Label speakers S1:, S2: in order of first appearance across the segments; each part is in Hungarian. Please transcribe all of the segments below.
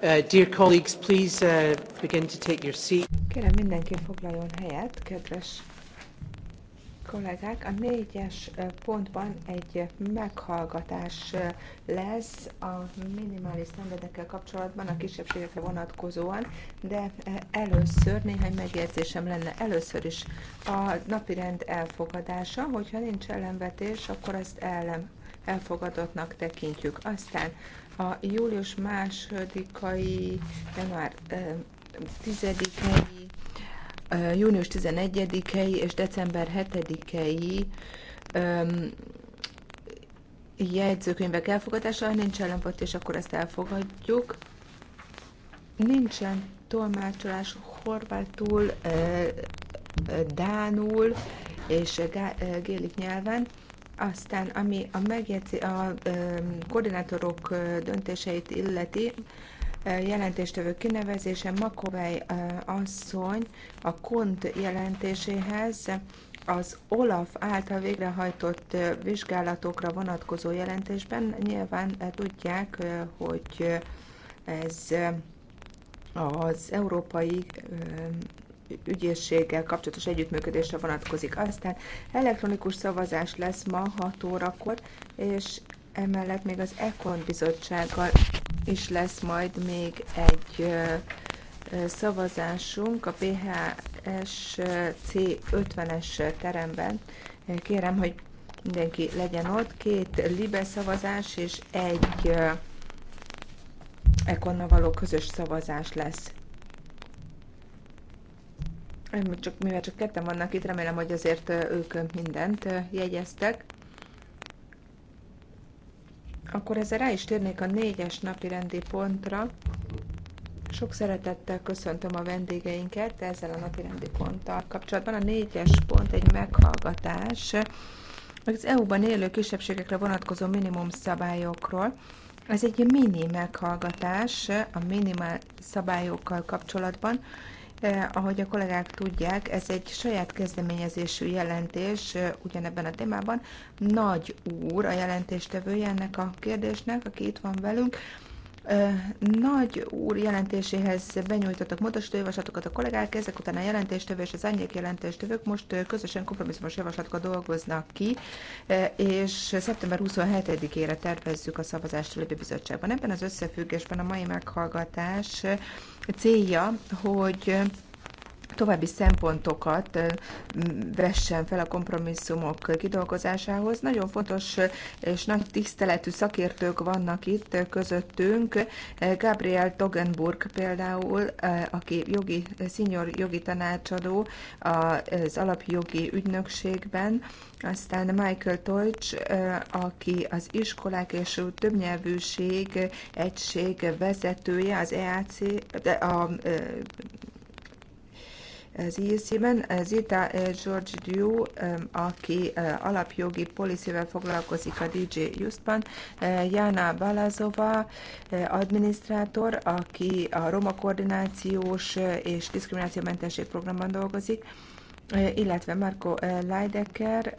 S1: Kérem, mindenki foglaljon helyet, kedves kollégák. A négyes uh, pontban egy meghallgatás uh, lesz a minimális szenvedekkel kapcsolatban, a kisebbségekre vonatkozóan, de uh, először néhány megjegyzésem lenne. Először is a napirend elfogadása, hogyha nincs ellenvetés, akkor ezt ellen elfogadottnak tekintjük. Aztán a július másodikai, január tizedikei, június 11-ei és december 7-ei jegyzőkönyvek elfogadása, ha nincs ellenpont, és akkor ezt elfogadjuk. Nincsen tolmácsolás horvátul, dánul és gélik nyelven. Aztán, ami a, megjegyzi, a koordinátorok döntéseit illeti, jelentéstevő kinevezése Makovej asszony a KONT jelentéséhez az OLAF által végrehajtott vizsgálatokra vonatkozó jelentésben nyilván tudják, hogy ez az európai ügyészséggel kapcsolatos együttműködésre vonatkozik. Aztán elektronikus szavazás lesz ma 6 órakor, és emellett még az ECON bizottsággal is lesz majd még egy szavazásunk a PHS C50-es teremben. Kérem, hogy mindenki legyen ott. Két libe szavazás és egy ekonna való közös szavazás lesz. Csak, mivel csak ketten vannak itt, remélem, hogy azért ők mindent jegyeztek. Akkor ezzel rá is térnék a négyes napi rendi pontra. Sok szeretettel köszöntöm a vendégeinket ezzel a napi rendi ponttal kapcsolatban. A négyes pont egy meghallgatás az EU-ban élő kisebbségekre vonatkozó minimum szabályokról. Ez egy mini meghallgatás a minimál szabályokkal kapcsolatban, ahogy a kollégák tudják, ez egy saját kezdeményezésű jelentés ugyanebben a témában. Nagy úr a jelentéstevője ennek a kérdésnek, aki itt van velünk. Nagy úr jelentéséhez benyújtottak módosító javaslatokat a kollégák, ezek után a jelentéstevő és az árnyék jelentéstevők most közösen kompromisszumos javaslatokat dolgoznak ki, és szeptember 27-ére tervezzük a szavazást a bizottságban. Ebben az összefüggésben a mai meghallgatás célja, hogy további szempontokat vessen fel a kompromisszumok kidolgozásához. Nagyon fontos és nagy tiszteletű szakértők vannak itt közöttünk. Gabriel Togenburg például, aki jogi, szinyor jogi tanácsadó az alapjogi ügynökségben, aztán Michael Deutsch, aki az iskolák és többnyelvűség egység vezetője, az EAC, a CSZ-ben, Zita eh, George Diu, aki eh, alapjogi policyvel foglalkozik a DJ Justban, eh, Jana Balazova, adminisztrátor, aki a Roma Koordinációs és Diszkriminációmentesség Programban dolgozik, illetve Marco Leidecker,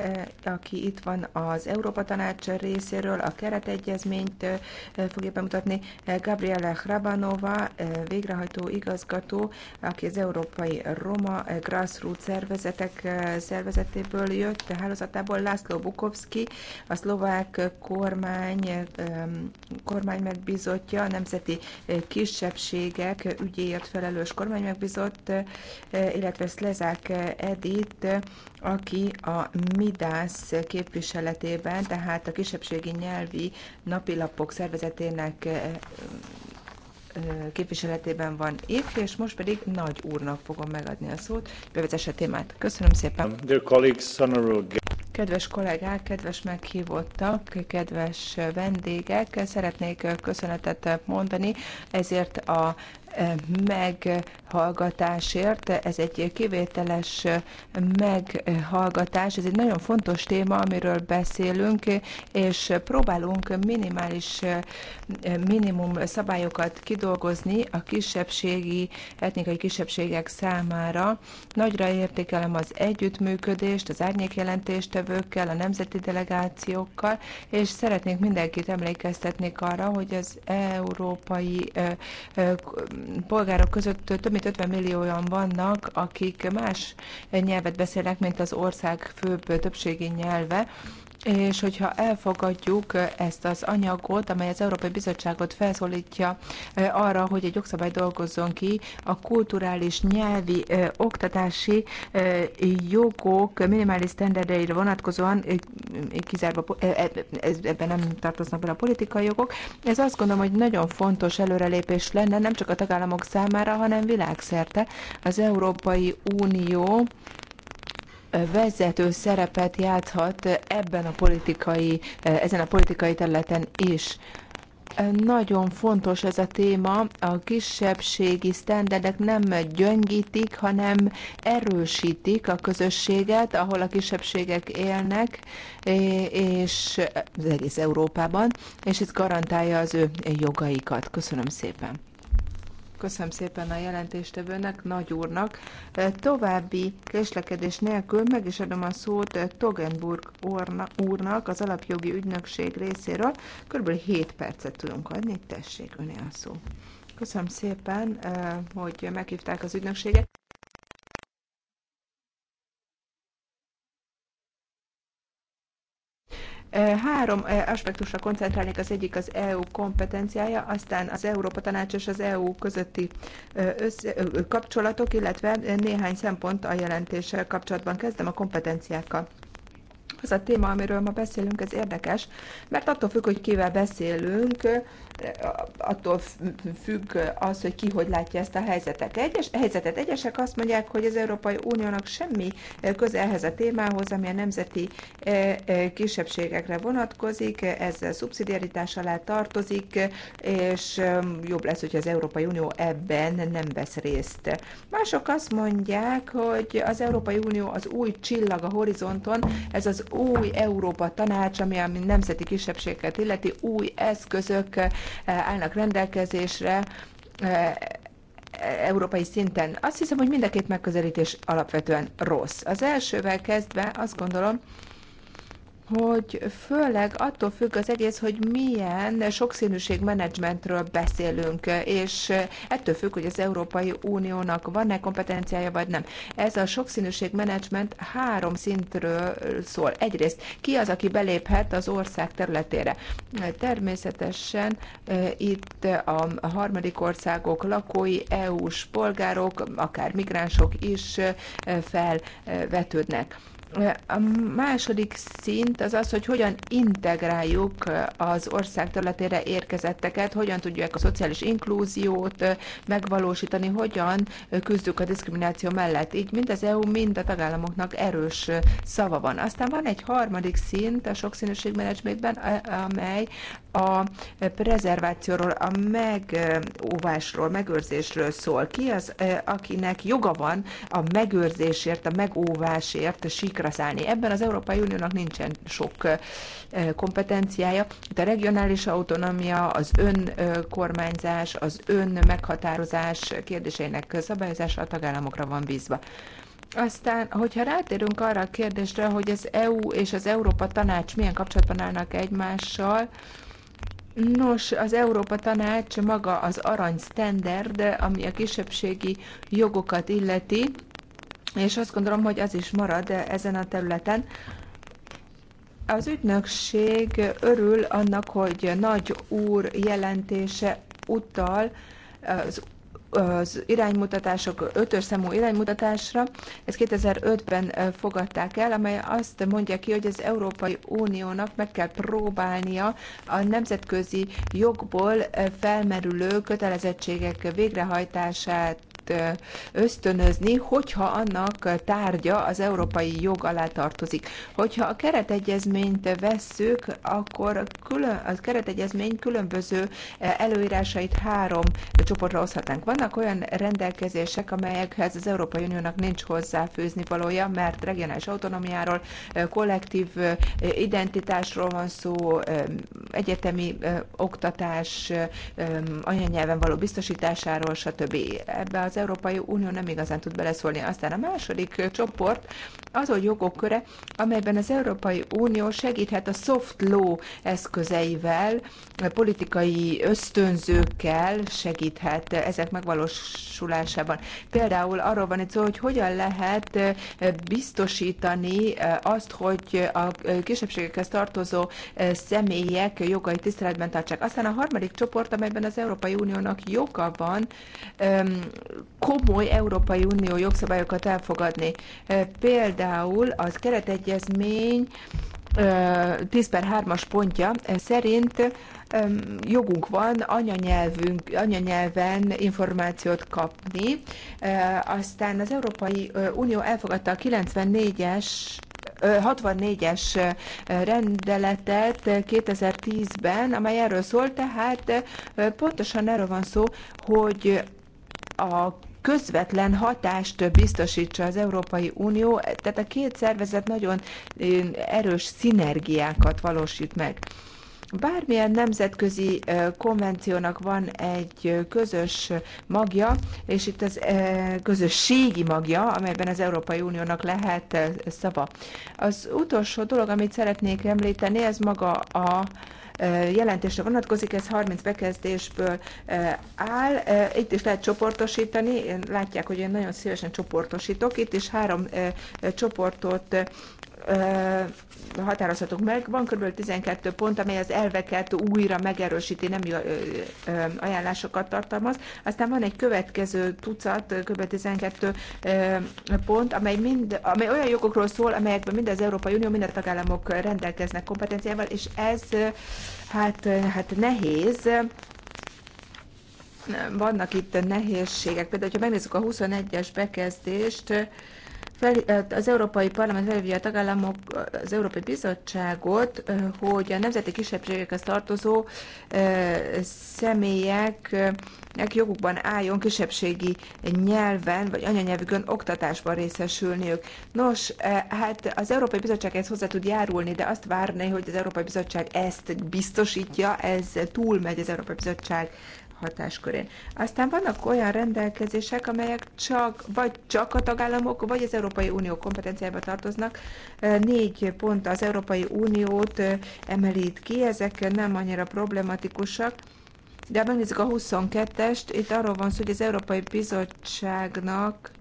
S1: aki itt van az Európa Tanács részéről, a keretegyezményt fogja bemutatni, Gabriele Hrabanova, végrehajtó igazgató, aki az Európai Roma Grassroots szervezetek szervezetéből jött, a hálózatából László Bukovski, a szlovák kormány, kormány megbizotja, a Nemzeti Kisebbségek ügyéért felelős kormány megbizott, illetve Szlezák Ed Edit, aki a midász képviseletében, tehát a kisebbségi nyelvi napilapok szervezetének képviseletében van itt, és most pedig nagy úrnak fogom megadni a szót, bevezesse a témát. Köszönöm szépen! Kedves kollégák, kedves meghívottak, kedves vendégek, szeretnék köszönetet mondani ezért a meghallgatásért. Ez egy kivételes meghallgatás, ez egy nagyon fontos téma, amiről beszélünk, és próbálunk minimális minimum szabályokat kidolgozni a kisebbségi, etnikai kisebbségek számára. Nagyra értékelem az együttműködést, az árnyékjelentéstevőkkel, a nemzeti delegációkkal, és szeretnék mindenkit emlékeztetni arra, hogy az európai polgárok között több mint 50 millióan vannak, akik más nyelvet beszélnek, mint az ország főbb többségi nyelve és hogyha elfogadjuk ezt az anyagot, amely az Európai Bizottságot felszólítja arra, hogy egy jogszabály dolgozzon ki a kulturális nyelvi oktatási jogok minimális sztenderdeire vonatkozóan, kizárva, ebben nem tartoznak bele a politikai jogok, ez azt gondolom, hogy nagyon fontos előrelépés lenne, nem csak a tagállamok számára, hanem világszerte. Az Európai Unió vezető szerepet játszhat ebben a politikai, ezen a politikai területen is. Nagyon fontos ez a téma, a kisebbségi sztenderdek nem gyöngítik, hanem erősítik a közösséget, ahol a kisebbségek élnek, és az egész Európában, és ez garantálja az ő jogaikat. Köszönöm szépen köszönöm szépen a jelentéstevőnek, nagy úrnak. További késlekedés nélkül meg is adom a szót Togenburg úrnak az alapjogi ügynökség részéről. Körülbelül 7 percet tudunk adni, tessék öné a szó. Köszönöm szépen, hogy meghívták az ügynökséget. Há Három eh, aspektusra koncentrálnék, az egyik az EU kompetenciája, aztán az Európa Tanács és az EU közötti eh, össze, eh, kapcsolatok, illetve néhány szempont a jelentéssel kapcsolatban. Kezdem a kompetenciákkal. Az a téma, amiről ma beszélünk, ez érdekes, mert attól függ, hogy kivel beszélünk, attól függ az, hogy ki hogy látja ezt a helyzetet. Egyes, helyzetet egyesek azt mondják, hogy az Európai Uniónak semmi köze ehhez a témához, ami a nemzeti e, e, kisebbségekre vonatkozik, ez szubszidiaritás alá tartozik, és e, jobb lesz, hogy az Európai Unió ebben nem vesz részt. Mások azt mondják, hogy az Európai Unió az új csillag a horizonton, ez az új Európa tanács, ami a nemzeti kisebbségeket illeti, új eszközök eh, állnak rendelkezésre, eh, európai szinten. Azt hiszem, hogy mind a két megközelítés alapvetően rossz. Az elsővel kezdve azt gondolom, hogy főleg attól függ az egész, hogy milyen sokszínűség menedzsmentről beszélünk, és ettől függ, hogy az Európai Uniónak van-e kompetenciája, vagy nem. Ez a sokszínűség menedzsment három szintről szól. Egyrészt ki az, aki beléphet az ország területére? Természetesen itt a harmadik országok lakói, EU-s polgárok, akár migránsok is felvetődnek. A második szint az az, hogy hogyan integráljuk az ország területére érkezetteket, hogyan tudjuk a szociális inklúziót megvalósítani, hogyan küzdjük a diszkrimináció mellett. Így mind az EU, mind a tagállamoknak erős szava van. Aztán van egy harmadik szint a sokszínűségmenedzsmentben, amely a prezervációról, a megóvásról, megőrzésről szól. Ki az, eh, akinek joga van a megőrzésért, a megóvásért, a síkra szállni. Ebben az Európai Uniónak nincsen sok kompetenciája. Itt a regionális autonómia, az önkormányzás, az ön meghatározás kérdéseinek szabályozása a tagállamokra van bízva. Aztán, hogyha rátérünk arra a kérdésre, hogy az EU és az Európa Tanács milyen kapcsolatban állnak egymással, Nos, az Európa Tanács maga az arany standard, ami a kisebbségi jogokat illeti, és azt gondolom, hogy az is marad ezen a területen. Az ügynökség örül annak, hogy nagy úr jelentése utal az az iránymutatások, ötös számú iránymutatásra. Ezt 2005-ben fogadták el, amely azt mondja ki, hogy az Európai Uniónak meg kell próbálnia a nemzetközi jogból felmerülő kötelezettségek végrehajtását ösztönözni, hogyha annak tárgya az európai jog alá tartozik. Hogyha a keretegyezményt vesszük, akkor a, külön, a keretegyezmény különböző előírásait három csoportra oszhatnánk. Vannak olyan rendelkezések, amelyekhez az Európai Uniónak nincs hozzáfűzni valója, mert regionális autonomiáról, kollektív identitásról van szó, egyetemi oktatás, anyanyelven való biztosításáról, stb. Ebbe az Európai Unió nem igazán tud beleszólni. Aztán a második csoport a jogok köre, amelyben az Európai Unió segíthet a soft law eszközeivel, politikai ösztönzőkkel segíthet ezek megvalósulásában. Például arról van itt szó, hogy hogyan lehet biztosítani azt, hogy a kisebbségekhez tartozó személyek jogai tiszteletben tartsák. Aztán a harmadik csoport, amelyben az Európai Uniónak joga van komoly Európai Unió jogszabályokat elfogadni. Például az keretegyezmény 10 per 3-as pontja szerint jogunk van anyanyelvünk, anyanyelven információt kapni. Aztán az Európai Unió elfogadta a 94-es 64-es rendeletet 2010-ben, amely erről szól, tehát pontosan erről van szó, hogy a közvetlen hatást biztosítsa az Európai Unió, tehát a két szervezet nagyon erős szinergiákat valósít meg. Bármilyen nemzetközi konvenciónak van egy közös magja, és itt az közösségi magja, amelyben az Európai Uniónak lehet szava. Az utolsó dolog, amit szeretnék említeni, ez maga a jelentésre vonatkozik, ez 30 bekezdésből áll. Itt is lehet csoportosítani, látják, hogy én nagyon szívesen csoportosítok. Itt is három csoportot határozhatunk meg. Van kb. 12 pont, amely az elveket újra megerősíti, nem ajánlásokat tartalmaz. Aztán van egy következő tucat, kb. 12 pont, amely, mind, amely olyan jogokról szól, amelyekben mind az Európai Unió, mind a tagállamok rendelkeznek kompetenciával, és ez hát, hát nehéz, vannak itt nehézségek. Például, ha megnézzük a 21-es bekezdést, fel, az Európai Parlament felhívja a tagállamok, az Európai Bizottságot, hogy a nemzeti kisebbségekhez tartozó személyeknek jogukban álljon kisebbségi nyelven vagy anyanyelvükön oktatásban részesülniük. Nos, hát az Európai Bizottság ezt hozzá tud járulni, de azt várni, hogy az Európai Bizottság ezt biztosítja, ez túlmegy az Európai Bizottság hatáskörén. Aztán vannak olyan rendelkezések, amelyek csak, vagy csak a tagállamok, vagy az Európai Unió kompetenciájába tartoznak. Négy pont az Európai Uniót emelít ki, ezek nem annyira problematikusak. De ha megnézzük a 22-est, itt arról van szó, hogy az Európai Bizottságnak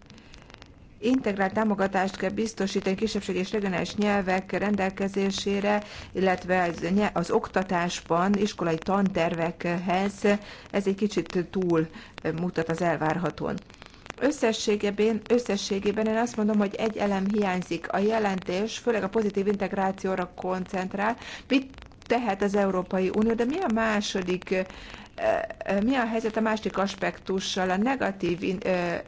S1: integrált támogatást kell biztosítani kisebbség és regionális nyelvek rendelkezésére, illetve az, az oktatásban, iskolai tantervekhez. Ez egy kicsit túl mutat az elvárhatón. Összességében, összességében én azt mondom, hogy egy elem hiányzik. A jelentés főleg a pozitív integrációra koncentrál. Mit tehet az Európai Unió, de mi a második eh, eh, mi a helyzet a másik aspektussal, a negatív eh,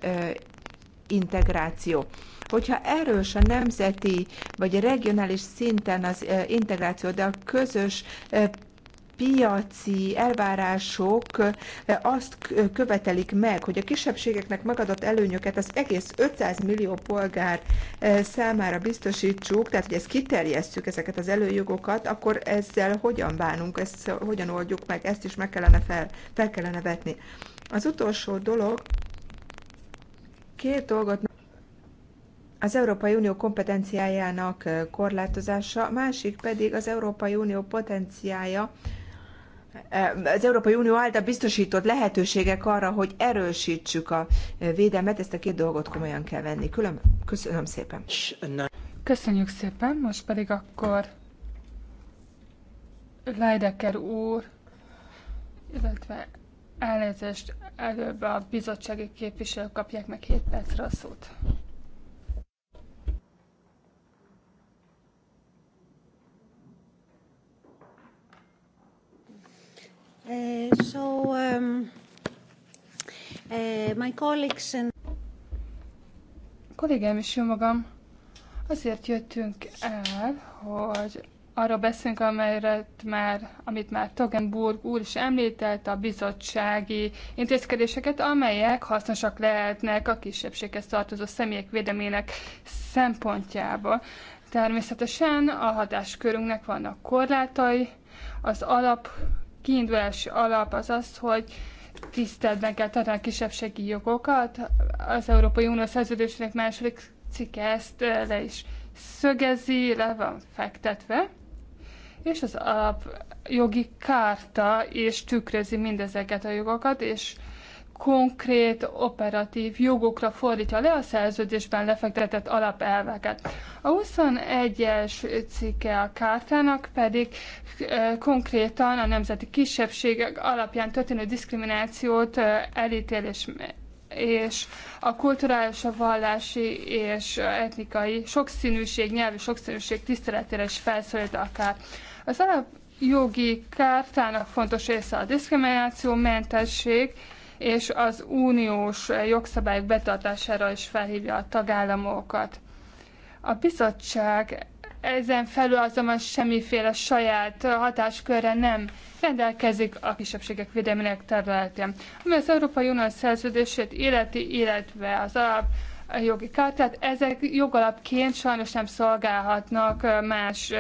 S1: integráció. Hogyha erős a nemzeti vagy a regionális szinten az integráció, de a közös piaci elvárások azt követelik meg, hogy a kisebbségeknek megadott előnyöket az egész 500 millió polgár számára biztosítsuk, tehát hogy ezt kiterjesszük, ezeket az előjogokat, akkor ezzel hogyan bánunk, ezt hogyan oldjuk meg, ezt is meg kellene fel, fel kellene vetni. Az utolsó dolog, Két dolgot az Európai Unió kompetenciájának korlátozása, másik pedig az Európai Unió potenciája, az Európai Unió által biztosított lehetőségek arra, hogy erősítsük a védelmet, ezt a két dolgot komolyan kell venni. Külön, köszönöm szépen.
S2: Köszönjük szépen, most pedig akkor Leidecker úr, illetve elnézést Előbb a bizottsági képviselők kapják meg 7 percre a szót. Eh, so, um, uh, my colleagues and... Kollégám is jó magam, azért jöttünk el, hogy arra beszélünk, amelyet már, amit már Togenburg úr is említett, a bizottsági intézkedéseket, amelyek hasznosak lehetnek a kisebbséghez tartozó személyek védelmének szempontjából. Természetesen a hatáskörünknek vannak korlátai, az alap, kiindulási alap az az, hogy tiszteletben kell tartani a kisebbségi jogokat. Az Európai Unió szerződésének második cikke ezt eh, le is szögezi, le van fektetve és az alapjogi kárta is tükrözi mindezeket a jogokat, és konkrét operatív jogokra fordítja le a szerződésben lefektetett alapelveket. A 21-es cikke a kártának pedig konkrétan a nemzeti kisebbségek alapján történő diszkriminációt elítélés és a kulturális, a vallási és etnikai sokszínűség, nyelvi sokszínűség tiszteletére is felszólít akár az alapjogi kártának fontos része a diszkrimináció mentesség, és az uniós jogszabályok betartására is felhívja a tagállamokat. A bizottság ezen felül azonban semmiféle saját hatáskörre nem rendelkezik a kisebbségek védelmének területén. Ami az Európai Unió szerződését életi illetve az alap jogi kártyát, ezek jogalapként sajnos nem szolgálhatnak más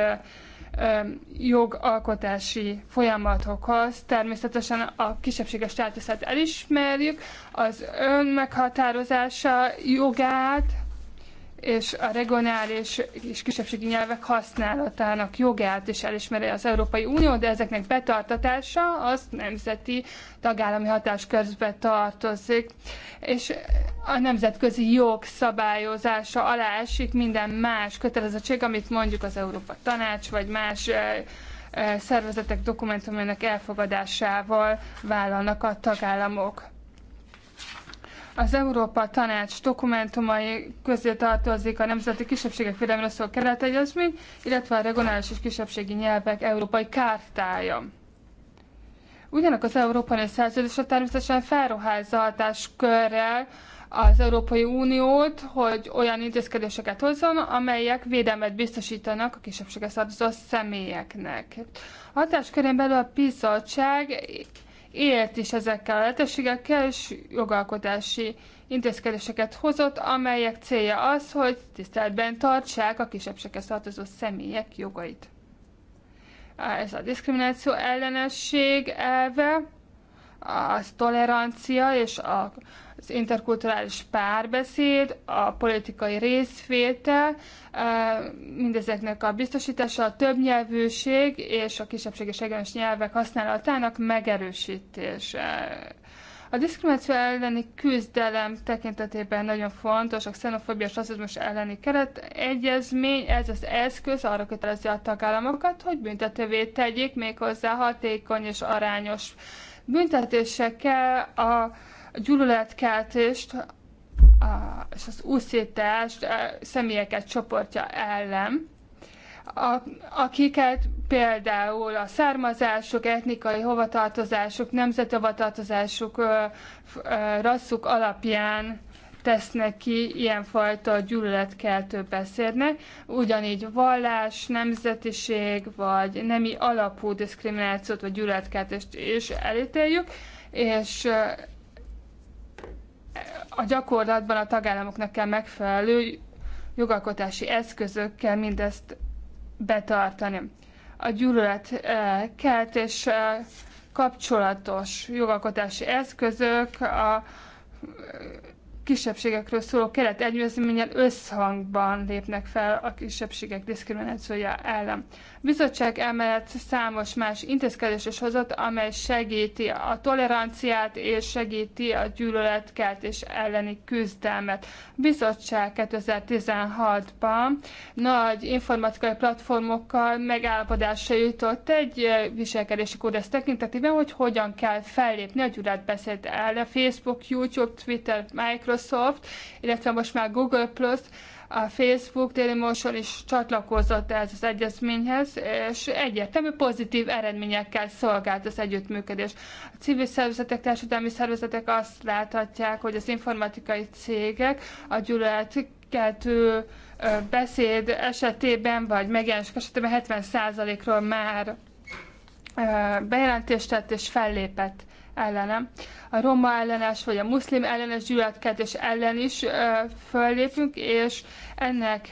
S2: jogalkotási folyamatokhoz. Természetesen a kisebbséges státuszát elismerjük, az önmeghatározása jogát, és a regionális és kisebbségi nyelvek használatának jogát is elismeri az Európai Unió, de ezeknek betartatása az nemzeti tagállami közbe tartozik. És a nemzetközi jog szabályozása alá esik minden más kötelezettség, amit mondjuk az Európa Tanács vagy más eh, eh, szervezetek dokumentumának elfogadásával vállalnak a tagállamok. Az Európa Tanács dokumentumai közé tartozik a Nemzeti Kisebbségek Védelmére szóló keretegyezmény, illetve a regionális és kisebbségi nyelvek európai kártája. Ugyanak az Európai Szerződésre természetesen felruházza hatáskörrel az Európai Uniót, hogy olyan intézkedéseket hozzon, amelyek védelmet biztosítanak a kisebbséges tartozó személyeknek. A hatáskörén belül a bizottság élt is ezekkel a lehetőségekkel, és jogalkotási intézkedéseket hozott, amelyek célja az, hogy tiszteletben tartsák a kisebbséghez tartozó személyek jogait. Ez a diszkrimináció ellenesség elve, az tolerancia és a, az interkulturális párbeszéd, a politikai részvétel, mindezeknek a biztosítása, a többnyelvűség és a kisebbség és egyenes nyelvek használatának megerősítése. A diszkrimináció elleni küzdelem tekintetében nagyon fontos a xenofóbia és rasszizmus elleni egyezmény, Ez az eszköz arra kötelezi a tagállamokat, hogy büntetővé tegyék méghozzá hatékony és arányos büntetésekkel a a gyűlöletkeltést a, és az úszítást a e, személyeket csoportja ellen, a, akiket például a származásuk, etnikai hovatartozásuk, nemzeti hovatartozásuk, ö, ö, rasszuk alapján tesznek ki ilyenfajta gyűlöletkeltő beszédnek, ugyanígy vallás, nemzetiség vagy nemi alapú diszkriminációt vagy gyűlöletkeltést is elítéljük, és a gyakorlatban a tagállamoknak kell megfelelő jogalkotási eszközökkel mindezt betartani. A gyűlölet eh, kelt és eh, kapcsolatos jogalkotási eszközök a kisebbségekről szóló keret egyezménnyel összhangban lépnek fel a kisebbségek diszkriminációja ellen. A bizottság emellett számos más intézkedés is hozott, amely segíti a toleranciát és segíti a és elleni küzdelmet. A bizottság 2016-ban nagy informatikai platformokkal megállapodásra jutott egy eh, viselkedési kódex tekintetében, hogy hogyan kell fellépni a gyűlöletbeszéd ellen. Facebook, YouTube, Twitter, Microsoft Microsoft, illetve most már Google Plus, a Facebook, Dailymotion is csatlakozott ez az egyezményhez, és egyértelmű pozitív eredményekkel szolgált az együttműködés. A civil szervezetek, társadalmi szervezetek azt láthatják, hogy az informatikai cégek a gyűlöletkeltő beszéd esetében, vagy megjelenések esetében 70%-ról már bejelentést tett és fellépett ellenem. A roma ellenes vagy a muszlim ellenes gyűlöletkedés ellen is ö, föllépünk, és ennek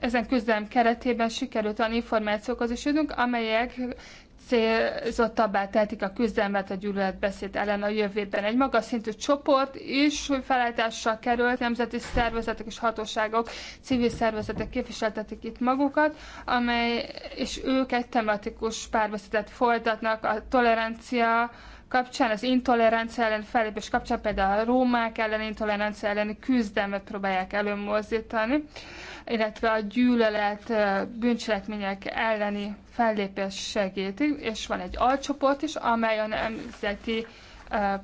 S2: ezen küzdelem keretében sikerült olyan információkhoz is jutunk, amelyek célzottabbá tehetik a küzdelmet a gyűlöletbeszéd ellen a jövőben. Egy magas szintű csoport is felállítással került, nemzeti szervezetek és hatóságok, civil szervezetek képviseltetik itt magukat, amely, és ők egy tematikus párbeszédet folytatnak a tolerancia, kapcsán, az intolerancia ellen fellépés kapcsán, például a rómák ellen intolerancia elleni küzdelmet próbálják előmozdítani, illetve a gyűlölet bűncselekmények elleni fellépés segítik, és van egy alcsoport is, amely a nemzeti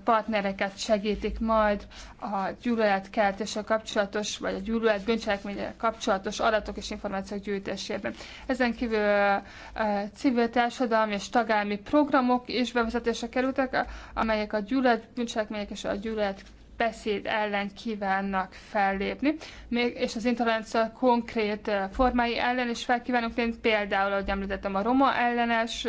S2: partnereket segítik majd a gyűlöletkeltéssel kapcsolatos, vagy a gyűlölet bűncselekménye kapcsolatos adatok és információk gyűjtésében. Ezen kívül civil társadalmi és tagállami programok is bevezetésre kerültek, amelyek a gyűlölet bűncselekmények és a gyűlölet beszéd ellen kívánnak fellépni, még, és az intolerancia konkrét formái ellen is felkívánunk lépni, például, ahogy említettem, a roma ellenes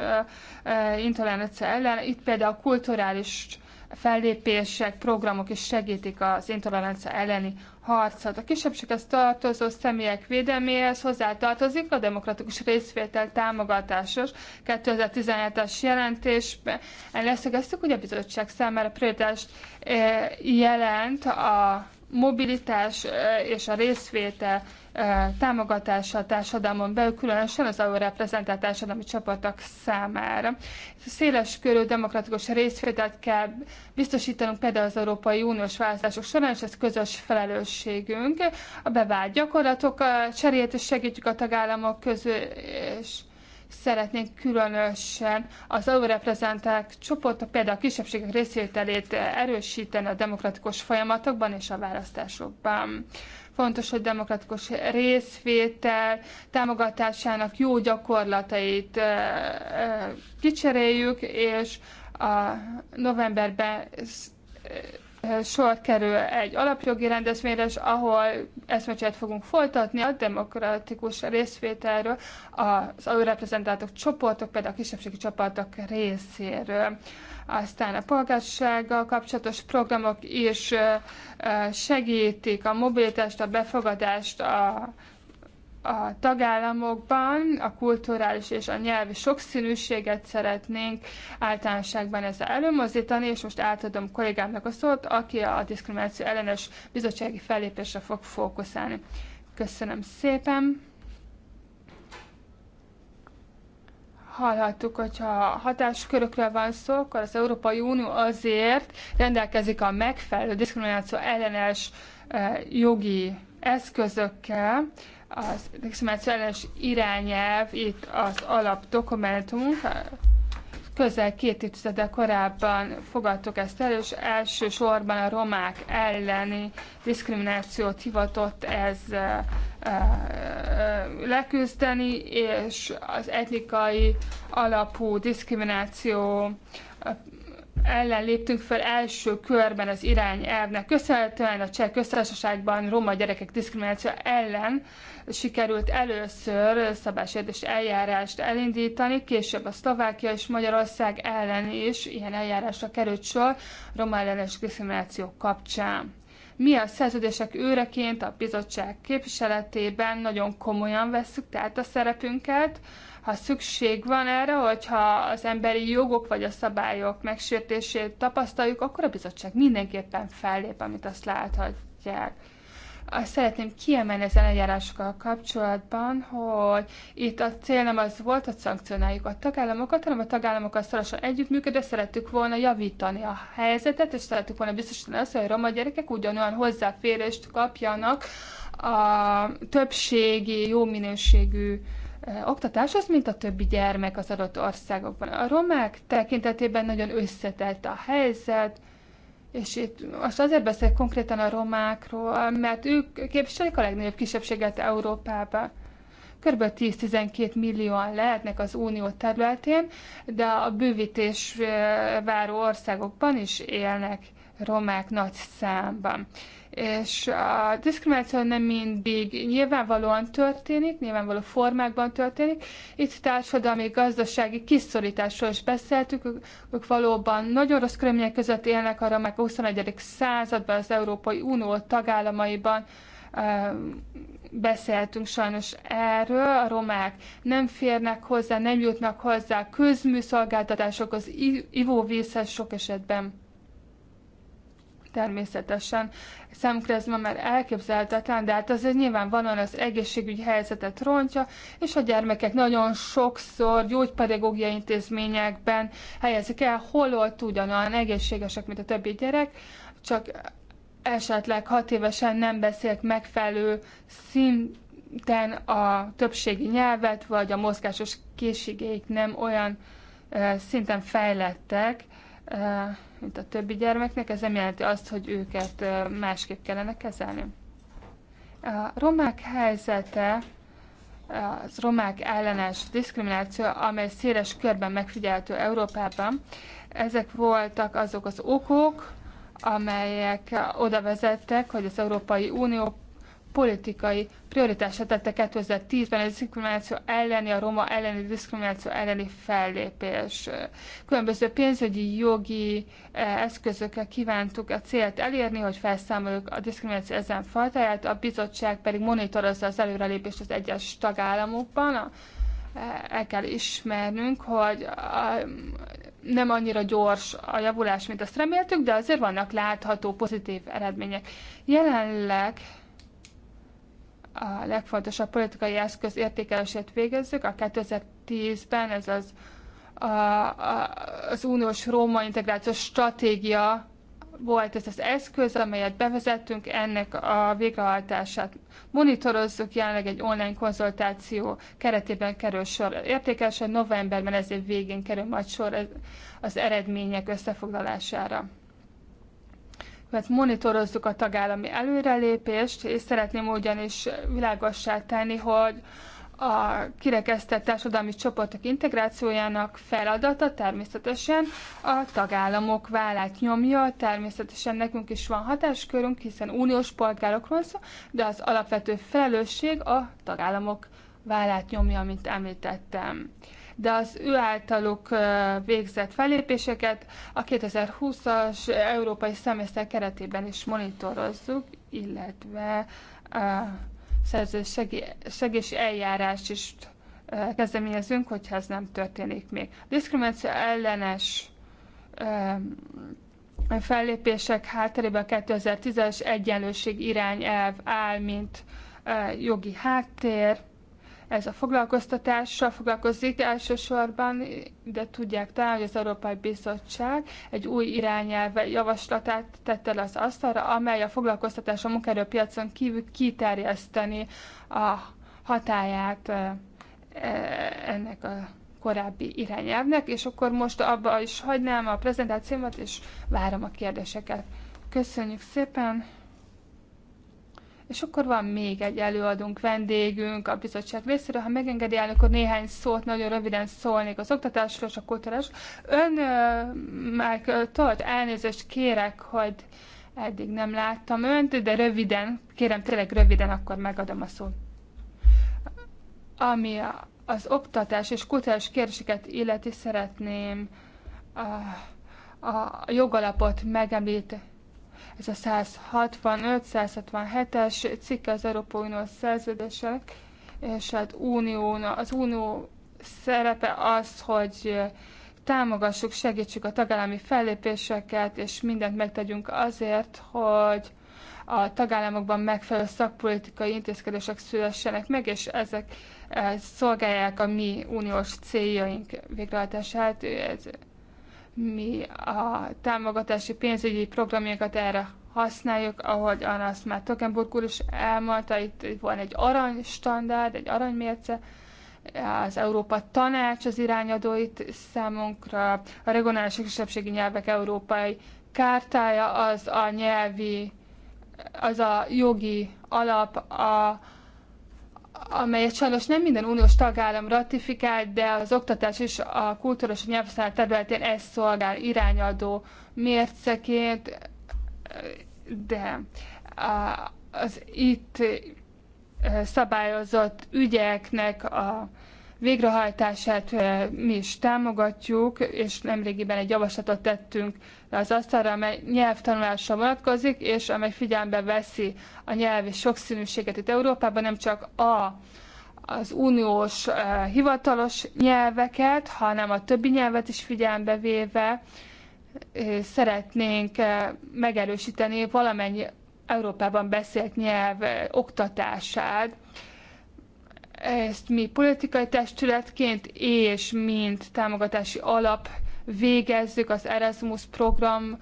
S2: intolerancia ellen, itt például kulturális fellépések, programok is segítik az intolerancia elleni harcot. A kisebbséghez tartozó személyek védelméhez hozzátartozik a demokratikus részvétel támogatásos 2017-es jelentésben. Leszögeztük, hogy a bizottság számára prioritást eh, jelent a mobilitás eh, és a részvétel támogatása a társadalmon belül, különösen az alulreprezentált társadalmi csapatok számára. Széles körű demokratikus részvételt kell biztosítanunk például az Európai Uniós választások során, és ez közös felelősségünk. A bevált gyakorlatok cseréjét is segítjük a tagállamok közül, és szeretnénk különösen az alulreprezentált csoportok, például a kisebbségek részvételét erősíteni a demokratikus folyamatokban és a választásokban fontos, hogy demokratikus részvétel támogatásának jó gyakorlatait kicseréljük, és a novemberben sor kerül egy alapjogi rendezvényre, és ahol eszmecsét fogunk folytatni a demokratikus részvételről, az alulreprezentáltak csoportok, például a kisebbségi csoportok részéről aztán a polgársággal kapcsolatos programok is segítik a mobilitást, a befogadást a, a tagállamokban, a kulturális és a nyelvi sokszínűséget szeretnénk általánosságban ezzel előmozdítani, és most átadom kollégámnak a szót, aki a diszkrimináció ellenes bizottsági fellépésre fog fókuszálni. Köszönöm szépen! hallhattuk, hogyha hatáskörökről van szó, akkor az Európai Unió azért rendelkezik a megfelelő diszkrimináció ellenes eh, jogi eszközökkel, az diszkrimináció ellenes irányelv itt az alapdokumentum, közel két évtizede korábban fogadtuk ezt el, és elsősorban a romák elleni diszkriminációt hivatott ez eh, leküzdeni, és az etnikai alapú diszkrimináció ellen léptünk fel első körben az irányelvnek. Köszönhetően a cseh köztársaságban roma gyerekek diszkrimináció ellen sikerült először szabásérdés eljárást elindítani, később a Szlovákia és Magyarország ellen is ilyen eljárásra került sor roma ellenes diszkrimináció kapcsán mi a szerződések őreként a bizottság képviseletében nagyon komolyan vesszük, tehát a szerepünket, ha szükség van erre, hogyha az emberi jogok vagy a szabályok megsértését tapasztaljuk, akkor a bizottság mindenképpen fellép, amit azt láthatják azt szeretném kiemelni az eljárásokkal kapcsolatban, hogy itt a cél nem az volt, hogy szankcionáljuk a tagállamokat, hanem a tagállamokkal szorosan együttműködve szerettük volna javítani a helyzetet, és szerettük volna biztosítani azt, hogy a roma gyerekek ugyanolyan hozzáférést kapjanak a többségi, jó minőségű oktatáshoz, mint a többi gyermek az adott országokban. A romák tekintetében nagyon összetelt a helyzet, és itt most azért beszélek konkrétan a romákról, mert ők képviselik a legnagyobb kisebbséget Európában. Kb. 10-12 millióan lehetnek az unió területén, de a bővítés eh, váró országokban is élnek romák nagy számban és a diszkrimináció nem mindig nyilvánvalóan történik, nyilvánvaló formákban történik. Itt társadalmi, gazdasági kiszorításról is beszéltük, ők, ők valóban nagyon rossz körülmények között élnek arra, meg a XXI. században az Európai Unió tagállamaiban beszéltünk sajnos erről, a romák nem férnek hozzá, nem jutnak hozzá az ivóvízhez sok esetben természetesen szemkrezma már elképzelhetetlen, de hát azért nyilvánvalóan az egészségügyi helyzetet rontja, és a gyermekek nagyon sokszor gyógypedagógiai intézményekben helyezik el, holott ugyanolyan egészségesek, mint a többi gyerek, csak esetleg hat évesen nem beszélt megfelelő szinten a többségi nyelvet, vagy a mozgásos készségeik nem olyan szinten fejlettek, mint a többi gyermeknek, ez nem jelenti azt, hogy őket másképp kellene kezelni. A romák helyzete az romák ellenes diszkrimináció, amely széles körben megfigyelhető Európában. Ezek voltak azok az okok, amelyek oda vezettek, hogy az Európai Unió politikai prioritásra tette 2010-ben a diszkrimináció elleni, a roma elleni, diszkrimináció elleni fellépés. Különböző pénzügyi, jogi eh, eszközökkel kívántuk a célt elérni, hogy felszámoljuk a diszkrimináció ezen fajtáját, a bizottság pedig monitorozza az előrelépést az egyes tagállamokban, eh, el kell ismernünk, hogy a, eh, nem annyira gyors a javulás, mint azt reméltük, de azért vannak látható pozitív eredmények. Jelenleg a legfontosabb politikai eszköz értékelését végezzük. A 2010-ben ez az, a, a, az uniós Róma integrációs stratégia volt ez az eszköz, amelyet bevezettünk, ennek a végrehajtását monitorozzuk, jelenleg egy online konzultáció keretében kerül sor Értékelse novemberben ez év végén kerül majd sor az eredmények összefoglalására mert hát monitorozzuk a tagállami előrelépést, és szeretném ugyanis világossá tenni, hogy a kirekesztett társadalmi csoportok integrációjának feladata természetesen a tagállamok vállát nyomja, természetesen nekünk is van hatáskörünk, hiszen uniós polgárokról szó, de az alapvető felelősség a tagállamok vállát nyomja, mint említettem de az ő általuk végzett felépéseket a 2020-as európai szemeszter keretében is monitorozzuk, illetve a szerző segési eljárás is kezdeményezünk, hogyha ez nem történik még. A diszkrimináció ellenes fellépések hátterében a 2010-es egyenlőség irányelv áll, mint jogi háttér, ez a foglalkoztatással foglalkozik elsősorban, de tudják talán, hogy az Európai Bizottság egy új irányelve javaslatát tette az asztalra, amely a foglalkoztatás a munkaerőpiacon kívül kiterjeszteni a hatáját e, ennek a korábbi irányelvnek, és akkor most abba is hagynám a prezentációmat, és várom a kérdéseket. Köszönjük szépen! És akkor van még egy előadunk vendégünk a bizottság részéről. Ha megengedi el, akkor néhány szót nagyon röviden szólnék az oktatásról és a kultúrás. Ön, már tart, elnézést kérek, hogy eddig nem láttam önt, de röviden, kérem tényleg röviden, akkor megadom a szót. Ami az oktatás és kulturális kérdéseket illeti, szeretném a, a jogalapot megemlíteni ez a 165-167-es cikke az Európai Unió szerződések, és hát uniónak, az unió szerepe az, hogy támogassuk, segítsük a tagállami fellépéseket, és mindent megtegyünk azért, hogy a tagállamokban megfelelő szakpolitikai intézkedések szülessenek meg, és ezek eh, szolgálják a mi uniós céljaink végrehajtását mi a támogatási pénzügyi programjákat erre használjuk, ahogy azt már Tokenburg úr is elmondta, itt, itt van egy arany standard, egy aranymérce, az Európa Tanács az irányadóit számunkra, a regionális kisebbségi nyelvek európai kártája az a nyelvi, az a jogi alap, a, amelyet sajnos nem minden uniós tagállam ratifikált, de az oktatás és a kultúros nyelvhasználat területén ez szolgál irányadó mérceként, de az itt eh, szabályozott ügyeknek a végrehajtását mi is támogatjuk, és nemrégiben egy javaslatot tettünk az asztalra, amely nyelvtanulásra vonatkozik, és amely figyelembe veszi a nyelvi sokszínűséget itt Európában, nem csak a az uniós uh, hivatalos nyelveket, hanem a többi nyelvet is figyelembe véve uh, szeretnénk uh, megerősíteni valamennyi Európában beszélt nyelv oktatását, ezt mi politikai testületként és mint támogatási alap végezzük az Erasmus program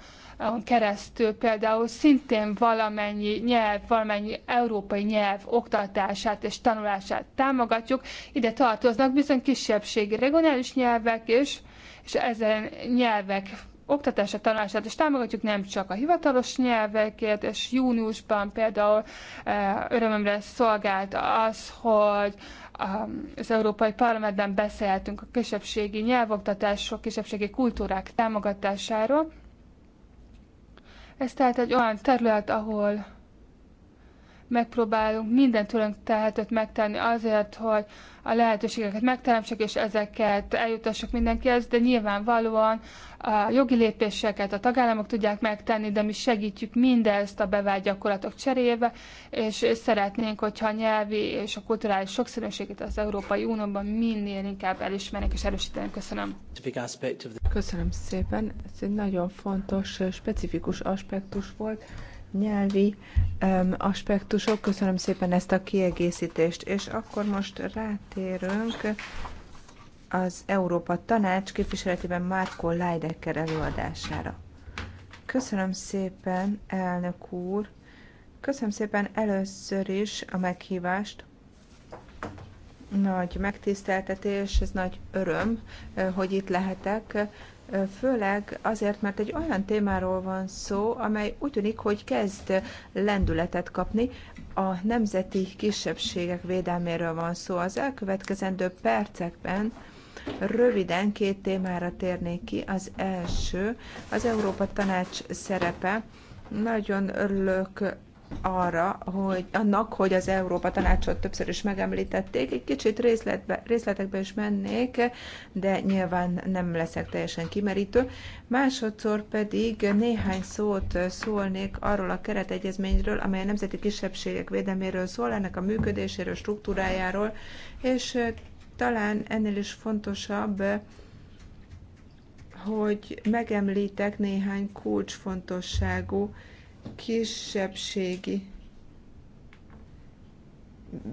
S2: keresztül például szintén valamennyi nyelv, valamennyi európai nyelv oktatását és tanulását támogatjuk. Ide tartoznak bizony kisebbségi regionális nyelvek is, és ezen nyelvek oktatása, tanulását és támogatjuk nem csak a hivatalos nyelveket, és júniusban például eh, örömömre szolgált az, hogy um, az Európai Parlamentben beszéltünk a kisebbségi nyelvoktatások, kisebbségi kultúrák támogatásáról. Ez tehát egy olyan terület, ahol megpróbálunk minden tőlünk tehetőt megtenni azért, hogy a lehetőségeket megteremtsük, és ezeket eljutassuk mindenkihez, de nyilvánvalóan a jogi lépéseket a tagállamok tudják megtenni, de mi segítjük mindezt a bevált gyakorlatok cserébe, és szeretnénk, hogyha a nyelvi és a kulturális sokszínűségét az Európai Unióban minél inkább elismernék és erősítenek. Köszönöm.
S1: Köszönöm szépen. Ez egy nagyon fontos, specifikus aspektus volt nyelvi aspektusok. Köszönöm szépen ezt a kiegészítést. És akkor most rátérünk az Európa Tanács képviseletében Márko Leidecker előadására. Köszönöm szépen, elnök úr. Köszönöm szépen először is a meghívást. Nagy megtiszteltetés, ez nagy öröm, eh, hogy itt lehetek főleg azért, mert egy olyan témáról van szó, amely úgy tűnik, hogy kezd lendületet kapni. A nemzeti kisebbségek védelméről van szó. Az elkövetkezendő percekben röviden két témára térnék ki. Az első az Európa Tanács szerepe. Nagyon örülök arra, hogy annak, hogy az Európa Tanácsot többször is megemlítették, egy kicsit részletbe, részletekbe is mennék, de nyilván nem leszek teljesen kimerítő. Másodszor pedig néhány szót szólnék arról a keretegyezményről, amely a nemzeti kisebbségek védelméről szól, ennek a működéséről, struktúrájáról, és talán ennél is fontosabb, hogy megemlítek néhány kulcsfontosságú kisebbségi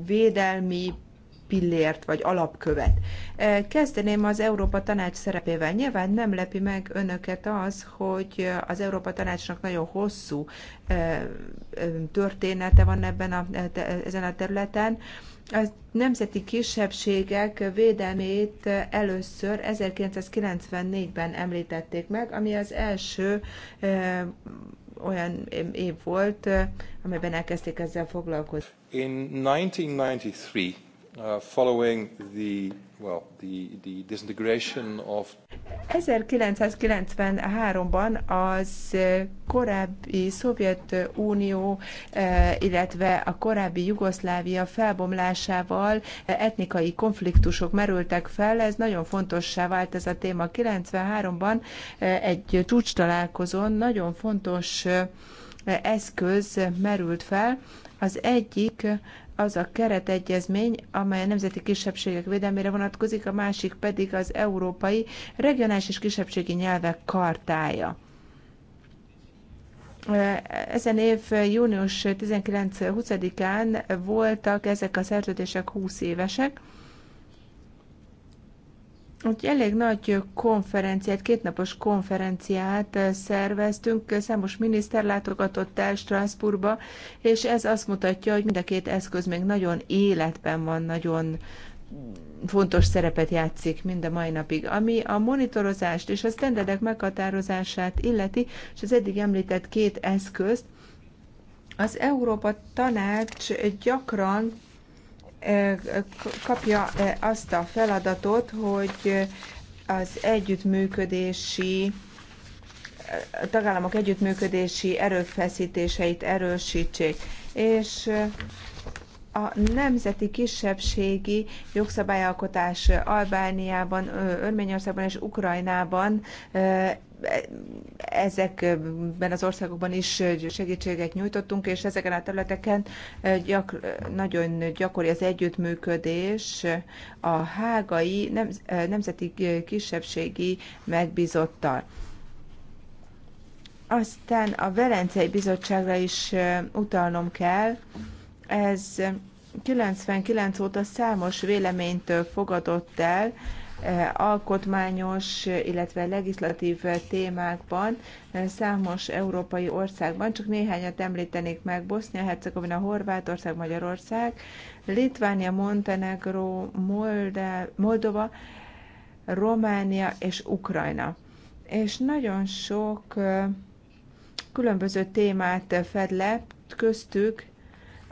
S1: védelmi pillért vagy alapkövet. E, kezdeném az Európa Tanács szerepével. Nyilván nem lepi meg önöket az, hogy az Európa Tanácsnak nagyon hosszú e, e, története van ebben a, ezen a területen. A nemzeti kisebbségek védelmét először 1994-ben említették meg, ami az első olyan év volt, amelyben elkezdték ezzel foglalkozni.
S3: In 1993 Uh, following the, well, the, the disintegration of
S1: 1993-ban az uh, korábbi Szovjetunió, uh, illetve a korábbi Jugoszlávia felbomlásával etnikai konfliktusok merültek fel, ez nagyon fontossá vált ez a téma. 93-ban egy csúcs találkozón nagyon fontos eszköz merült fel, az egyik az a keretegyezmény, amely a nemzeti kisebbségek védelmére vonatkozik, a másik pedig az európai regionális és kisebbségi nyelvek kartája. Ezen év június 19-20-án voltak ezek a szerződések 20 évesek, úgy elég nagy konferenciát, kétnapos konferenciát eh, szerveztünk, eh, számos miniszter látogatott el Strasbourgba, és ez azt mutatja, hogy mind a két eszköz még nagyon életben van, nagyon fontos szerepet játszik mind a mai napig. Ami a monitorozást és a standardek meghatározását illeti, és az eddig említett két eszközt, az Európa Tanács gyakran kapja eh, azt a feladatot, hogy eh, az együttműködési eh, a tagállamok együttműködési erőfeszítéseit erősítsék. És a nemzeti kisebbségi jogszabályalkotás Albániában, Örményországban és Ukrajnában ezekben az országokban is segítséget nyújtottunk, és ezeken a területeken eh, gyak, eh, nagyon gyakori az együttműködés a hágai nem, eh, nemzeti kisebbségi megbizottal. Aztán a Velencei Bizottságra is utalnom kell. Ez 99 óta számos véleményt fogadott el, alkotmányos, illetve legislatív témákban számos európai országban, csak néhányat említenék meg, Bosznia-Hercegovina, Horvátország, Magyarország, Litvánia, Montenegro, Molde, Moldova, Románia és Ukrajna. És nagyon sok különböző témát fed le, köztük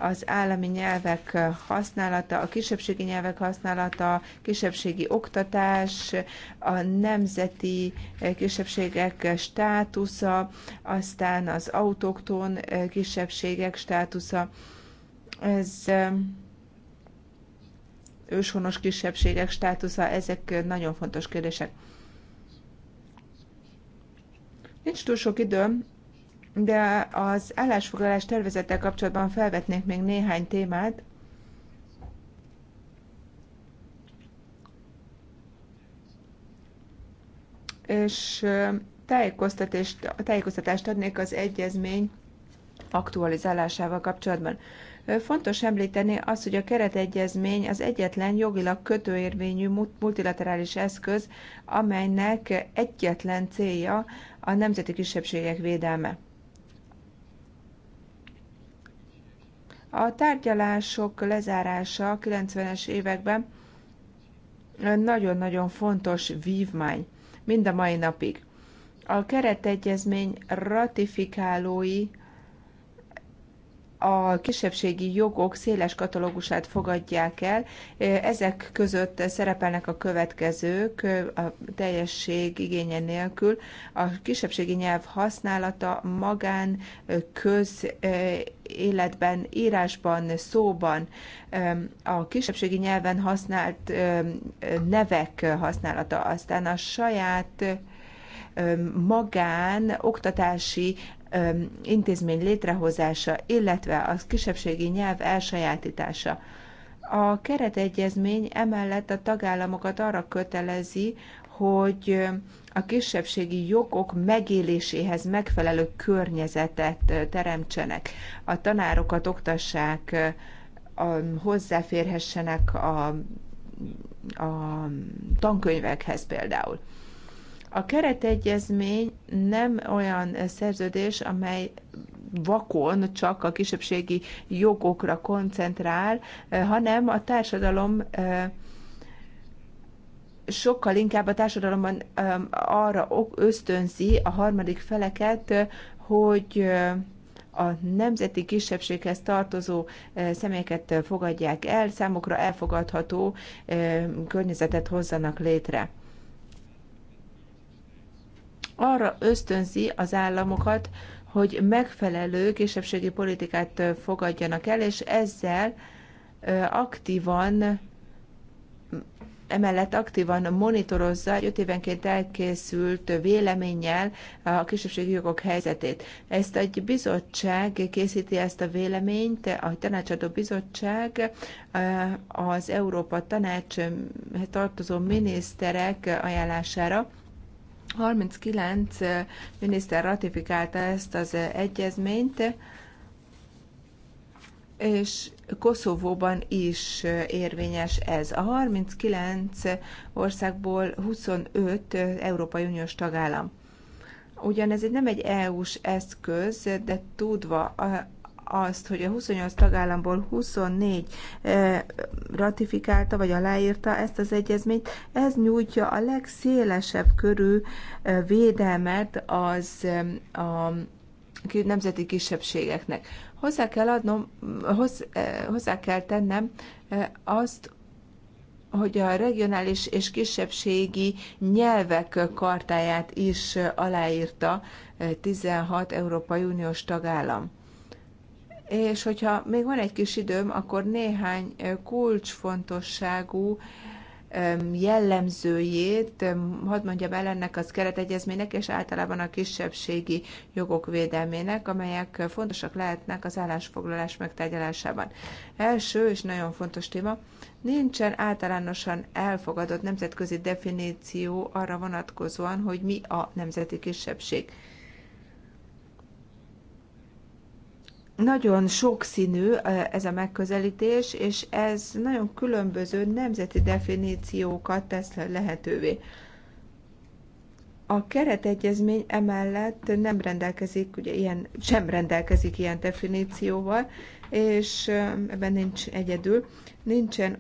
S1: az állami nyelvek használata, a kisebbségi nyelvek használata, kisebbségi oktatás, a nemzeti kisebbségek státusza, aztán az autokton kisebbségek státusza. Ez őshonos kisebbségek státusza, ezek nagyon fontos kérdések. Nincs túl sok időm, de az állásfoglalás tervezettel kapcsolatban felvetnék még néhány témát. És tájékoztatást, tájékoztatást adnék az egyezmény aktualizálásával kapcsolatban. Fontos említeni azt, hogy a keretegyezmény az egyetlen jogilag kötőérvényű multilaterális eszköz, amelynek egyetlen célja a nemzeti kisebbségek védelme. A tárgyalások lezárása a 90-es években nagyon-nagyon fontos vívmány, mind a mai napig. A keretegyezmény ratifikálói a kisebbségi jogok széles katalógusát fogadják el. Ezek között szerepelnek a következők a teljesség igénye nélkül. A kisebbségi nyelv használata magán, köz életben, írásban, szóban, a kisebbségi nyelven használt nevek használata, aztán a saját magán oktatási intézmény létrehozása, illetve a kisebbségi nyelv elsajátítása. A keretegyezmény emellett a tagállamokat arra kötelezi, hogy a kisebbségi jogok megéléséhez megfelelő környezetet teremtsenek. A tanárokat oktassák, hozzáférhessenek a, a tankönyvekhez például. A keretegyezmény nem olyan szerződés, amely vakon csak a kisebbségi jogokra koncentrál, hanem a társadalom sokkal inkább a társadalomban arra ösztönzi a harmadik feleket, hogy a nemzeti kisebbséghez tartozó személyeket fogadják el, számukra elfogadható környezetet hozzanak létre arra ösztönzi az államokat, hogy megfelelő kisebbségi politikát fogadjanak el, és ezzel aktívan emellett aktívan monitorozza egy öt évenként elkészült véleménnyel a kisebbségi jogok helyzetét. Ezt egy bizottság készíti ezt a véleményt, a tanácsadó bizottság az Európa Tanács tartozó miniszterek ajánlására 39 eh, miniszter ratifikálta ezt az eh, egyezményt, és Koszovóban is eh, érvényes ez. A 39 országból 25 Európai Uniós tagállam. Ugyan ez nem egy EU-s eszköz, de tudva azt, hogy a 28 tagállamból 24 eh, ratifikálta vagy aláírta ezt az egyezményt, ez nyújtja a legszélesebb körű eh, védelmet az eh, a nemzeti kisebbségeknek. Hozzá kell adnom, hoz, hozzá kell tennem azt, hogy a regionális és kisebbségi nyelvek kartáját is aláírta 16 Európai Uniós tagállam és hogyha még van egy kis időm, akkor néhány kulcsfontosságú jellemzőjét, hadd mondjam el ennek az keretegyezménynek, és általában a kisebbségi jogok védelmének, amelyek fontosak lehetnek az állásfoglalás megtárgyalásában. Első és nagyon fontos téma, nincsen általánosan elfogadott nemzetközi definíció arra vonatkozóan, hogy mi a nemzeti kisebbség nagyon sokszínű ez a megközelítés, és ez nagyon különböző nemzeti definíciókat tesz lehetővé. A keretegyezmény emellett nem rendelkezik, ugye ilyen, sem rendelkezik ilyen definícióval, és ebben nincs egyedül, nincsen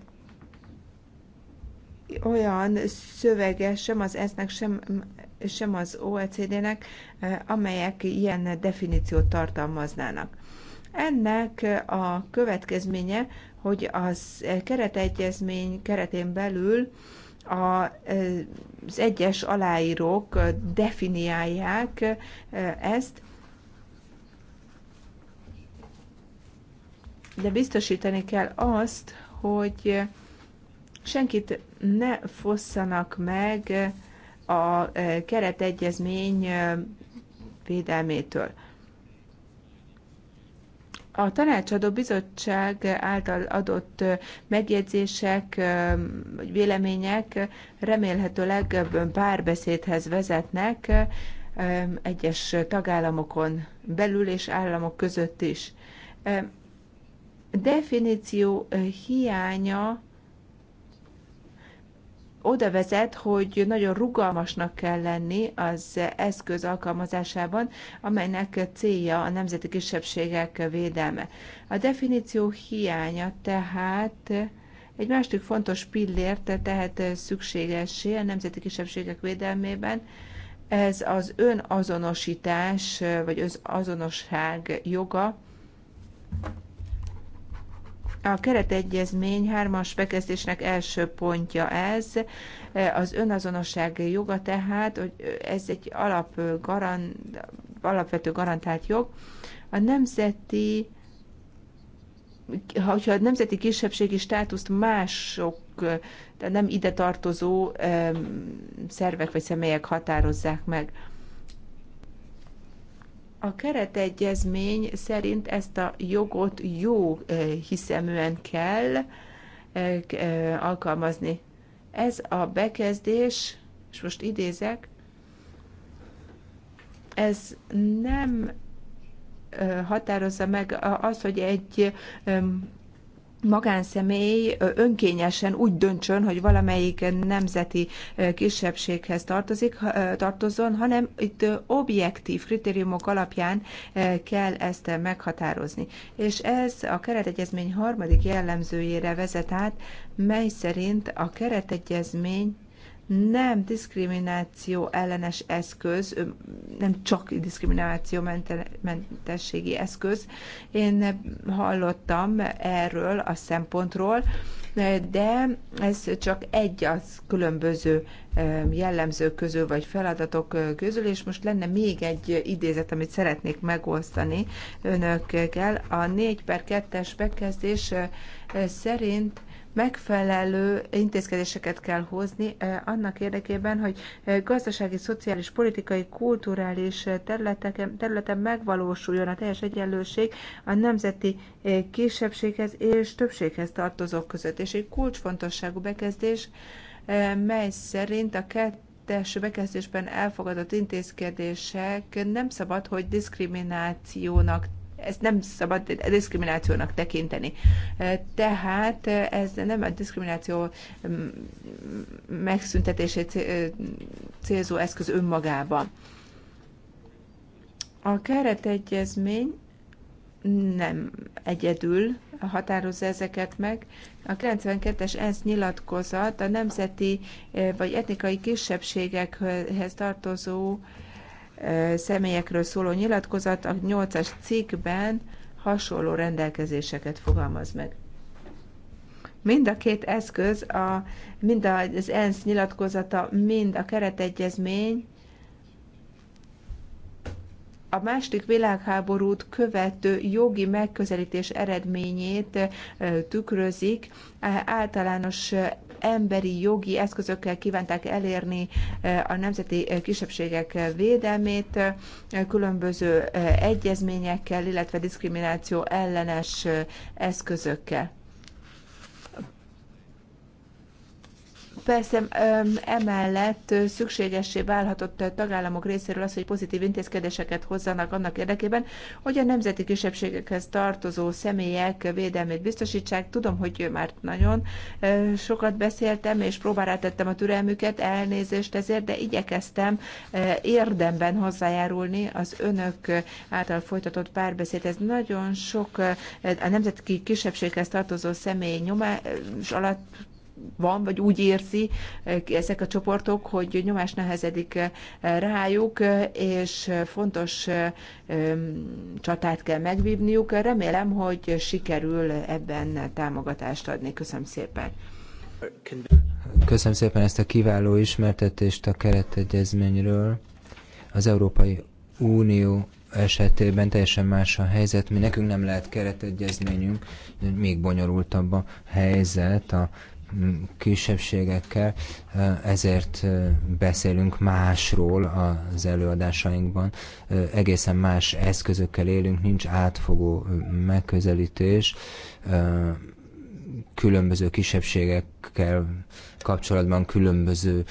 S1: olyan szövege sem az ESZ-nek, sem, sem az OECD-nek, amelyek ilyen definíciót tartalmaznának. Ennek a következménye, hogy az keretegyezmény keretén belül az egyes aláírók definiálják e, ezt, de biztosítani kell azt, hogy senkit ne fosszanak meg a e, keretegyezmény e, védelmétől a tanácsadó bizottság által adott megjegyzések vagy vélemények remélhetőleg párbeszédhez vezetnek egyes tagállamokon belül és államok között is. Definíció hiánya oda vezet, hogy nagyon rugalmasnak kell lenni az eszköz alkalmazásában, amelynek célja a nemzeti kisebbségek védelme. A definíció hiánya tehát egy másik fontos pillért tehet szükségessé a nemzeti kisebbségek védelmében, ez az önazonosítás, vagy az azonosság joga, a keretegyezmény hármas bekezdésnek első pontja ez, az önazonosság joga tehát, hogy ez egy alap garant, alapvető garantált jog. A nemzeti hogyha a nemzeti kisebbségi státuszt mások, de nem ide tartozó szervek vagy személyek határozzák meg. A keretegyezmény szerint ezt a jogot jó hiszeműen kell alkalmazni. Ez a bekezdés, és most idézek, ez nem határozza meg az, hogy egy magánszemély önkényesen úgy döntsön, hogy valamelyik nemzeti kisebbséghez tartozik, tartozzon, hanem itt objektív kritériumok alapján kell ezt meghatározni. És ez a keretegyezmény harmadik jellemzőjére vezet át, mely szerint a keretegyezmény nem diszkrimináció ellenes eszköz, nem csak mentességi eszköz. Én hallottam erről a szempontról, de ez csak egy az különböző jellemzők közül, vagy feladatok közül, és most lenne még egy idézet, amit szeretnék megosztani önökkel. A 4 per 2-es bekezdés szerint megfelelő intézkedéseket kell hozni eh, annak érdekében, hogy eh, gazdasági, szociális, politikai, kulturális eh, területeken, területen megvalósuljon a teljes egyenlőség a nemzeti kisebbséghez és többséghez tartozók között. És egy kulcsfontosságú bekezdés, mely szerint a kettő kettes bekezdésben elfogadott intézkedések nem szabad, hogy diszkriminációnak ezt nem szabad diszkriminációnak tekinteni. Tehát ez nem a diszkrimináció mm, megszüntetését célzó eszköz önmagában. A keretegyezmény nem egyedül határozza ezeket meg. A 92-es ENSZ nyilatkozat a nemzeti vagy etnikai kisebbségekhez tartozó személyekről szóló nyilatkozat a 8-as cikkben hasonló rendelkezéseket fogalmaz meg. Mind a két eszköz, a, mind az ENSZ nyilatkozata, mind a keretegyezmény a második világháborút követő jogi megközelítés eredményét tükrözik általános emberi jogi eszközökkel kívánták elérni eh, a nemzeti eh, kisebbségek eh, védelmét, különböző egyezményekkel, illetve diszkrimináció ellenes eszközökkel. Persze emellett szükségessé válhatott a tagállamok részéről az, hogy pozitív intézkedéseket hozzanak annak érdekében, hogy a nemzeti kisebbségekhez tartozó személyek védelmét biztosítsák. Tudom, hogy már nagyon sokat beszéltem, és próbára tettem a türelmüket, elnézést ezért, de igyekeztem érdemben hozzájárulni az önök által folytatott párbeszédhez. Nagyon sok a nemzeti kisebbséghez tartozó személy nyomás alatt van, vagy úgy érzi eh, ezek a csoportok, hogy nyomás nehezedik eh, rájuk, eh, és fontos csatát kell megvívniuk. Remélem, hogy sikerül ebben támogatást adni. Köszönöm szépen.
S3: Köszönöm szépen ezt a kiváló ismertetést a keretegyezményről. Az Európai Unió esetében teljesen más a helyzet. Mi nekünk nem lehet keretegyezményünk, még bonyolultabb a helyzet a kisebbségekkel, eh, ezért eh, beszélünk másról az előadásainkban. Eh, egészen más eszközökkel élünk, nincs átfogó megközelítés, különböző kisebbségekkel kapcsolatban különböző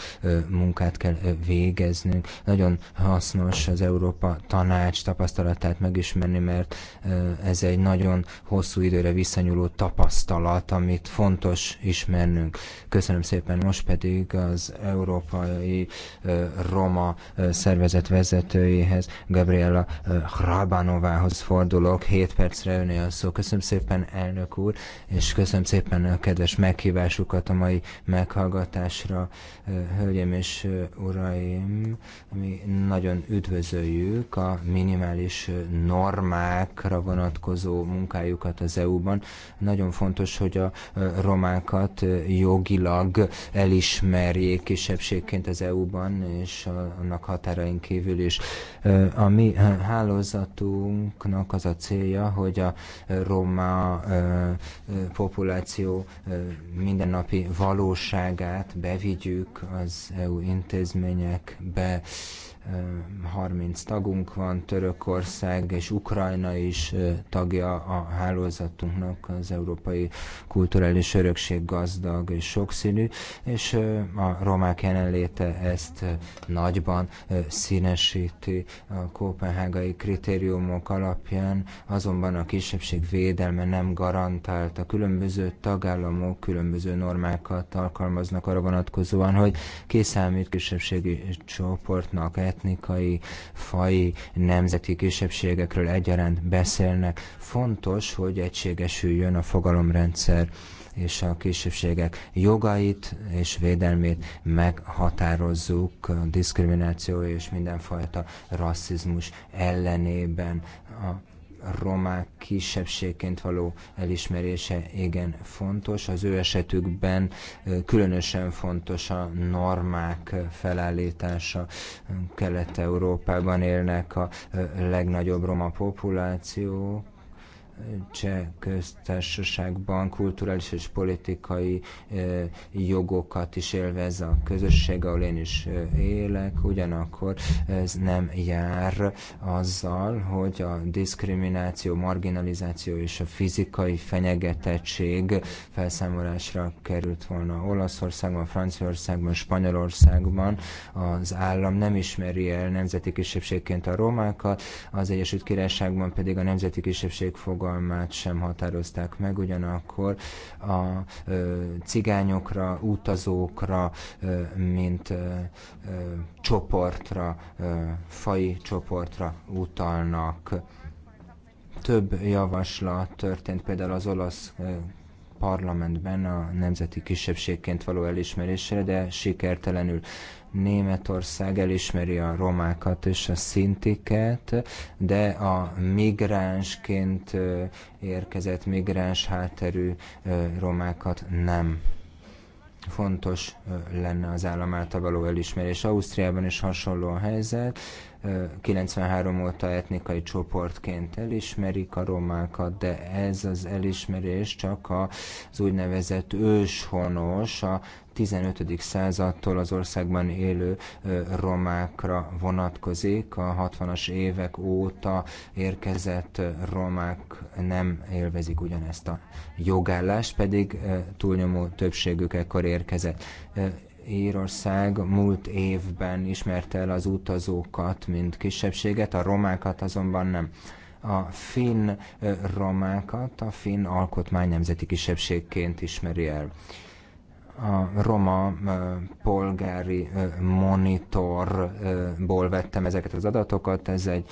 S3: munkát kell végeznünk. Nagyon hasznos az Európa Tanács tapasztalatát megismerni, mert ez egy nagyon hosszú időre visszanyúló tapasztalat, amit fontos ismernünk. Köszönöm szépen, most pedig az Európai Roma szervezet vezetőjéhez, Gabriela Hrabanovához fordulok. 7 percre önél a szó. Köszönöm szépen, elnök úr, és köszönöm szépen a kedves meghívásukat a mai meghallgatást meghallgatásra, hölgyeim és uraim, mi nagyon üdvözöljük a minimális normákra vonatkozó munkájukat az EU-ban. Nagyon fontos, hogy a romákat jogilag elismerjék kisebbségként az EU-ban, és annak határain kívül is. A mi hálózatunknak az a célja, hogy a roma populáció mindennapi valóság világát bevigyük az EU intézményekbe. 30 tagunk van, Törökország és Ukrajna is tagja a hálózatunknak, az Európai Kulturális Örökség gazdag és sokszínű, és a romák jelenléte ezt nagyban színesíti a kopenhágai kritériumok alapján, azonban a kisebbség védelme nem garantált. A különböző tagállamok különböző normákat alkalmaznak arra vonatkozóan, hogy kiszámít kisebbségi csoportnak etnikai, fai, nemzeti kisebbségekről egyaránt beszélnek. Fontos, hogy egységesüljön a fogalomrendszer és a kisebbségek jogait és védelmét meghatározzuk diszkrimináció és mindenfajta rasszizmus ellenében. A romák kisebbségként való elismerése igen fontos. Az ő esetükben különösen fontos a normák felállítása. Kelet-Európában élnek a legnagyobb roma populációk, cseh köztársaságban kulturális és politikai e, jogokat is élvez a közösség, ahol én is e, élek, ugyanakkor ez nem jár azzal, hogy a diszkrimináció, marginalizáció és a fizikai fenyegetettség felszámolásra került volna Olaszországban, Franciaországban, Spanyolországban. Az állam nem ismeri el nemzeti kisebbségként a romákat, az Egyesült Királyságban pedig a nemzeti kisebbség fogal fogalmát sem határozták meg, ugyanakkor a cigányokra, utazókra, mint csoportra, fai csoportra utalnak. Több javaslat történt például az olasz parlamentben a nemzeti kisebbségként való elismerésre, de sikertelenül Németország elismeri a romákat és a szintiket, de a migránsként érkezett migráns hátterű romákat nem. Fontos lenne az állam által való elismerés. Ausztriában is hasonló a helyzet. 93 óta etnikai csoportként elismerik a romákat, de ez az elismerés csak az úgynevezett őshonos, a 15. századtól az országban élő romákra vonatkozik. A 60-as évek óta érkezett romák nem élvezik ugyanezt a jogállást, pedig túlnyomó többségük ekkor érkezett. Írország múlt évben ismerte el az utazókat, mint kisebbséget, a romákat azonban nem. A finn romákat a finn alkotmány nemzeti kisebbségként ismeri el a roma polgári monitorból vettem ezeket az adatokat, ez egy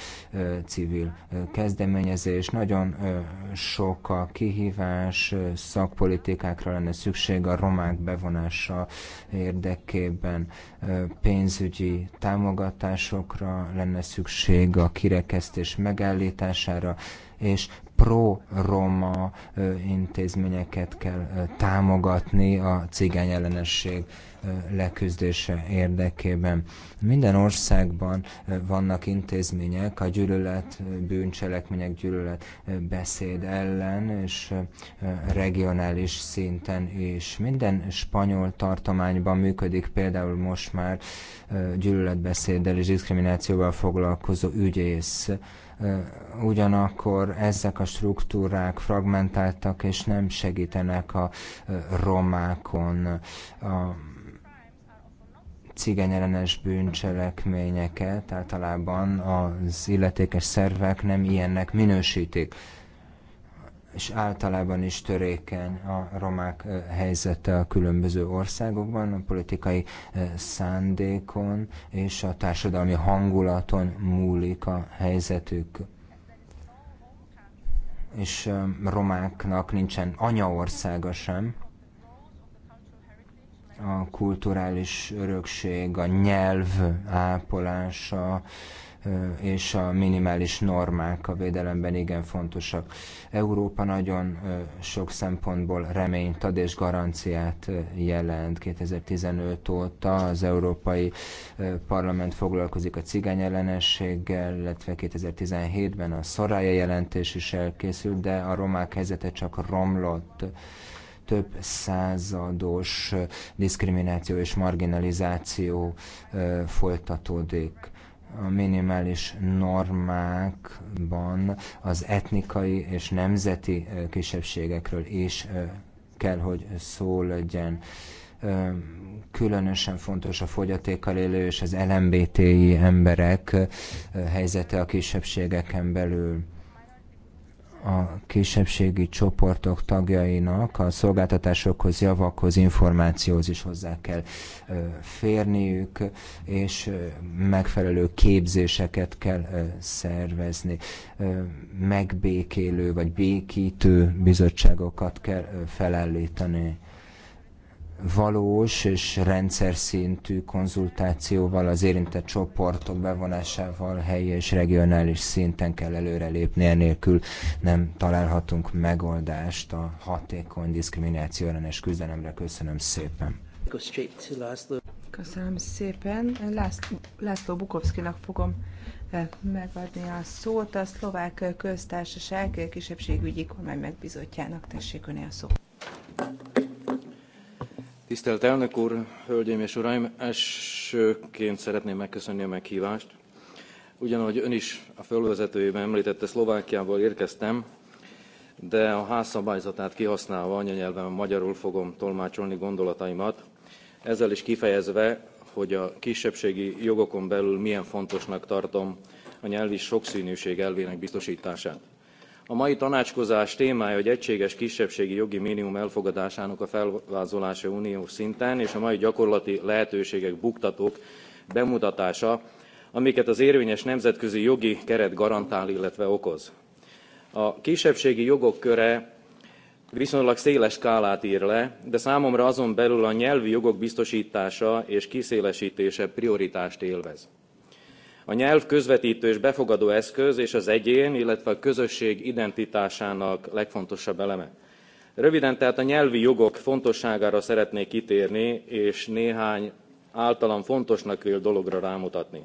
S3: civil kezdeményezés, nagyon sok a kihívás, szakpolitikákra lenne szükség a romák bevonása érdekében, pénzügyi támogatásokra lenne szükség a kirekesztés megállítására, és pro-roma intézményeket kell támogatni a cigány ellenesség leküzdése érdekében. Minden országban vannak intézmények a gyűlölet, bűncselekmények, gyűlölet beszéd ellen, és regionális szinten is. Minden spanyol tartományban működik például most már gyűlöletbeszéddel és diszkriminációval foglalkozó ügyész, ugyanakkor ezek a struktúrák fragmentáltak és nem segítenek a romákon. A cigenyelenes bűncselekményeket általában az illetékes szervek nem ilyennek minősítik és általában is törékeny a romák helyzete a különböző országokban, a politikai szándékon és a társadalmi hangulaton múlik a helyzetük. És romáknak nincsen anyaországa sem, a kulturális örökség, a nyelv ápolása, és a minimális normák a védelemben igen fontosak. Európa nagyon sok szempontból reményt ad és garanciát jelent. 2015 óta az Európai Parlament foglalkozik a cigány ellenességgel, illetve 2017-ben a Szorája jelentés is elkészült, de a romák helyzete csak romlott több százados diszkrimináció és marginalizáció folytatódik a minimális normákban az etnikai és nemzeti kisebbségekről is kell, hogy szó legyen. Különösen fontos a fogyatékkal élő és az LMBTI emberek helyzete a kisebbségeken belül a kisebbségi csoportok tagjainak a szolgáltatásokhoz, javakhoz, információhoz is hozzá kell férniük, és megfelelő képzéseket kell szervezni. Megbékélő vagy békítő bizottságokat kell felállítani valós és rendszer szintű konzultációval, az érintett csoportok bevonásával helyi és regionális szinten kell előrelépni, enélkül nem találhatunk megoldást a hatékony diszkrimináció ellenes küzdelemre. Köszönöm szépen!
S1: Köszönöm szépen. László, László Bukovszkinak fogom eh, megadni a szót. A Szlovák Köztársaság Kisebbségügyi Kormány Megbizotjának tessék öné a szót.
S4: Tisztelt elnök úr, hölgyeim és uraim! Elsőként szeretném megköszönni a meghívást. Ugyanahogy ön is a fölvezetőjében említette, Szlovákiából érkeztem, de a házszabályzatát kihasználva anyanyelven magyarul fogom tolmácsolni gondolataimat, ezzel is kifejezve, hogy a kisebbségi jogokon belül milyen fontosnak tartom a nyelvi sokszínűség elvének biztosítását. A mai tanácskozás témája hogy egységes kisebbségi jogi minimum elfogadásának a felvázolása uniós szinten, és a mai gyakorlati lehetőségek, buktatók bemutatása, amiket az érvényes nemzetközi jogi keret garantál, illetve okoz. A kisebbségi jogok köre viszonylag széles skálát ír le, de számomra azon belül a nyelvi jogok biztosítása és kiszélesítése prioritást élvez a nyelv közvettő és befogadó eszköz és az egyén illetve a közösség identitásának legfontosabb eleme. röviden tehát a nyelvi jogok fontosságára szeretnék kitérni és néhány általam fontosnak vélt dologra rámutatni.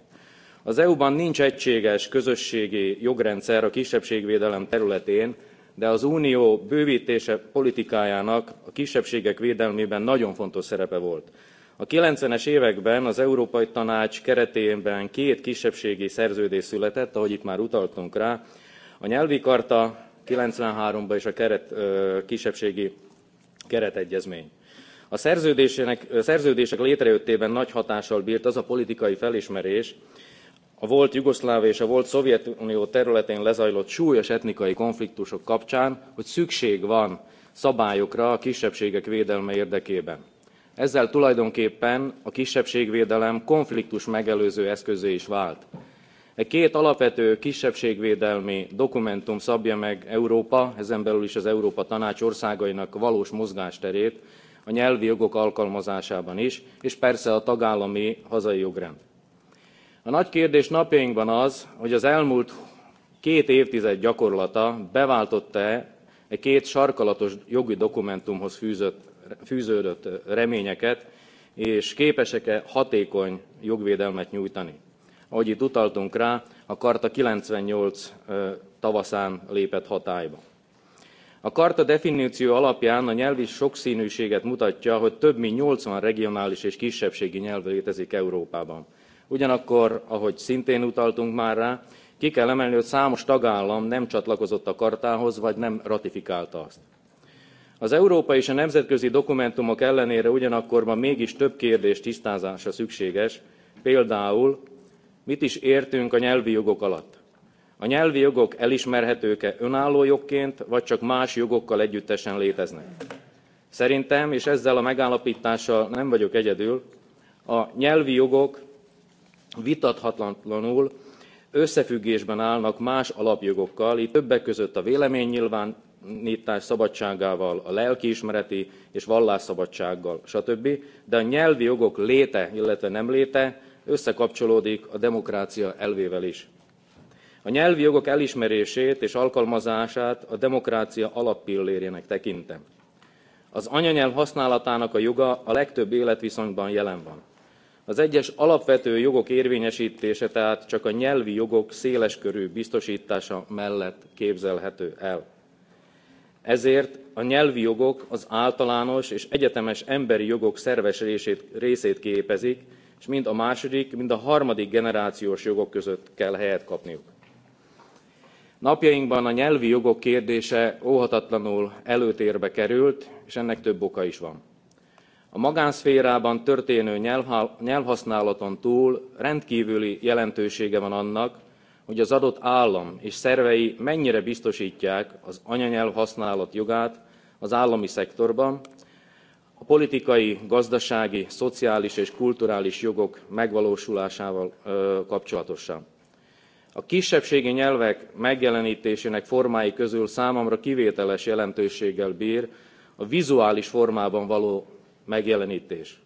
S4: az eu ban nincs egységes közösségi jogrendszer a kisebbségvédelem területén de az unió bővtése politikájának a kisebbségek védelmében nagyon fontos szerepe volt a ninety es években az európai tanács keretében két kisebbségi szerződés született ahogy itt már utaltunk rá a nyelvi karta ninety three ban és a keret, kisebbségi keretegyezmény. A szerződések létrejöttében nagy hatással bírt az a politikai felismerés, a volt Jugoszláv és a volt Szovjetunió területén lezajlott súlyos etnikai konfliktusok kapcsán, hogy szükség van szabályokra a kisebbségek védelme érdekében. Ezzel tulajdonképpen a kisebbségvédelem konfliktus megelőző eszközé is vált. E két alapvető kisebbségvédelmi dokumentum szabja meg Európa, ezen belül is az Európa Tanács országainak valós mozgásterét a nyelvi jogok alkalmazásában is, és persze a tagállami hazai jogrend. A nagy kérdés napjainkban az, hogy az elmúlt két évtized gyakorlata beváltotta-e e két sarkalatos jogi dokumentumhoz fűzött fűződött reményeket, és képesek-e hatékony jogvédelmet nyújtani. Ahogy itt utaltunk rá, a Karta 98 tavaszán lépett hatályba. A karta definíció alapján a nyelvi sokszínűséget mutatja, hogy több mint 80 regionális és kisebbségi nyelv létezik Európában. Ugyanakkor, ahogy szintén utaltunk már rá, ki kell emelni, hogy számos tagállam nem csatlakozott a kartához, vagy nem ratifikálta azt az európai és a nemzetközi dokumentumok ellenére ugyanakkor ma mégis több kérdés tisztázása szükséges például mit is értünk a nyelvi jogok alatt. a nyelvi jogok elismerhetők e önálló jogként vagy csak más jogokkal együttesen léteznek? szerintem és ezzel a megállaptással nem vagyok egyedül a nyelvi jogok vitathatatlanul összefüggésben állnak más alapjogokkal gy többek között a véleménynyilván tanítás szabadságával, a lelkiismereti és vallásszabadsággal, stb., de a nyelvi jogok léte, illetve nem léte összekapcsolódik a demokrácia elvével is. A nyelvi jogok elismerését és alkalmazását a demokrácia alappillérének tekintem. Az anyanyelv használatának a joga a legtöbb életviszonyban jelen van. Az egyes alapvető jogok érvényesítése tehát csak a nyelvi jogok széles körű biztosítása mellett képzelhető el ezért a nyelvi jogok az általános és egyetemes emberi jogok szerves részét, részét képezik és mind a második mind a harmadik generációs jogok között kell helyet kapniuk. napjainkban a nyelvi jogok kérdése óhatatlanul előtérbe került és ennek több oka is van. A magánszférában történő nyelvhasználaton túl rendkívüli jelentősége van annak, hogy az adott állam és szervei mennyire biztosítják az anyanyelv használat jogát az állami szektorban, a politikai, gazdasági, szociális és kulturális jogok megvalósulásával ö, kapcsolatosan. A kisebbségi nyelvek megjelenítésének formái közül számomra kivételes jelentőséggel bír a vizuális formában való megjelenítés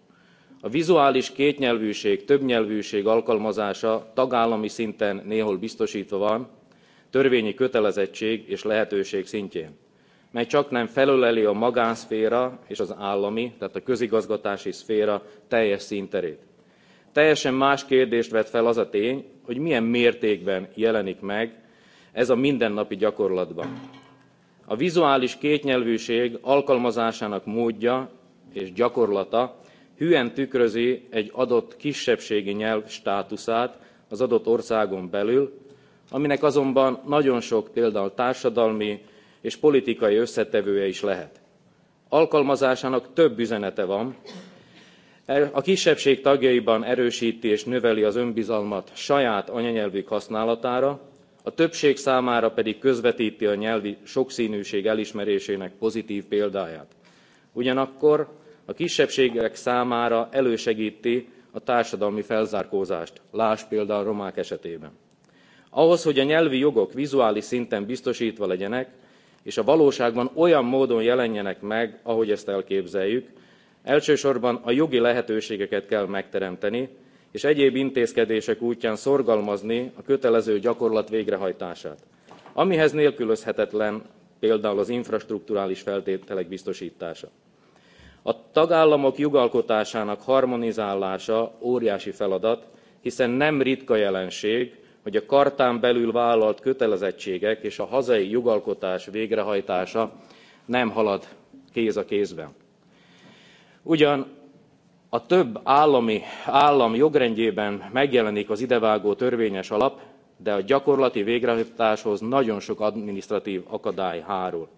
S4: a vizuális kétnyelvűség többnyelvűség alkalmazása tagállami szinten néhol biztostva van törvényi kötelezettség és lehetőség szintjén mely csaknem felöleli a magánszféra és az állami tehát a közigazgatási szféra teljes sznterét. teljesen más kérdést vet fel az a tény hogy milyen mértékben jelenik meg ez a mindennapi gyakorlatban. a vizuális kétnyelvűség alkalmazásának módja és gyakorlata hűen tükrözi egy adott kisebbségi nyelv státuszát az adott országon belül, aminek azonban nagyon sok például társadalmi és politikai összetevője is lehet. Alkalmazásának több üzenete van, e, a kisebbség tagjaiban erősíti és növeli az önbizalmat saját anyanyelvük használatára, a többség számára pedig közvetíti a nyelvi sokszínűség elismerésének pozitív példáját. Ugyanakkor a kisebbségek számára elősegti a társadalmi felzárkózást lásd például a romák esetében. ahhoz hogy a nyelvi jogok vizuális szinten biztostva legyenek és a valóságban olyan módon jelenjenek meg ahogy ezt elképzeljük elsősorban a jogi lehetőségeket kell megteremteni és egyéb intézkedések útján szorgalmazni a kötelező gyakorlat végrehajtását amihez nélkülözhetetlen például az infrastrukturális feltételek biztostása a tagállamok jogalkotásának harmonizálása óriási feladat hiszen nem ritka jelenség hogy a chartán belül vállalt kötelezettségek és a hazai jogalkotás végrehajtása nem halad kéz a kézben. ugyan a több állami, állam jogrendjében megjelenik az idevágó törvényes alap de a gyakorlati végrehajtáshoz nagyon sok adminisztratv akadály hárul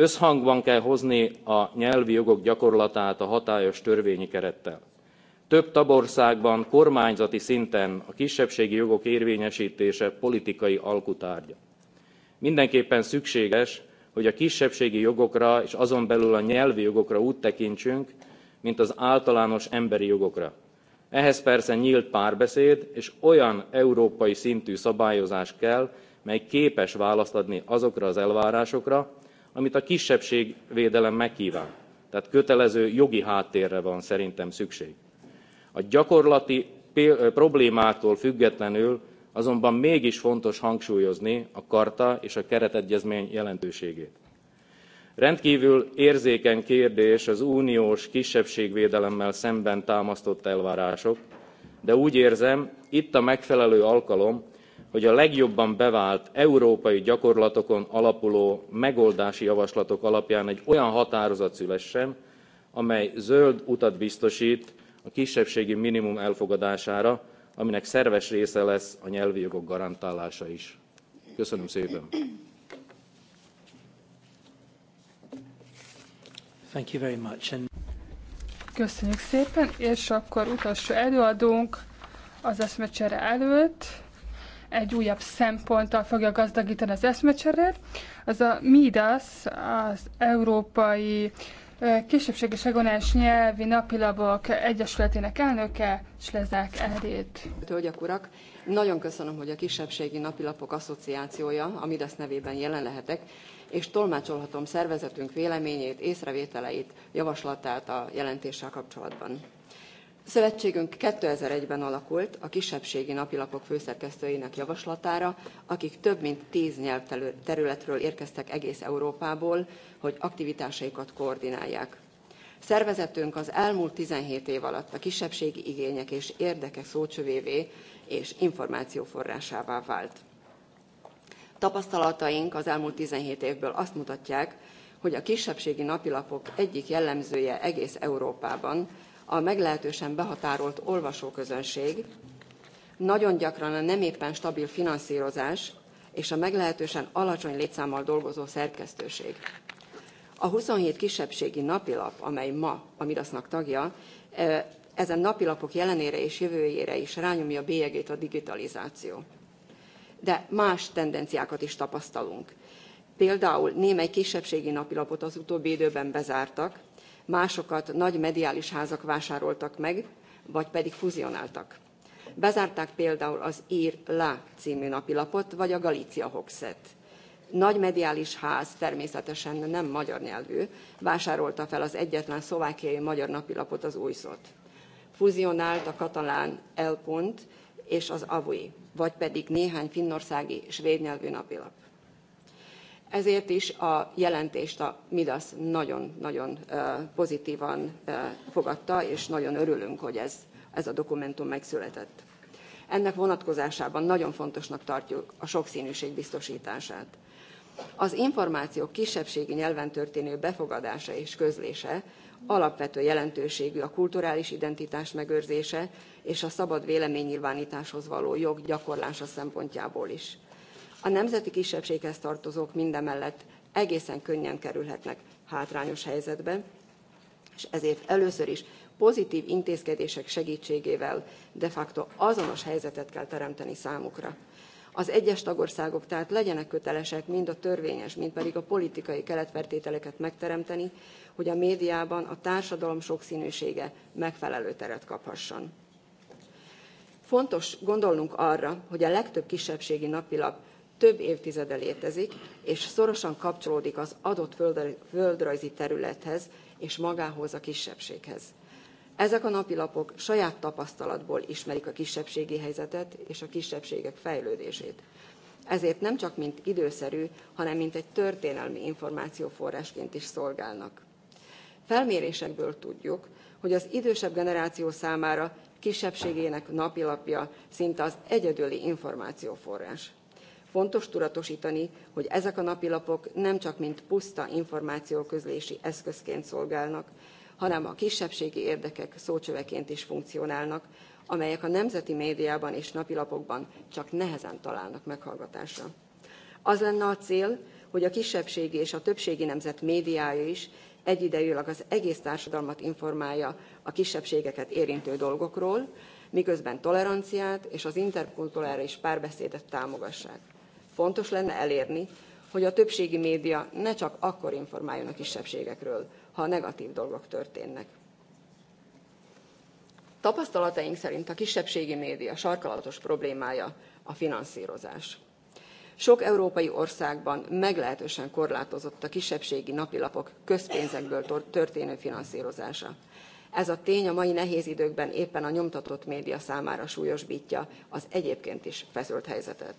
S4: összhangban kell hozni a nyelvi jogok gyakorlatát a hatályos törvényi kerettel. több tagországban kormányzati szinten a kisebbségi jogok érvényestése politikai alkutárgya. mindenképpen szükséges hogy a kisebbségi jogokra és azon belül a nyelvi jogokra úgy tekintsünk mint az általános emberi jogokra. ehhez persze nylt párbeszéd és olyan európai szintű szabályozás kell mely képes választ adni azokra az elvárásokra amit a kisebbségvédelem megkván tehát kötelező jogi háttérre van szerintem szükség. a gyakorlati problémáktól függetlenül azonban mégis fontos hangsúlyozni a charta és a keretegyezmény jelentőségét. rendkvül érzékeny kérdés az uniós kisebbségvédelemmel szemben támasztott elvárások de úgy érzem itt a megfelelő alkalom hogy a legjobban bevált európai gyakorlatokon alapuló megoldási javaslatok alapján egy olyan határozat szülessen amely zöld utat biztost a kisebbségi minimum elfogadására aminek szerves része lesz a nyelvi jogok garantálása is. Köszönöm szépen! Thank you very much. And...
S2: Köszönjük szépen, és akkor utolsó előadónk az eszmecsere előtt egy újabb szemponttal fogja gazdagítani az eszmecserét. Az a MIDAS, az Európai Kisebbség és Regionális Nyelvi Napilabok Egyesületének elnöke, Slezák Erét.
S5: Hölgyek, urak! Nagyon köszönöm, hogy a Kisebbségi Napilapok Asszociációja, a MIDASZ nevében jelen lehetek, és tolmácsolhatom szervezetünk véleményét, észrevételeit, javaslatát a jelentéssel kapcsolatban. Szövetségünk 2001-ben alakult a kisebbségi napilapok főszerkesztőinek javaslatára, akik több mint tíz nyelvterületről érkeztek egész Európából, hogy aktivitásaikat koordinálják. Szervezetünk az elmúlt 17 év alatt a kisebbségi igények és érdekek szócsövévé és információforrásává vált. Tapasztalataink az elmúlt 17 évből azt mutatják, hogy a kisebbségi napilapok egyik jellemzője egész Európában, a meglehetősen behatárolt olvasóközönség, nagyon gyakran a nem éppen stabil finanszírozás és a meglehetősen alacsony létszámmal dolgozó szerkesztőség. A 27 kisebbségi napilap, amely ma a Midasznak tagja, e, ezen napilapok jelenére és jövőjére is rányomja bélyegét a digitalizáció. De más tendenciákat is tapasztalunk. Például némely kisebbségi napilapot az utóbbi időben bezártak, másokat nagy mediális házak vásároltak meg, vagy pedig fuzionáltak. Bezárták például az Ír Lá című napilapot, vagy a Galícia Hoxet. Nagy mediális ház természetesen nem magyar nyelvű, vásárolta fel az egyetlen szlovákiai magyar napilapot, az Újszot. Fuzionált a katalán El Pont és az Avui, vagy pedig néhány finnországi svéd nyelvű napilap ezért is a jelentést a Midas nagyon-nagyon pozitívan fogadta, és nagyon örülünk, hogy ez, ez a dokumentum megszületett. Ennek vonatkozásában nagyon fontosnak tartjuk a sokszínűség biztosítását. Az információk kisebbségi nyelven történő befogadása és közlése alapvető jelentőségű a kulturális identitás megőrzése és a szabad véleménynyilvánításhoz való jog gyakorlása szempontjából is. A nemzeti kisebbséghez tartozók mindemellett egészen könnyen kerülhetnek hátrányos helyzetbe, és ezért először is pozitív intézkedések segítségével de facto azonos helyzetet kell teremteni számukra. Az egyes tagországok tehát legyenek kötelesek mind a törvényes, mind pedig a politikai keletvertételeket megteremteni, hogy a médiában a társadalom sokszínűsége megfelelő teret kaphasson. Fontos gondolnunk arra, hogy a legtöbb kisebbségi napilap több évtizede létezik, és szorosan kapcsolódik az adott földrajzi területhez és magához a kisebbséghez. Ezek a napilapok saját tapasztalatból ismerik a kisebbségi helyzetet és a kisebbségek fejlődését. Ezért nem csak mint időszerű, hanem mint egy történelmi információforrásként is szolgálnak. Felmérésekből tudjuk, hogy az idősebb generáció számára kisebbségének napilapja szinte az egyedüli információforrás. Fontos tudatosítani, hogy ezek a napilapok nem csak mint puszta információközlési eszközként szolgálnak, hanem a kisebbségi érdekek szócsöveként is funkcionálnak, amelyek a nemzeti médiában és napilapokban csak nehezen találnak meghallgatásra. Az lenne a cél, hogy a kisebbségi és a többségi nemzet médiája is egyidejűleg az egész társadalmat informálja a kisebbségeket érintő dolgokról, miközben toleranciát és az interkulturális párbeszédet támogassák. Fontos lenne elérni, hogy a többségi média ne csak akkor informáljon a kisebbségekről, ha a negatív dolgok történnek. Tapasztalataink szerint a kisebbségi média sarkalatos problémája a finanszírozás. Sok európai országban meglehetősen korlátozott a kisebbségi napilapok közpénzekből történő finanszírozása. Ez a tény a mai nehéz időkben éppen a nyomtatott média számára súlyosbítja az egyébként is feszült helyzetet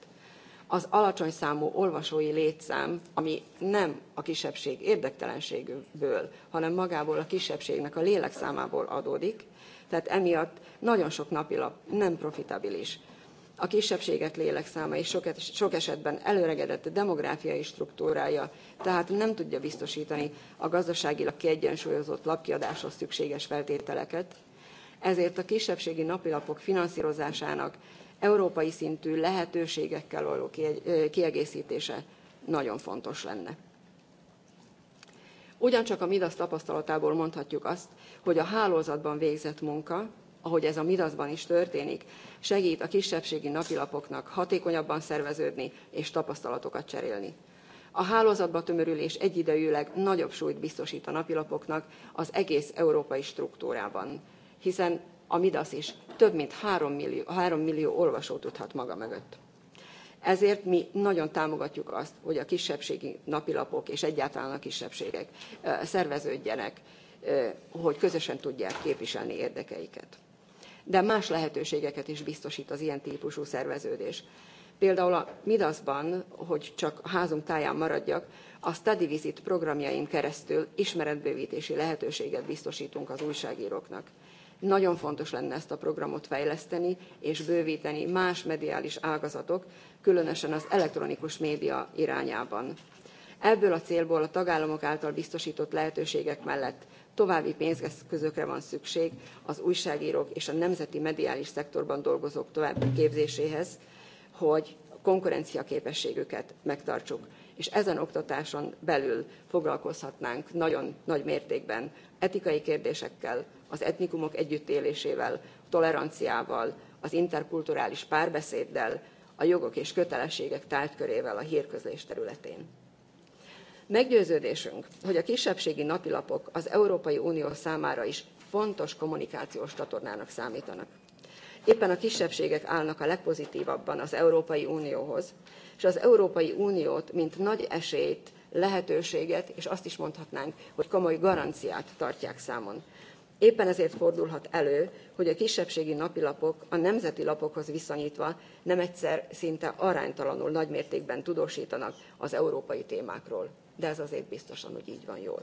S5: az alacsony számú olvasói létszám, ami nem a kisebbség érdektelenségből, hanem magából a kisebbségnek a lélekszámából adódik, tehát emiatt nagyon sok napilap nem profitabilis. A kisebbségek lélekszáma és sok, sok esetben előregedett demográfiai struktúrája, tehát nem tudja biztosítani a gazdaságilag kiegyensúlyozott lapkiadáshoz szükséges feltételeket, ezért a kisebbségi napilapok finanszírozásának európai szintű lehetőségekkel való kiegészítése nagyon fontos lenne. Ugyancsak a MIDASZ tapasztalatából mondhatjuk azt, hogy a hálózatban végzett munka, ahogy ez a MIDASZban is történik, segít a kisebbségi napilapoknak hatékonyabban szerveződni és tapasztalatokat cserélni. A hálózatba tömörülés egyidejűleg nagyobb súlyt biztosít a napilapoknak az egész európai struktúrában, hiszen a Midas is több mint 3 millió, 3 millió olvasó tudhat maga mögött. Ezért mi nagyon támogatjuk azt, hogy a kisebbségi napilapok és egyáltalán a kisebbségek szerveződjenek, hogy közösen tudják képviselni érdekeiket. De más lehetőségeket is biztosít az ilyen típusú szerveződés. Például a Midasban, hogy csak a házunk táján maradjak, a Study Visit programjain keresztül ismeretbővítési lehetőséget biztosítunk az újságíróknak. Nagyon fontos lenne ezt a programot fejleszteni és bővíteni más mediális ágazatok, különösen az elektronikus média irányában. Ebből a célból a tagállamok által biztosított lehetőségek mellett további pénzközökre van szükség az újságírók és a nemzeti mediális szektorban dolgozók további képzéséhez, hogy konkurenciaképességüket megtartsuk. És ezen oktatáson belül foglalkozhatnánk nagyon nagy mértékben etikai kérdésekkel, az etnikumok együttélésével, toleranciával, az interkulturális párbeszéddel, a jogok és kötelességek tárgykörével a hírközlés területén. Meggyőződésünk, hogy a kisebbségi napilapok az Európai Unió számára is fontos kommunikációs csatornának számítanak. Éppen a kisebbségek állnak a legpozitívabban az Európai Unióhoz, és az Európai Uniót, mint nagy esélyt, lehetőséget, és azt is mondhatnánk, hogy komoly garanciát tartják számon. Éppen ezért fordulhat elő, hogy a kisebbségi napilapok a nemzeti lapokhoz viszonyítva nem egyszer szinte aránytalanul nagymértékben tudósítanak az európai témákról. De ez azért biztosan, hogy így van jól.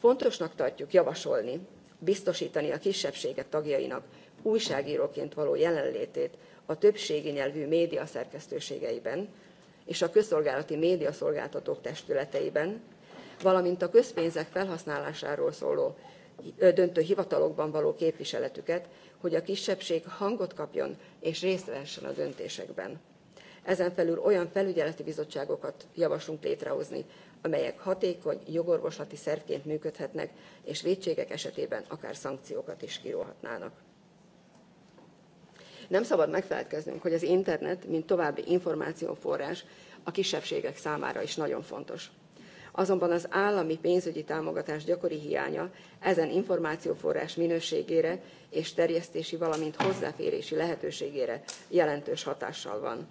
S5: Fontosnak tartjuk javasolni, biztosítani a kisebbségek tagjainak újságíróként való jelenlétét a többségi nyelvű média szerkesztőségeiben és a közszolgálati médiaszolgáltatók testületeiben, valamint a közpénzek felhasználásáról szóló döntő hivatalokban való képviseletüket, hogy a kisebbség hangot kapjon és részt vehessen a döntésekben. Ezen felül olyan felügyeleti bizottságokat javaslunk létrehozni, amelyek hatékony jogorvoslati szervként működhetnek, és védségek esetében akár szankciókat is kiróhatnának. Nem szabad megfelelkeznünk, hogy az internet, mint további információforrás a kisebbségek számára is nagyon fontos azonban az állami pénzügyi támogatás gyakori hiánya ezen információforrás minőségére és terjesztési, valamint hozzáférési lehetőségére jelentős hatással van.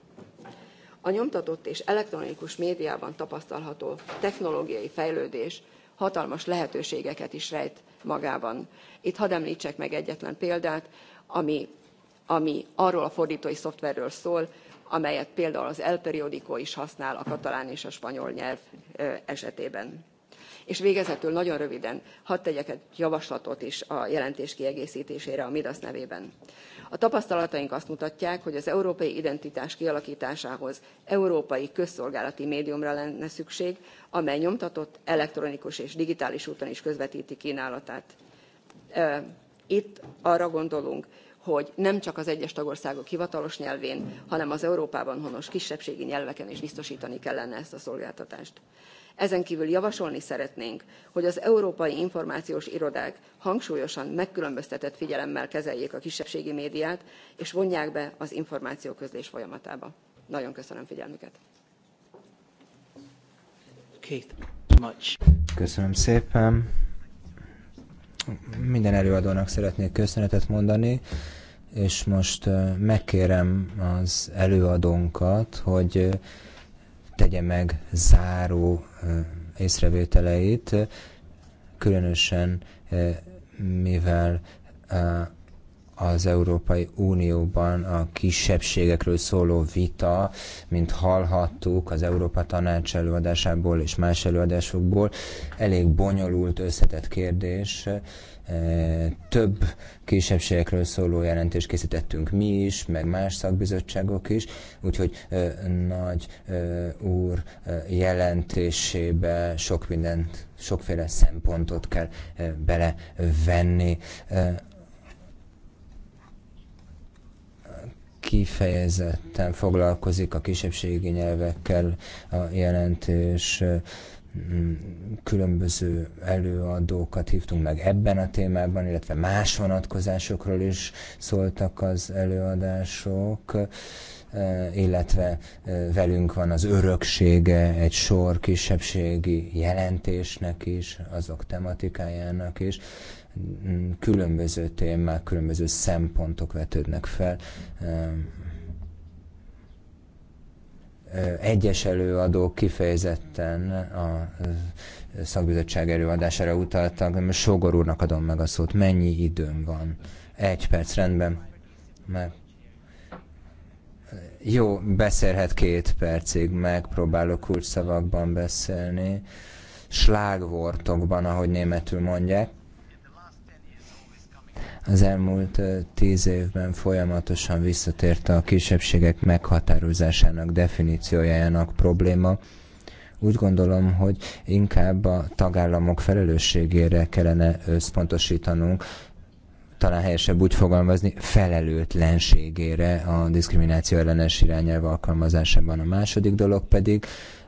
S5: A nyomtatott és elektronikus médiában tapasztalható technológiai fejlődés hatalmas lehetőségeket is rejt magában. Itt hadd említsek meg egyetlen példát, ami, ami arról a fordítói szoftverről szól, amelyet például az El Periodico is használ a katalán és a spanyol nyelv esetében. És végezetül nagyon röviden hadd tegyek egy javaslatot is a jelentés kiegészítésére a Midas nevében. A tapasztalataink azt mutatják, hogy az európai identitás kialakításához európai közszolgálati médiumra lenne szükség, amely nyomtatott, elektronikus és digitális úton is közvetíti kínálatát. Itt arra gondolunk, hogy nem csak az egyes tagországok hivatalos nyelvén, hanem az Európában honos kisebbségi nyelveken is biztosítani kellene ezt a szolgáltatást. Ezen kívül javasolni szeretnénk, hogy az európai információs irodák hangsúlyosan megkülönböztetett figyelemmel kezeljék a kisebbségi médiát, és vonják be az információközlés folyamatába. Nagyon köszönöm figyelmüket.
S3: Köszönöm szépen. Minden előadónak szeretnék köszönetet mondani, és most megkérem az előadónkat, hogy tegye meg záró észrevételeit, különösen mivel az Európai Unióban a kisebbségekről szóló vita, mint hallhattuk az Európa Tanács előadásából és más előadásokból, elég bonyolult, összetett kérdés. E, több kisebbségekről szóló jelentést készítettünk mi is, meg más szakbizottságok is, úgyhogy e, nagy e, úr jelentésébe sok mindent, sokféle szempontot kell belevenni kifejezetten foglalkozik a kisebbségi nyelvekkel a jelentés, mm, különböző előadókat hívtunk meg ebben a témában, illetve más vonatkozásokról is szóltak az előadások, e, illetve e, velünk van az öröksége egy sor kisebbségi jelentésnek is, azok tematikájának is különböző témák, különböző szempontok vetődnek fel. Egyes előadók kifejezetten a szakbizottság előadására utaltak, de most Sogor úrnak adom meg a szót. Mennyi időm van? Egy perc, rendben. Mert jó, beszélhet két percig, megpróbálok úgy szavakban beszélni, slágvortokban, ahogy németül mondják. Az elmúlt tíz évben folyamatosan visszatért a kisebbségek meghatározásának, definíciójának probléma. Úgy gondolom, hogy inkább a tagállamok felelősségére kellene összpontosítanunk, talán helyesebb úgy fogalmazni, felelőtlenségére a diszkrimináció ellenes irányelv alkalmazásában. A második dolog pedig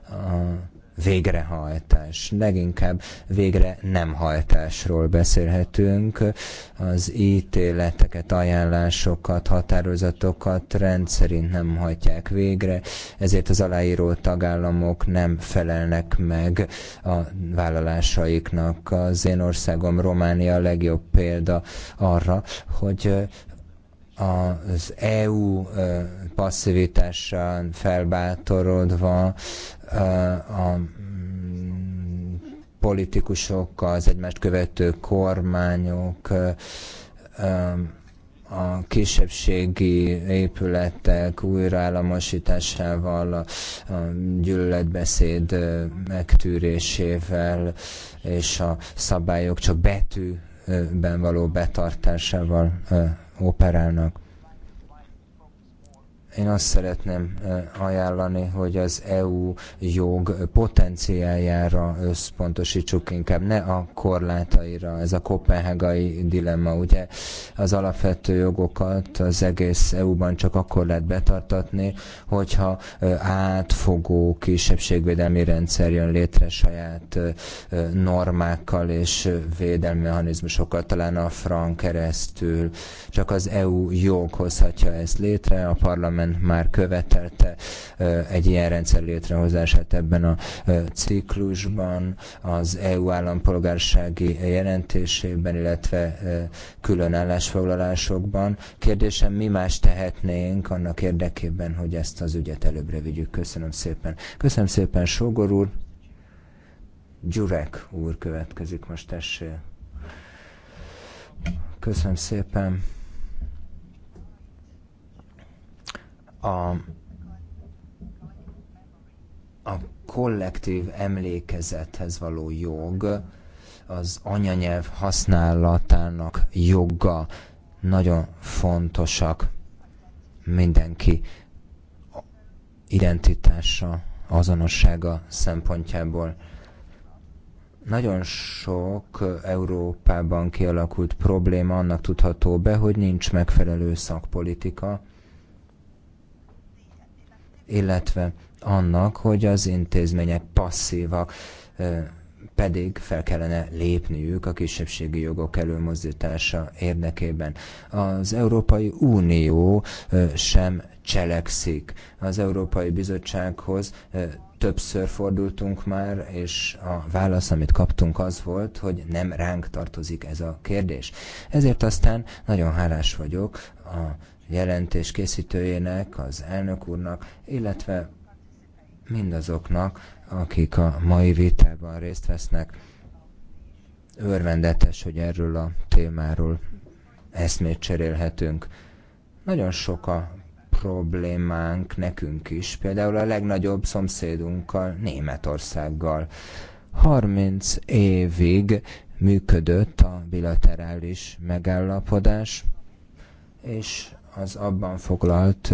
S3: a végrehajtás. Leginkább végre nem hajtásról beszélhetünk. Az ítéleteket, ajánlásokat, határozatokat rendszerint nem hajtják végre, ezért az aláíró tagállamok nem felelnek meg a vállalásaiknak. Az én országom Románia a legjobb példa arra, hogy az EU passzivitással felbátorodva a politikusok, az egymást követő kormányok, a kisebbségi épületek újraállamosításával, a gyűlöletbeszéd megtűrésével és a szabályok csak betűben való betartásával operálnak. Én azt szeretném ajánlani, hogy az EU jog potenciáljára összpontosítsuk inkább, ne a korlátaira, ez a kopenhágai dilemma. Ugye az alapvető jogokat az egész EU-ban csak akkor lehet betartatni, hogyha átfogó kisebbségvédelmi rendszer jön létre saját normákkal és védelmi mechanizmusokkal, talán a frank keresztül. Csak az EU jog hozhatja ezt létre, a parlament Parlament már követelte egy ilyen rendszer létrehozását ebben a ciklusban, az EU állampolgársági jelentésében, illetve külön állásfoglalásokban. Kérdésem, mi más tehetnénk annak érdekében, hogy ezt az ügyet előbbre vigyük? Köszönöm szépen. Köszönöm szépen, Sógor úr. Gyurek úr következik most, tessé. Köszönöm szépen. a, a kollektív emlékezethez való jog, az anyanyelv használatának joga nagyon fontosak mindenki identitása, azonossága szempontjából. Nagyon sok Európában kialakult probléma annak tudható be, hogy nincs megfelelő szakpolitika, illetve annak, hogy az intézmények passzívak, pedig fel kellene lépniük a kisebbségi jogok előmozdítása érdekében. Az Európai Unió sem cselekszik. Az Európai Bizottsághoz többször fordultunk már, és a válasz, amit kaptunk, az volt, hogy nem ránk tartozik ez a kérdés. Ezért aztán nagyon hálás vagyok a jelentés készítőjének, az elnök úrnak, illetve mindazoknak, akik a mai vitában részt vesznek. Örvendetes, hogy erről a témáról eszmét cserélhetünk. Nagyon sok a problémánk nekünk is, például a legnagyobb szomszédunkkal, Németországgal. 30 évig működött a bilaterális megállapodás, és az abban foglalt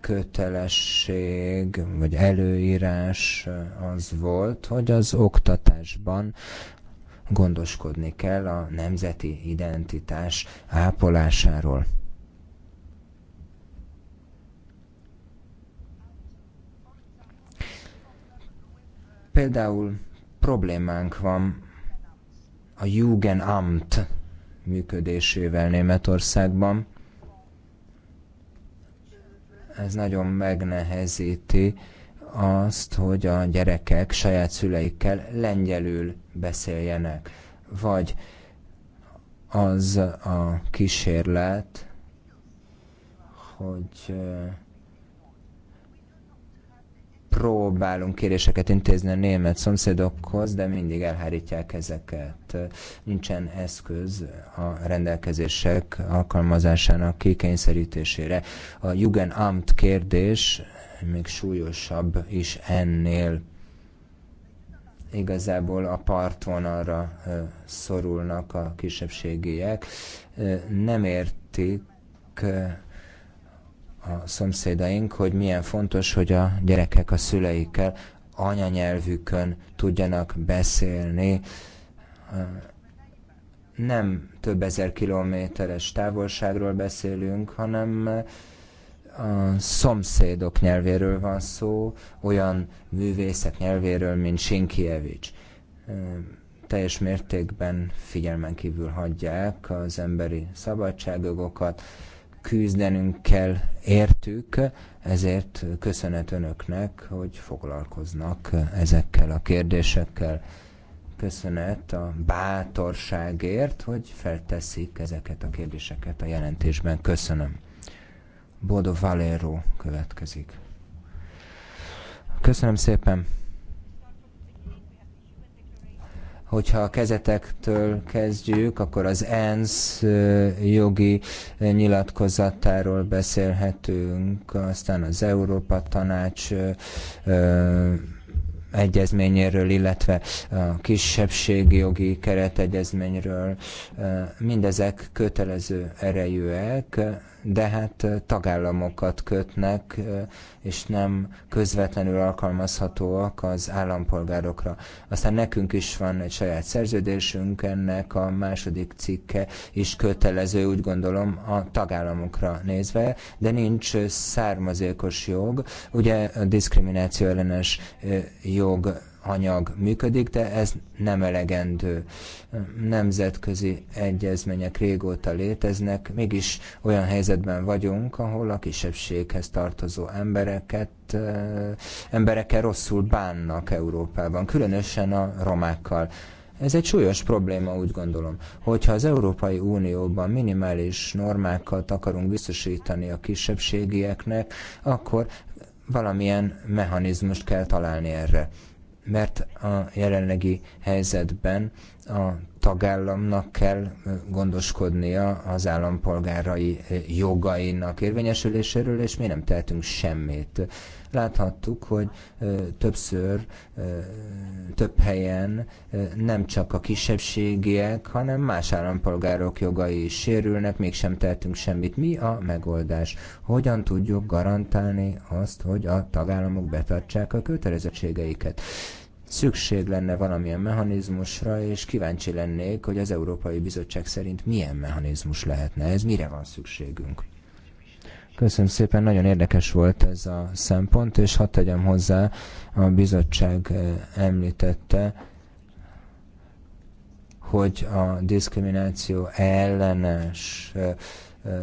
S3: kötelesség vagy előírás az volt, hogy az oktatásban gondoskodni kell a nemzeti identitás ápolásáról. Például problémánk van a Jugendamt működésével Németországban, ez nagyon megnehezíti azt, hogy a gyerekek saját szüleikkel lengyelül beszéljenek. Vagy az a kísérlet, hogy próbálunk kéréseket intézni a német szomszédokhoz, de mindig elhárítják ezeket. Nincsen eszköz a rendelkezések alkalmazásának kikényszerítésére. A Jugendamt kérdés még súlyosabb is ennél igazából a partvonalra szorulnak a kisebbségiek. Nem értik a szomszédaink, hogy milyen fontos, hogy a gyerekek a szüleikkel anyanyelvükön tudjanak beszélni. Nem több ezer kilométeres távolságról beszélünk, hanem a szomszédok nyelvéről van szó, olyan művészek nyelvéről, mint Sinkievics. Teljes mértékben figyelmen kívül hagyják az emberi szabadságjogokat, küzdenünk kell értük, ezért köszönet önöknek, hogy foglalkoznak ezekkel a kérdésekkel. Köszönet a bátorságért, hogy felteszik ezeket a kérdéseket a jelentésben. Köszönöm. Bodo Valero következik. Köszönöm szépen. Hogyha a kezetektől kezdjük, akkor az ENSZ jogi nyilatkozatáról beszélhetünk, aztán az Európa Tanács egyezményéről, illetve a kisebbségi jogi keretegyezményről. Mindezek kötelező erejűek, de hát tagállamokat kötnek, és nem közvetlenül alkalmazhatóak az állampolgárokra. Aztán nekünk is van egy saját szerződésünk, ennek a második cikke is kötelező, úgy gondolom, a tagállamokra nézve, de nincs származékos jog, ugye a diszkrimináció ellenes jog anyag működik, de ez nem elegendő. Nemzetközi egyezmények régóta léteznek, mégis olyan helyzetben vagyunk, ahol a kisebbséghez tartozó embereket, emberekkel rosszul bánnak Európában, különösen a romákkal. Ez egy súlyos probléma, úgy gondolom. Hogyha az Európai Unióban minimális normákat akarunk biztosítani a kisebbségieknek, akkor valamilyen mechanizmust kell találni erre mert a jelenlegi helyzetben a tagállamnak kell gondoskodnia az állampolgárai jogainak érvényesüléséről, és mi nem tehetünk semmit. Láthattuk, hogy többször, több helyen nem csak a kisebbségiek, hanem más állampolgárok jogai is sérülnek, mégsem tehetünk semmit. Mi a megoldás? Hogyan tudjuk garantálni azt, hogy a tagállamok betartsák a kötelezettségeiket? szükség lenne valamilyen mechanizmusra, és kíváncsi lennék, hogy az Európai Bizottság szerint milyen mechanizmus lehetne ez, mire van szükségünk. Köszönöm szépen, nagyon érdekes volt ez a szempont, és hadd tegyem hozzá, a bizottság eh, említette, hogy a diszkrimináció ellenes eh,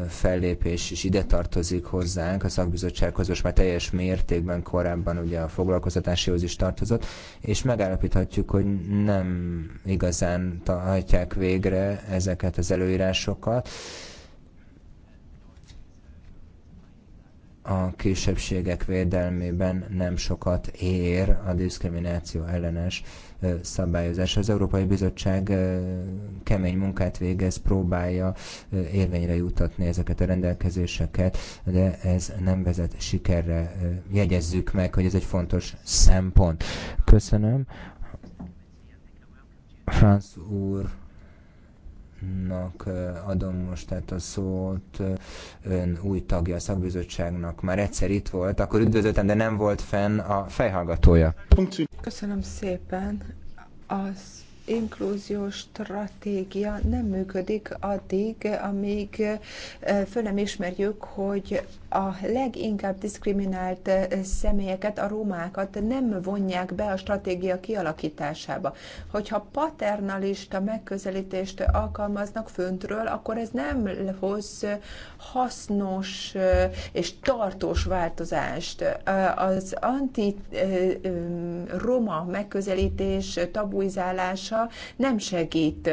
S3: fellépés is ide tartozik hozzánk, a szakbizottsághoz most már teljes mértékben korábban ugye a foglalkoztatásihoz is tartozott, és megállapíthatjuk, hogy nem igazán hajtják végre ezeket az előírásokat. A kisebbségek védelmében nem sokat ér a diszkrimináció ellenes szabályozás. Az Európai Bizottság kemény munkát végez, próbálja érvényre jutatni ezeket a rendelkezéseket, de ez nem vezet sikerre. Jegyezzük meg, hogy ez egy fontos szempont. Köszönöm. Franz úr nak adom most tehát a szót, ön új tagja a szakbizottságnak, már egyszer itt volt, akkor üdvözöltem, de nem volt fenn a fejhallgatója. Köszönöm szépen.
S1: Az inkluziós stratégia nem működik addig, amíg föl nem ismerjük, hogy a leginkább diszkriminált személyeket, a romákat nem vonják be a stratégia kialakításába. Hogyha paternalista megközelítést alkalmaznak föntről, akkor ez nem hoz hasznos és tartós változást. Az anti-roma megközelítés tabuizálása nem segít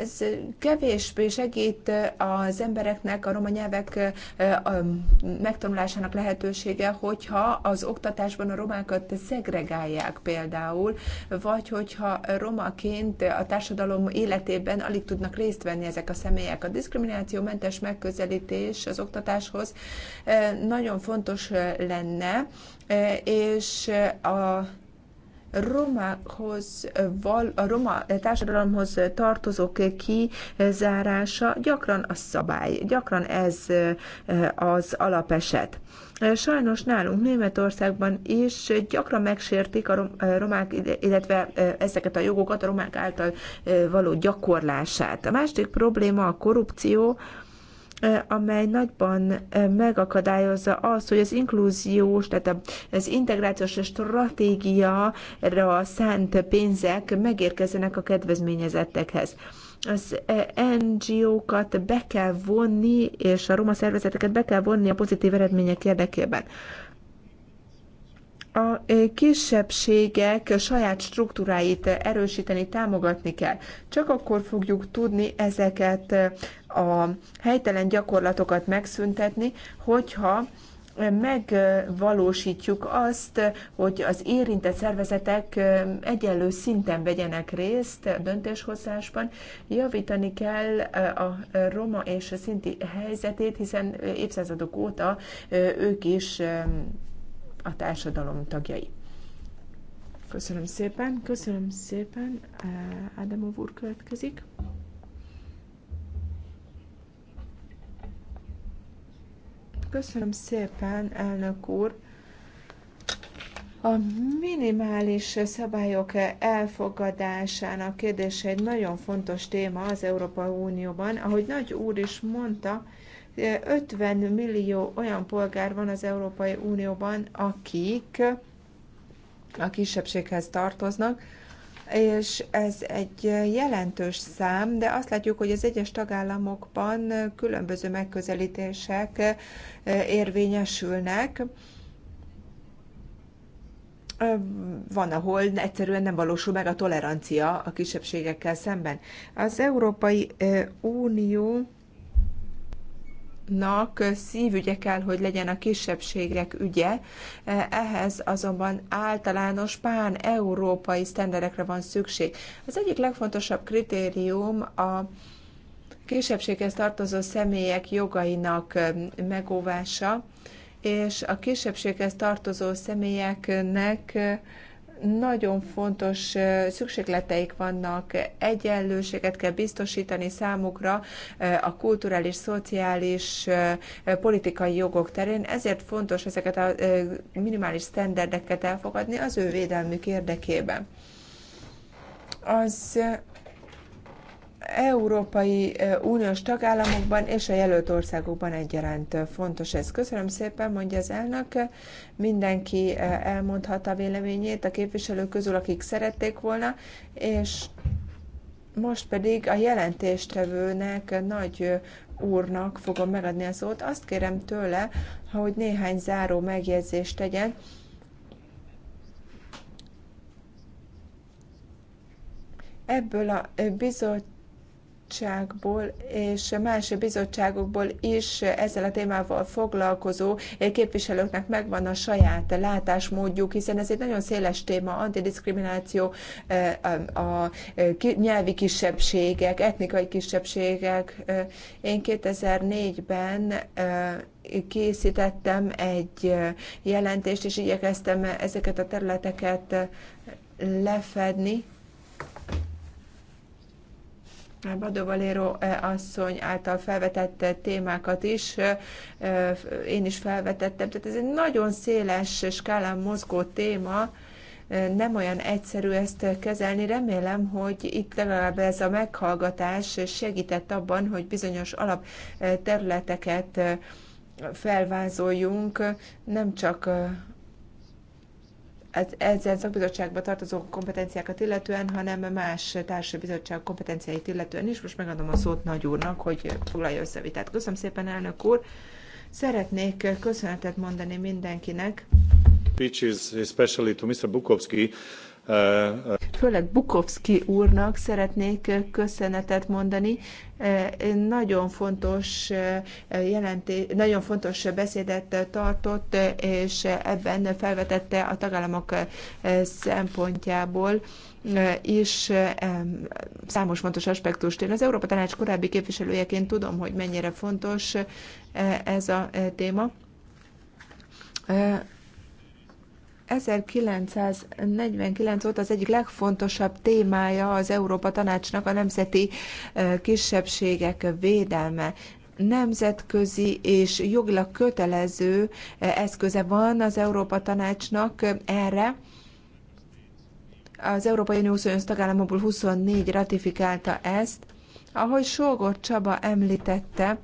S1: ez kevésbé segít az embereknek a roma nyelvek eh, megtanulásának lehetősége, hogyha az oktatásban a romákat szegregálják például, vagy hogyha romaként a társadalom életében alig tudnak részt venni ezek a személyek. A diszkriminációmentes megközelítés az oktatáshoz eh, nagyon fontos eh, lenne, és a romákhoz, val, a roma társadalomhoz tartozók kizárása gyakran a szabály, gyakran ez eh, az alapeset. Sajnos nálunk Németországban is gyakran megsértik a eh, romák, illetve eh, ezeket a jogokat a romák által való gyakorlását. A másik probléma a korrupció, amely nagyban megakadályozza azt, hogy az inkluziós, tehát az integrációs stratégiára szánt pénzek megérkezzenek a kedvezményezettekhez az NGO-kat be kell vonni, és a roma szervezeteket be kell vonni a pozitív eredmények érdekében. A kisebbségek saját struktúráit erősíteni, támogatni kell. Csak akkor fogjuk tudni ezeket a helytelen gyakorlatokat megszüntetni, hogyha megvalósítjuk azt, hogy az érintett szervezetek egyenlő szinten vegyenek részt a döntéshozásban. Javítani kell a roma és a szinti helyzetét, hiszen évszázadok óta ők is a társadalom tagjai. Köszönöm szépen, köszönöm szépen. Ádámov úr következik. Köszönöm szépen, elnök úr. A minimális szabályok elfogadásának kérdése egy nagyon fontos téma az Európai Unióban. Ahogy Nagy úr is mondta, 50 millió olyan polgár van az Európai Unióban, akik a kisebbséghez tartoznak, és ez egy jelentős szám, de azt látjuk, hogy az egyes tagállamokban különböző megközelítések eh, érvényesülnek. Eh, van, ahol egyszerűen nem valósul meg a tolerancia a kisebbségekkel szemben. Az Európai eh, Unió nak szívügye kell, hogy legyen a kisebbségek ügye, ehhez azonban általános pán-európai sztenderekre van szükség. Az egyik legfontosabb kritérium a kisebbséghez tartozó személyek jogainak megóvása, és a kisebbséghez tartozó személyeknek nagyon fontos szükségleteik vannak, egyenlőséget kell biztosítani számukra a kulturális, szociális, politikai jogok terén, ezért fontos ezeket a minimális sztenderdeket elfogadni az ő védelmük érdekében. Az Európai Uniós tagállamokban és a jelölt országokban egyaránt fontos ez. Köszönöm szépen, mondja az elnök. Mindenki elmondhat a véleményét a képviselők közül, akik szerették volna, és most pedig a jelentéstevőnek, nagy úrnak fogom megadni a szót. Azt kérem tőle, hogy néhány záró megjegyzést tegyen. Ebből a bizott bizottságból és más bizottságokból is ezzel a témával foglalkozó képviselőknek megvan a saját látásmódjuk, hiszen ez egy nagyon széles téma, antidiszkrimináció, eh, a nyelvi kisebbségek, etnikai kisebbségek. Eh, én 2004-ben eh, készítettem egy jelentést, és igyekeztem ezeket a területeket lefedni Badovalero eh, asszony által felvetett eh, témákat is, eh, én is felvetettem. Tehát ez egy nagyon széles skálán mozgó téma, nem olyan egyszerű ezt kezelni. Remélem, hogy itt legalább ez a meghallgatás segített abban, hogy bizonyos alapterületeket felvázoljunk, nem csak ezen szakbizottságba tartozó kompetenciákat illetően, hanem más társadalmi bizottság kompetenciáit illetően is. Most megadom a szót Nagy úrnak, hogy foglalja össze vitát. Köszönöm szépen, elnök úr! Szeretnék köszönetet mondani mindenkinek. Speeches, especially to Mr. Bukowski, Főleg Bukovski úrnak szeretnék köszönetet mondani. E, nagyon fontos e, jelenté, nagyon fontos beszédet tartott, e, és ebben felvetette a tagállamok szempontjából és számos fontos aspektust. Én az Európa Tanács korábbi képviselőjeként tudom, hogy mennyire fontos ez a téma 1949 óta az egyik legfontosabb témája az Európa Tanácsnak a nemzeti kisebbségek védelme nemzetközi és jogilag kötelező eszköze van az Európa Tanácsnak erre. Az Európai Unió 28 tagállamából 24 ratifikálta ezt. Ahogy Sógor Csaba említette,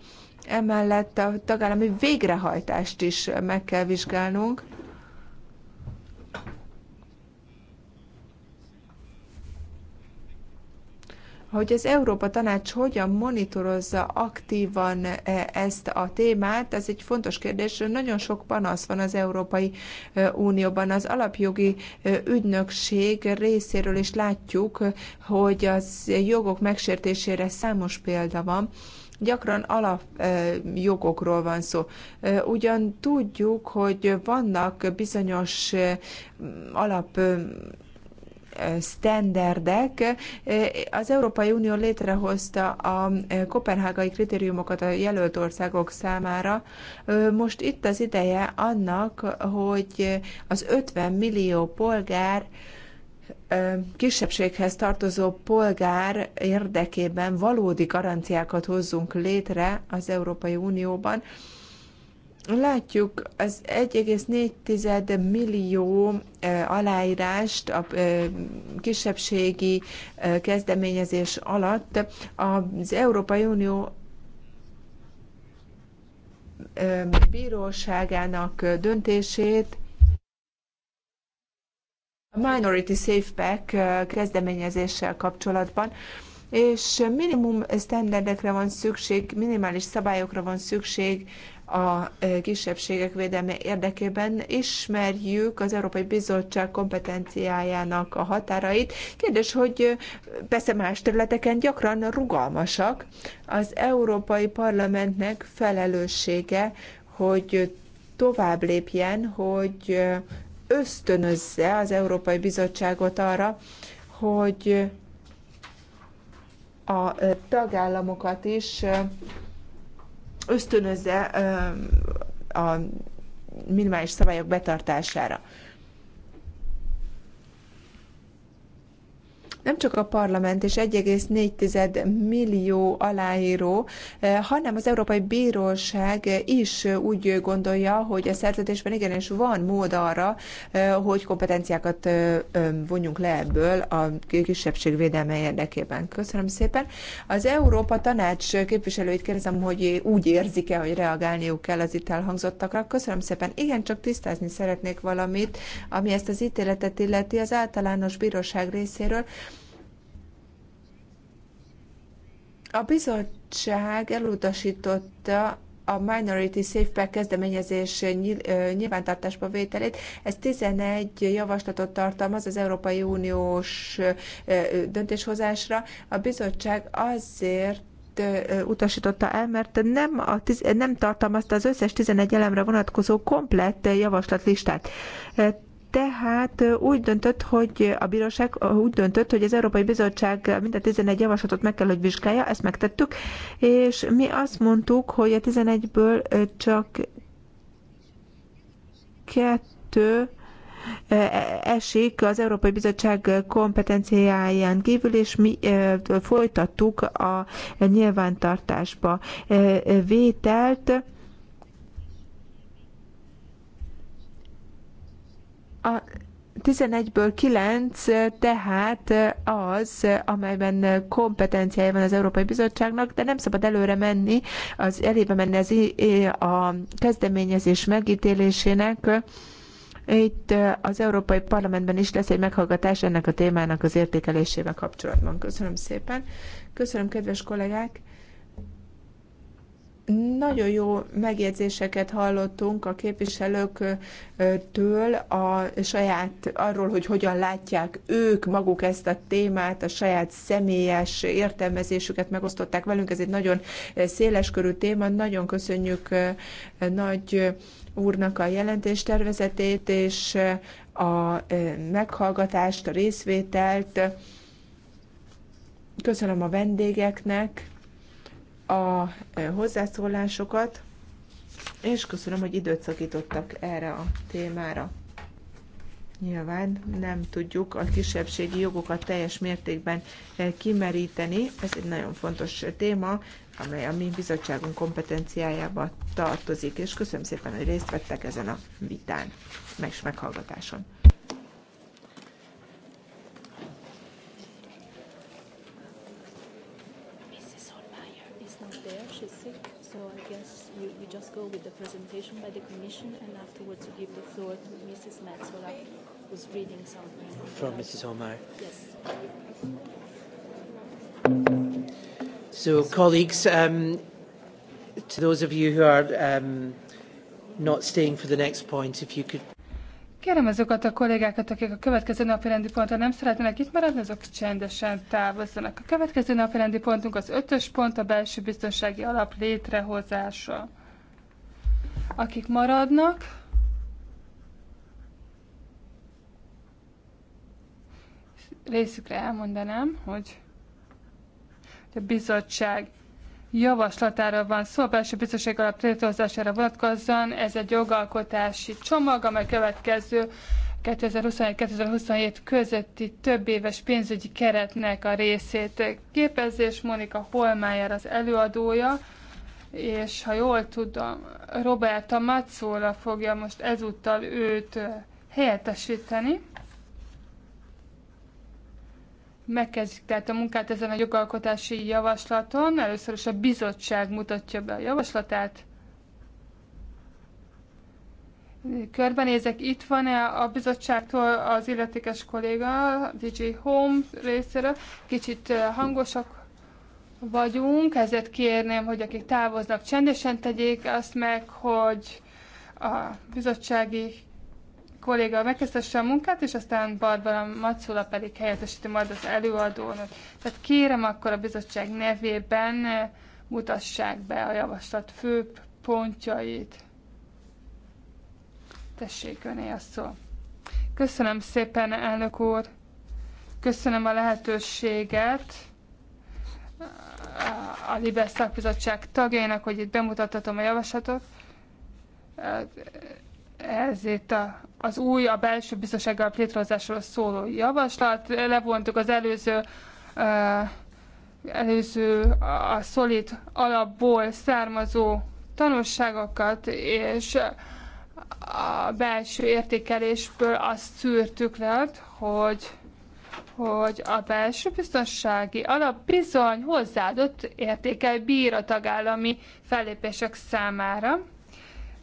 S1: emellett a tagállami végrehajtást is meg kell vizsgálnunk hogy az Európa Tanács hogyan monitorozza aktívan e, ezt a témát, ez egy fontos kérdés. Nagyon sok panasz van az Európai e, Unióban. Az alapjogi e, ügynökség részéről is látjuk, hogy az jogok megsértésére számos példa van gyakran alapjogokról van szó. Ugyan tudjuk, hogy vannak bizonyos alap sztenderdek. Az Európai Unió létrehozta a kopenhágai kritériumokat a jelölt országok számára. Most itt az ideje annak, hogy az 50 millió polgár kisebbséghez tartozó polgár érdekében valódi garanciákat hozzunk létre az Európai Unióban, Látjuk az 1,4 millió aláírást a kisebbségi kezdeményezés alatt az Európai Unió bíróságának döntését a Minority Safe Pack kezdeményezéssel kapcsolatban, és minimum standardekre van szükség, minimális szabályokra van szükség a e, kisebbségek védelme érdekében. Ismerjük az Európai Bizottság kompetenciájának a határait. Kérdés, hogy e, persze más területeken gyakran rugalmasak. Az Európai Parlamentnek felelőssége, hogy tovább lépjen, hogy e, ösztönözze az Európai Bizottságot arra, hogy a tagállamokat is ösztönözze a minimális szabályok betartására. nem csak a parlament és 1,4 millió aláíró, eh, hanem az Európai Bíróság eh, is eh, úgy gondolja, hogy a szerződésben igenis van mód arra, hogy kompetenciákat vonjunk le ebből a kisebbség védelme érdekében. Köszönöm szépen. Az Európa Tanács képviselőit kérdezem, hogy úgy érzik-e, hogy reagálniuk kell az itt elhangzottakra. Köszönöm szépen. Igen, csak tisztázni szeretnék valamit, ami ezt az ítéletet illeti az általános bíróság részéről. A bizottság elutasította a Minority Safe Pack kezdeményezés nyilvántartásba vételét. Ez 11 javaslatot tartalmaz az Európai Uniós döntéshozásra. A bizottság azért utasította el, mert nem, a, nem tartalmazta az összes 11 elemre vonatkozó komplett javaslatlistát. Tehát úgy döntött, hogy a bíróság úgy döntött, hogy az Európai Bizottság mind a 11 javaslatot meg kell, hogy vizsgálja, ezt megtettük, és mi azt mondtuk, hogy a 11-ből csak kettő e, esik az Európai Bizottság kompetenciáján kívül, és mi folytattuk a nyilvántartásba vételt A 11-ből 9 tehát az, amelyben kompetenciája van az Európai Bizottságnak, de nem szabad előre menni, az elébe menni az, a kezdeményezés megítélésének. Itt az Európai Parlamentben is lesz egy meghallgatás ennek a témának az értékelésével kapcsolatban. Köszönöm szépen. Köszönöm, kedves kollégák! Nagyon jó megjegyzéseket hallottunk a képviselőktől a saját, arról, hogy hogyan látják ők maguk ezt a témát, a saját személyes értelmezésüket megosztották velünk. Ez egy nagyon széleskörű téma. Nagyon köszönjük nagy úrnak a jelentéstervezetét és a meghallgatást, a részvételt. Köszönöm a vendégeknek a e, hozzászólásokat, és köszönöm, hogy időt szakítottak erre a témára. Nyilván nem tudjuk a kisebbségi jogokat teljes mértékben e, kimeríteni. Ez egy nagyon fontos téma, amely a mi bizottságunk kompetenciájába tartozik, és köszönöm szépen, hogy részt vettek ezen a vitán, meg meghallgatáson. go with the presentation by the Commission and afterwards to give the floor to Mrs. Metzola, who's reading something. From Mrs. Omar. Yes. So, colleagues, um, to those of you who are um, not staying for the next point, if you
S3: could...
S2: Kérem azokat a kollégákat, akik a következő napi rendi ponton nem szeretnének itt maradni, azok csendesen távozzanak. A következő napi rendi pontunk az ötös pont, a belső biztonsági alap létrehozása akik maradnak. Részükre elmondanám, hogy a bizottság javaslatára van szó, a belső biztonság alap létrehozására vonatkozzon. Ez egy jogalkotási csomag, amely következő 2021-2027 közötti több éves pénzügyi keretnek a részét képezés. Monika Holmájár az előadója és ha jól tudom, Roberta Mazzola fogja most ezúttal őt helyettesíteni. Megkezdjük tehát a munkát ezen a jogalkotási javaslaton. Először is a bizottság mutatja be a javaslatát. Körbenézek, itt van-e a bizottságtól az illetékes kolléga, DJ Home részéről. Kicsit hangosak vagyunk, ezért kérném, hogy akik távoznak, csendesen tegyék azt meg, hogy a bizottsági kolléga megkezdhesse a munkát, és aztán Barbara Macula pedig helyettesíti majd az előadónak. Tehát kérem akkor a bizottság nevében eh, mutassák be a javaslat főbb pontjait. Tessék öné a szó. Köszönöm szépen, elnök úr. Köszönöm a lehetőséget a Libes szakbizottság tagjainak, hogy itt bemutathatom a javaslatot. Ez itt a, az új, a belső biztonsággal létrehozásról szóló javaslat. Levontuk az előző előző a szolid alapból származó tanulságokat, és a belső értékelésből azt szűrtük le, hogy hogy a belső biztonsági alap bizony hozzáadott értékel bír a tagállami fellépések számára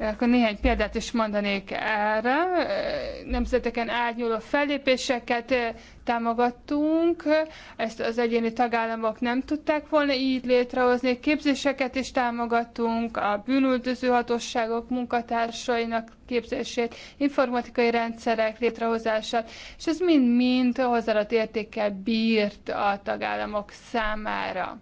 S2: akkor néhány példát is mondanék erre. Nemzeteken átnyúló fellépéseket eh, támogattunk, ezt az egyéni tagállamok nem tudták volna így létrehozni. Képzéseket is támogattunk. a bűnüldöző hatóságok munkatársainak képzését, informatikai rendszerek létrehozását, és ez mind-mind hozzáadott értékkel bírt a tagállamok számára.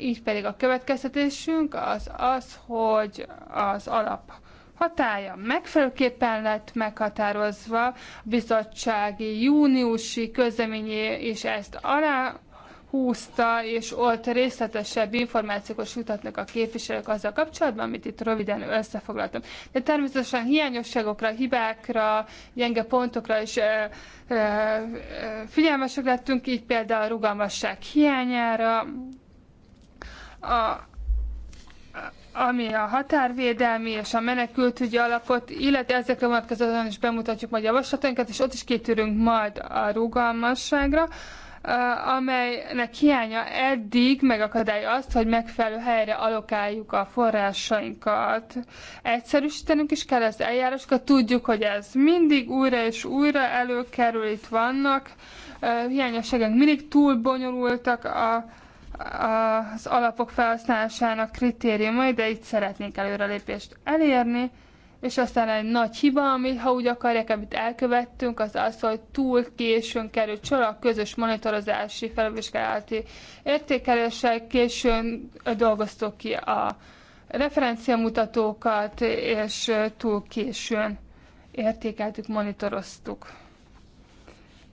S2: Így pedig a következtetésünk az az, hogy az alap hatája megfelelőképpen lett meghatározva, a bizottsági júniusi közleményé és ezt alá húzta, és ott részletesebb információkat jutatnak a képviselők azzal kapcsolatban, amit itt röviden összefoglaltam. De természetesen hiányosságokra, hibákra, gyenge pontokra is e, e, figyelmesek lettünk, így például a rugalmasság hiányára, a, ami a határvédelmi és a menekültügyi alapot, illetve ezekre vonatkozóan is bemutatjuk majd javaslatainkat, és ott is kitűrünk majd a rugalmasságra, amelynek hiánya eddig megakadály azt, hogy megfelelő helyre alokáljuk a forrásainkat. Egyszerűsítenünk is kell az eljárásokat, tudjuk, hogy ez mindig újra és újra előkerül, itt vannak hiányosságunk mindig túl bonyolultak a az alapok felhasználásának kritériumai, de itt szeretnénk előrelépést elérni, és aztán egy nagy hiba, ami, ha úgy akarják, amit elkövettünk, az az, hogy túl későn került sor a közös monitorozási felvizsgálati értékeléssel, későn dolgoztuk ki a referenciamutatókat, és túl későn értékeltük, monitoroztuk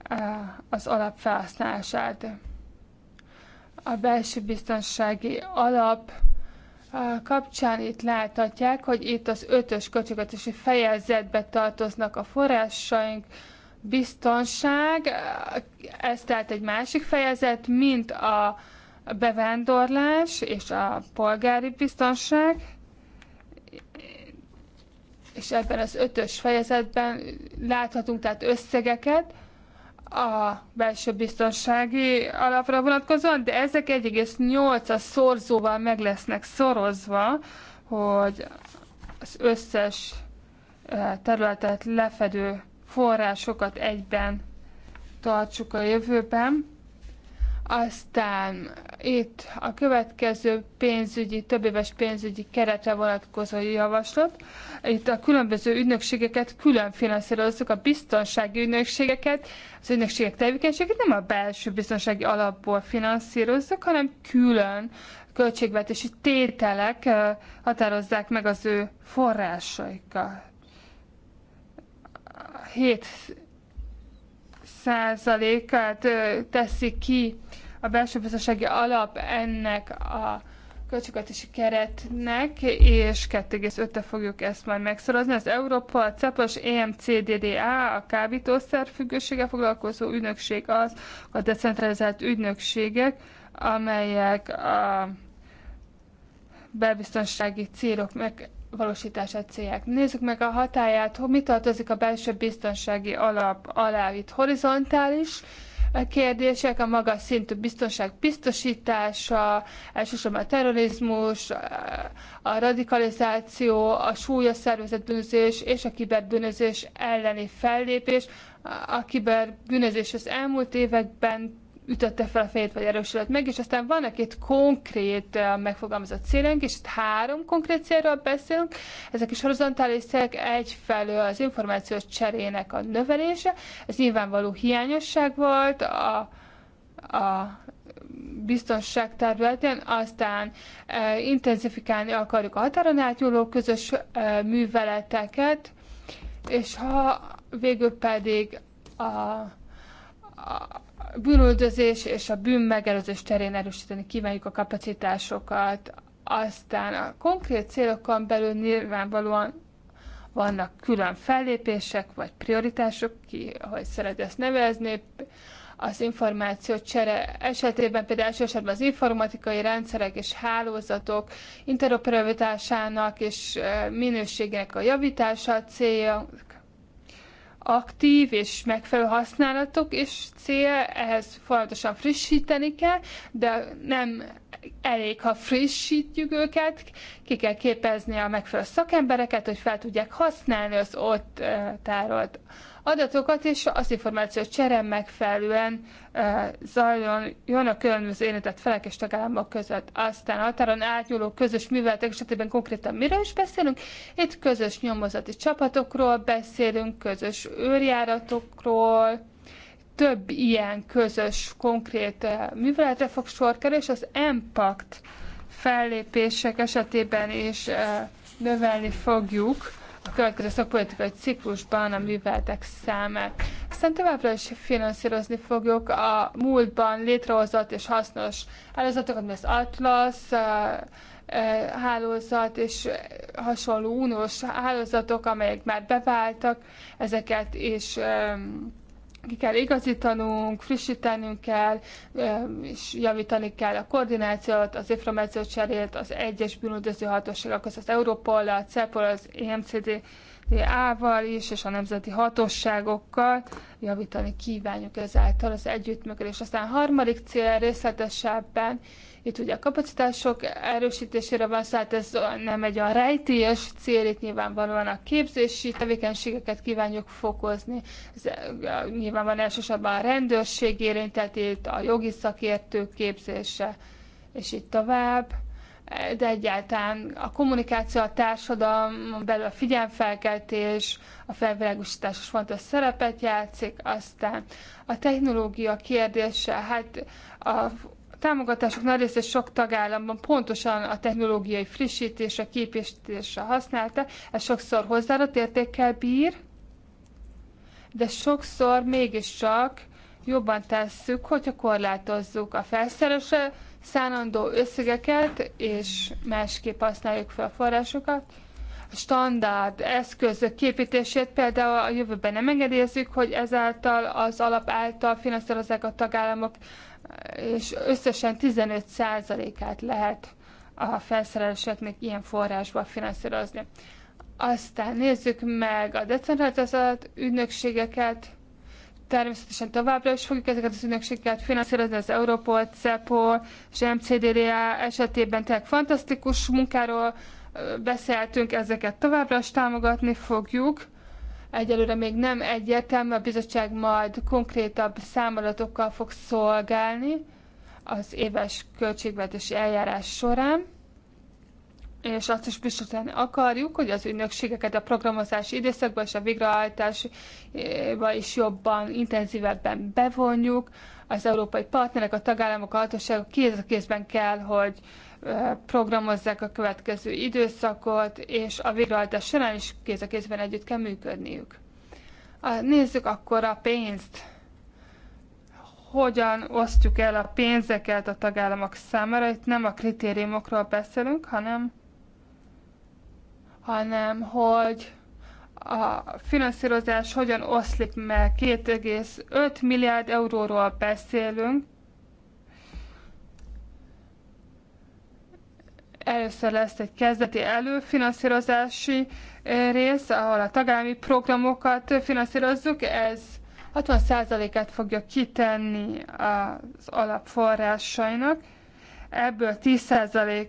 S2: eh, az alapfelhasználását a belső biztonsági alap kapcsán itt láthatják, hogy itt az ötös költségvetési fejezetbe tartoznak a forrásaink, biztonság, ez tehát egy másik fejezet, mint a bevándorlás és a polgári biztonság, és ebben az ötös fejezetben láthatunk tehát összegeket, a belső biztonsági alapra vonatkozóan, de ezek 1,8-as szorzóval meg lesznek szorozva, hogy az összes eh, területet lefedő forrásokat egyben tartsuk a jövőben. Aztán itt a következő pénzügyi, többéves pénzügyi keretre vonatkozó javaslat. Itt a különböző ügynökségeket külön finanszírozzuk, a biztonsági ügynökségeket, az ügynökségek tevékenységét nem a belső biztonsági alapból finanszírozzuk, hanem külön költségvetési tételek határozzák meg az ő forrásaikat. 7 százalékát teszi ki a belső gazdasági alap ennek a költségvetési keretnek, és 2,5-re fogjuk ezt majd megszorozni. Az Európa, a CEPOS, EMCDDA, a kábítószer függősége foglalkozó ügynökség az, a decentralizált ügynökségek, amelyek a belbiztonsági célok meg Valósítását célják. Nézzük meg a hatáját, hogy mi tartozik a belső biztonsági alap alá itt horizontális kérdések, a magas szintű biztonság biztosítása, elsősorban a terrorizmus, a radikalizáció, a súlyos szervezetbűnözés és a kiberbűnözés elleni fellépés. A kiberbűnözés az elmúlt években ütötte fel a fejét, vagy erősödött meg, és aztán vannak itt konkrét megfogalmazott célunk, és itt három konkrét célról beszélünk, ezek is horizontális célok, egyfelől az információs cserének a növelése, ez nyilvánvaló hiányosság volt a, a biztonság területén, aztán e, intenzifikálni akarjuk a határon átnyúló közös e, műveleteket, és ha végül pedig a, a bűnüldözés és a bűn megelőzés terén erősíteni kívánjuk a kapacitásokat. Aztán a konkrét célokon belül nyilvánvalóan vannak külön fellépések vagy prioritások, ki, ahogy szeret ezt nevezni, az információ csere esetében például elsősorban az informatikai rendszerek és hálózatok interoperabilitásának és eh, minőségének a javítása a célja, aktív és megfelelő használatok és cél, ehhez folyamatosan frissíteni kell, de nem elég, ha frissítjük őket, ki kell képezni a megfelelő szakembereket, hogy fel tudják használni az ott eh, tárolt adatokat, és az információ cserem megfelelően e, zajlon, jön a különböző érintett felek és tagállamok között. Aztán határon átnyúló közös műveletek esetében konkrétan miről is beszélünk? Itt közös nyomozati csapatokról beszélünk, közös őrjáratokról, több ilyen közös, konkrét műveletre fog sor kerülni, és az impact fellépések esetében is növelni fogjuk a következő szakpolitikai ciklusban a műveltek számát. Aztán továbbra is finanszírozni fogjuk a múltban létrehozott és hasznos hálózatokat, mint az Atlas, e, hálózat és hasonló uniós hálózatok, amelyek már beváltak, ezeket is ki kell igazítanunk, frissítenünk kell, és javítani kell a koordinációt, az információ cserét, az egyes bűnüldöző hatóságok, az, az Europol, a CEPOL, az EMCD, Ával is, és a nemzeti hatóságokkal javítani kívánjuk ezáltal az együttműködést. Aztán a harmadik cél részletesebben itt ugye a kapacitások erősítésére van szó, hát ez nem egy a rejtélyes cél, itt nyilvánvalóan a képzési tevékenységeket kívánjuk fokozni. Ez, e, nyilvánvalóan elsősorban a rendőrség érintett, itt a jogi szakértők képzése, és így tovább de egyáltalán a kommunikáció a társadalom belül a figyelmfelkeltés, a felvilágosítás is fontos szerepet játszik, aztán a technológia kérdése, hát a támogatások nagy része sok tagállamban pontosan a technológiai frissítésre, képítésre használta, ez sokszor hozzáadott értékkel bír, de sokszor mégiscsak jobban tesszük, hogyha korlátozzuk a felszerelésre szánandó összegeket, és másképp használjuk fel a forrásokat, standard eszközök képítését például a jövőben nem engedélyezzük, hogy ezáltal az alap által finanszírozzák a tagállamok, és összesen 15%-át lehet a felszereléseknek ilyen forrásba finanszírozni. Aztán nézzük meg a decentralizált ügynökségeket. Természetesen továbbra is fogjuk ezeket az ügynökségeket finanszírozni, az Europol, CEPOL és MCDDA esetében tényleg fantasztikus munkáról beszéltünk, ezeket továbbra is támogatni fogjuk. Egyelőre még nem egyértelmű, a bizottság majd konkrétabb számadatokkal fog szolgálni az éves költségvetési eljárás során. És azt is biztosítani akarjuk, hogy az ügynökségeket a programozási időszakban és a végrehajtásba is jobban, intenzívebben bevonjuk. Az európai partnerek, a tagállamok, a hatóságok kéz a kézben kell, hogy programozzák a következő időszakot, és a végrehajtás során is kéz a kézben együtt kell működniük. Nézzük akkor a pénzt. Hogyan osztjuk el a pénzeket a tagállamok számára? Itt nem a kritériumokról beszélünk, hanem, hanem hogy a finanszírozás hogyan oszlik meg. 2,5 milliárd euróról beszélünk, Először lesz egy kezdeti előfinanszírozási eh, rész, ahol a tagállami programokat finanszírozzuk, ez 60%-át fogja kitenni az alapforrásainak, ebből 10%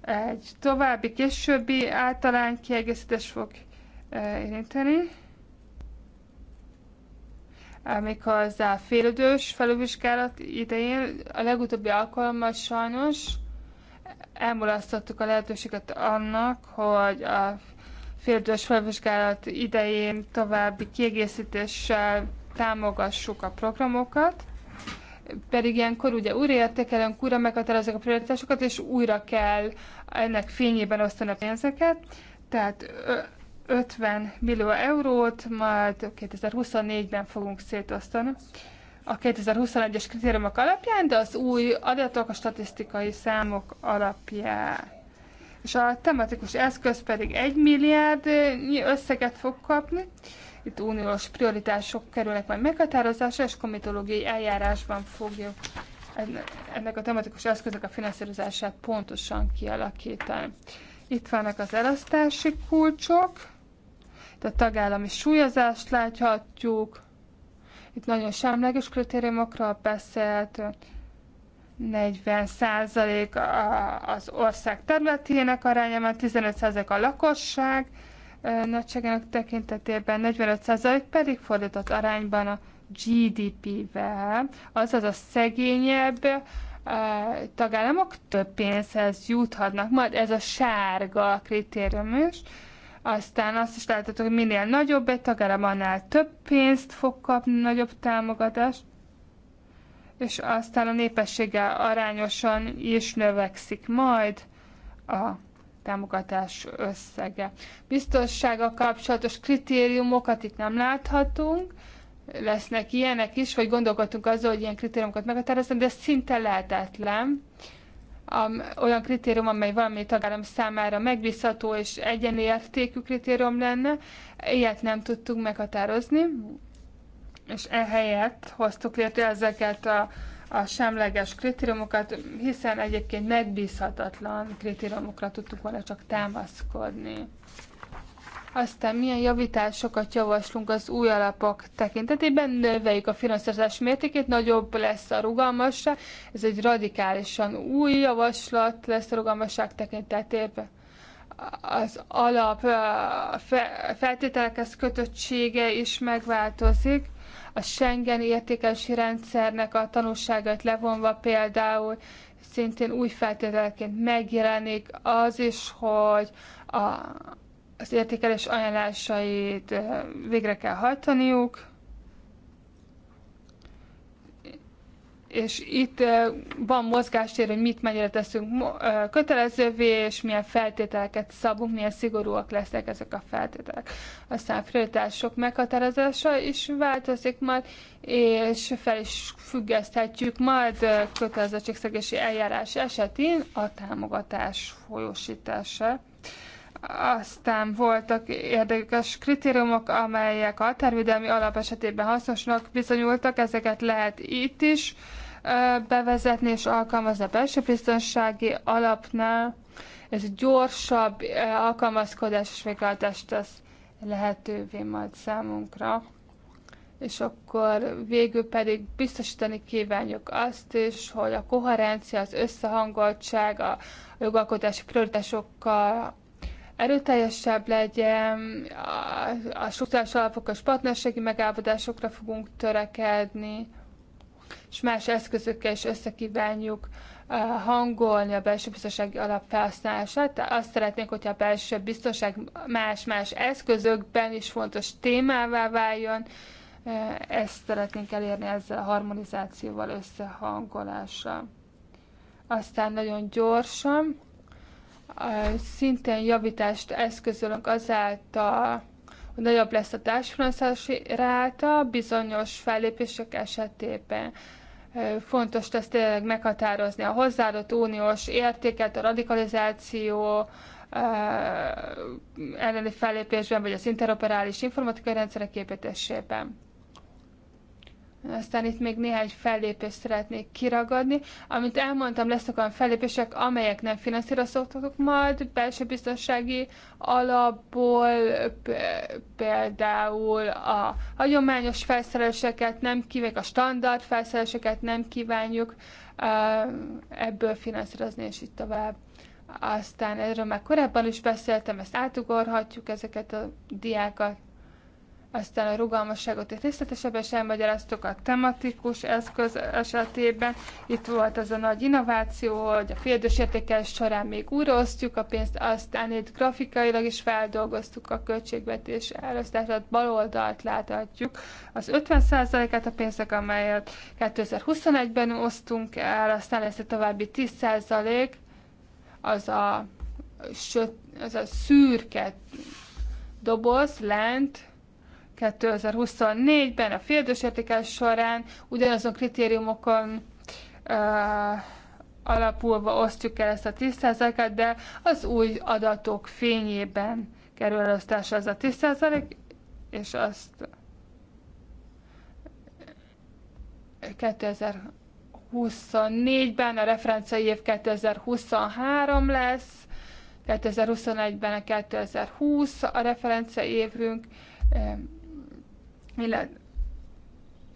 S2: egy további, későbbi általány kiegészítés fog eh, érinteni, amikor az a félidős felülvizsgálat idején a legutóbbi alkalommal sajnos elmulasztottuk a lehetőséget annak, hogy a félidős felvizsgálat idején további kiegészítéssel támogassuk a programokat, pedig ilyenkor ugye újra értékelünk, újra meghatározunk a prioritásokat, és újra kell ennek fényében osztani a pénzeket. Tehát 50 millió eurót majd 2024-ben fogunk szétosztani a 2021-es kritériumok alapján, de az új adatok, a statisztikai számok alapján. És a tematikus eszköz pedig 1 milliárd összeget fog kapni. Itt uniós prioritások kerülnek majd meghatározásra, és komitológiai eljárásban fogjuk ennek a tematikus eszköznek a finanszírozását pontosan kialakítani. Itt vannak az elasztási kulcsok, a tagállami súlyozást láthatjuk, itt nagyon semleges kritériumokról beszélt, 40 százalék az ország területének arányában, 15 százalék a lakosság nagyságának tekintetében, 45 százalék pedig fordított arányban a GDP-vel, azaz a szegényebb tagállamok több pénzhez juthatnak. Majd ez a sárga kritérium is, aztán azt is láthatod, hogy minél nagyobb egy tagállam, annál több pénzt fog kapni, nagyobb támogatást, és aztán a népessége arányosan is növekszik majd a támogatás összege. Biztonsága kapcsolatos kritériumokat itt nem láthatunk, lesznek ilyenek is, vagy gondolkodtunk azzal, hogy ilyen kritériumokat meghatározni, de ez szinte lehetetlen olyan kritérium, amely valami tagállam számára megbízható és egyenértékű kritérium lenne. Ilyet nem tudtuk meghatározni, és ehelyett hoztuk létre ezeket a, a semleges kritériumokat, hiszen egyébként megbízhatatlan kritériumokra tudtuk volna csak támaszkodni. Aztán milyen javításokat javaslunk az új alapok tekintetében, növeljük a finanszírozás mértékét, nagyobb lesz a rugalmasság, ez egy radikálisan új javaslat lesz a rugalmasság tekintetében az alap feltételekhez kötöttsége is megváltozik. A Schengen értékelési rendszernek a tanulságait levonva például szintén új feltételként megjelenik az is, hogy a, az értékelés ajánlásait végre kell hajtaniuk, és itt van mozgástér, hogy mit mennyire teszünk kötelezővé, és milyen feltételeket szabunk, milyen szigorúak lesznek ezek a feltételek. Aztán prioritások meghatározása is változik majd, és fel is függeszthetjük majd kötelezettségszegési eljárás esetén a támogatás folyósítása. Aztán voltak érdekes kritériumok, amelyek a tervédelmi alap esetében hasznosnak bizonyultak, ezeket lehet itt is bevezetni és alkalmazni a belső biztonsági alapnál. Ez gyorsabb alkalmazkodás és végrehajtást tesz lehetővé majd számunkra. És akkor végül pedig biztosítani kívánjuk azt is, hogy a koherencia, az összehangoltság a jogalkotási prioritásokkal erőteljesebb legyen, a, a struktúrás alapokos partnerségi megállapodásokra fogunk törekedni, és más eszközökkel is összekívánjuk hangolni a belső biztonsági alap felhasználását. Tehát azt szeretnénk, hogyha a belső biztonság más-más eszközökben is fontos témává váljon. Ezt szeretnénk elérni ezzel a harmonizációval, összehangolással. Aztán nagyon gyorsan szintén javítást eszközölünk azáltal, hogy nagyobb lesz a társfinanszási ráta bizonyos fellépések esetében. Fontos ezt tényleg meghatározni a hozzáadott uniós értéket, a radikalizáció, elleni fellépésben, vagy az interoperális informatikai rendszerek képítésében. Aztán itt még néhány fellépést szeretnék kiragadni. Amit elmondtam, lesznek olyan fellépések, amelyek nem finanszírozhatók majd, belső biztonsági alapból, például a hagyományos felszereléseket nem kívánjuk, a standard felszereléseket nem kívánjuk ebből finanszírozni, és így tovább. Aztán erről már korábban is beszéltem, ezt átugorhatjuk ezeket a diákat, aztán a rugalmasságot itt részletesebben is elmagyaráztuk a tematikus eszköz esetében. Itt volt az a nagy innováció, hogy a félidős értékelés során még újraosztjuk a pénzt, aztán itt grafikailag is feldolgoztuk a költségvetés elosztását, bal oldalt láthatjuk az 50%-át a pénzek, amelyet 2021-ben osztunk el, aztán lesz a további 10% az a, az a szürke doboz lent, 2024-ben a félidős értékelés során ugyanazon kritériumokon ö, alapulva osztjuk el ezt a 10%-et, de az új adatok fényében kerül elosztásra az a 10%, és azt 2024-ben, a referencia év 2023 lesz, 2021-ben a 2020 a referencia évünk,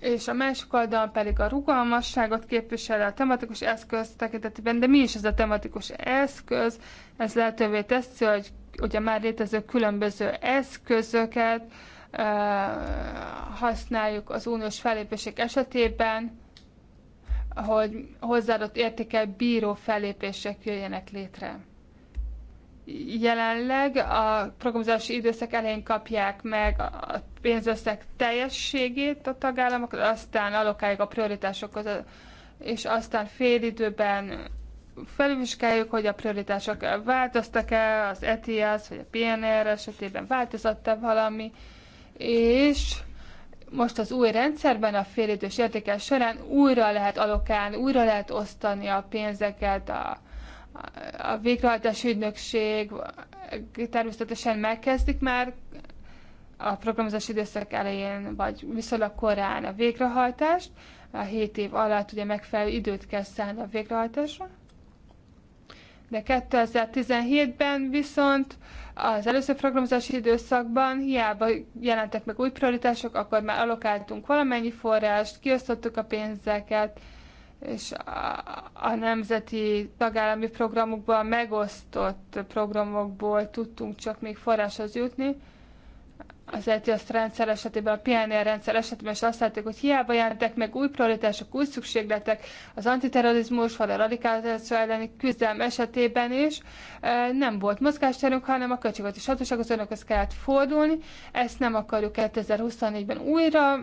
S2: és a másik oldalon pedig a rugalmasságot képviseli a tematikus eszköz tekintetében, de mi is ez a tematikus eszköz? Ez lehetővé teszi, hogy ugye már létező különböző eszközöket ö, használjuk az uniós fellépések esetében, hogy hozzáadott értékel bíró fellépések jöjjenek létre jelenleg a programozási időszak elején kapják meg a pénzösszeg teljességét a tagállamok, aztán alokálják a prioritásokhoz, és aztán fél időben felvizsgáljuk, hogy a prioritások változtak-e, az ETIAS vagy a PNR esetében változott-e valami, és most az új rendszerben a félidős értékel során újra lehet alokálni, újra lehet osztani a pénzeket a a végrehajtási ügynökség természetesen megkezdik már a programozási időszak elején, vagy viszonylag korán a végrehajtást. A 7 év alatt ugye megfelelő időt kell szállni a végrehajtásra. De 2017-ben viszont az előző programozási időszakban hiába jelentek meg új prioritások, akkor már alokáltunk valamennyi forrást, kiosztottuk a pénzeket, és a, a nemzeti tagállami programokban megosztott programokból tudtunk csak még forráshoz jutni. Az ETIASZ rendszer esetében, a PNR rendszer esetében is azt láttuk, hogy hiába jelentek meg új prioritások, új szükségletek az antiterrorizmus, vagy a radikálizáció elleni küzdelem esetében is, nem volt mozgásterünk, hanem a költségvetési hatósághoz önökhöz kellett fordulni. Ezt nem akarjuk 2024-ben újra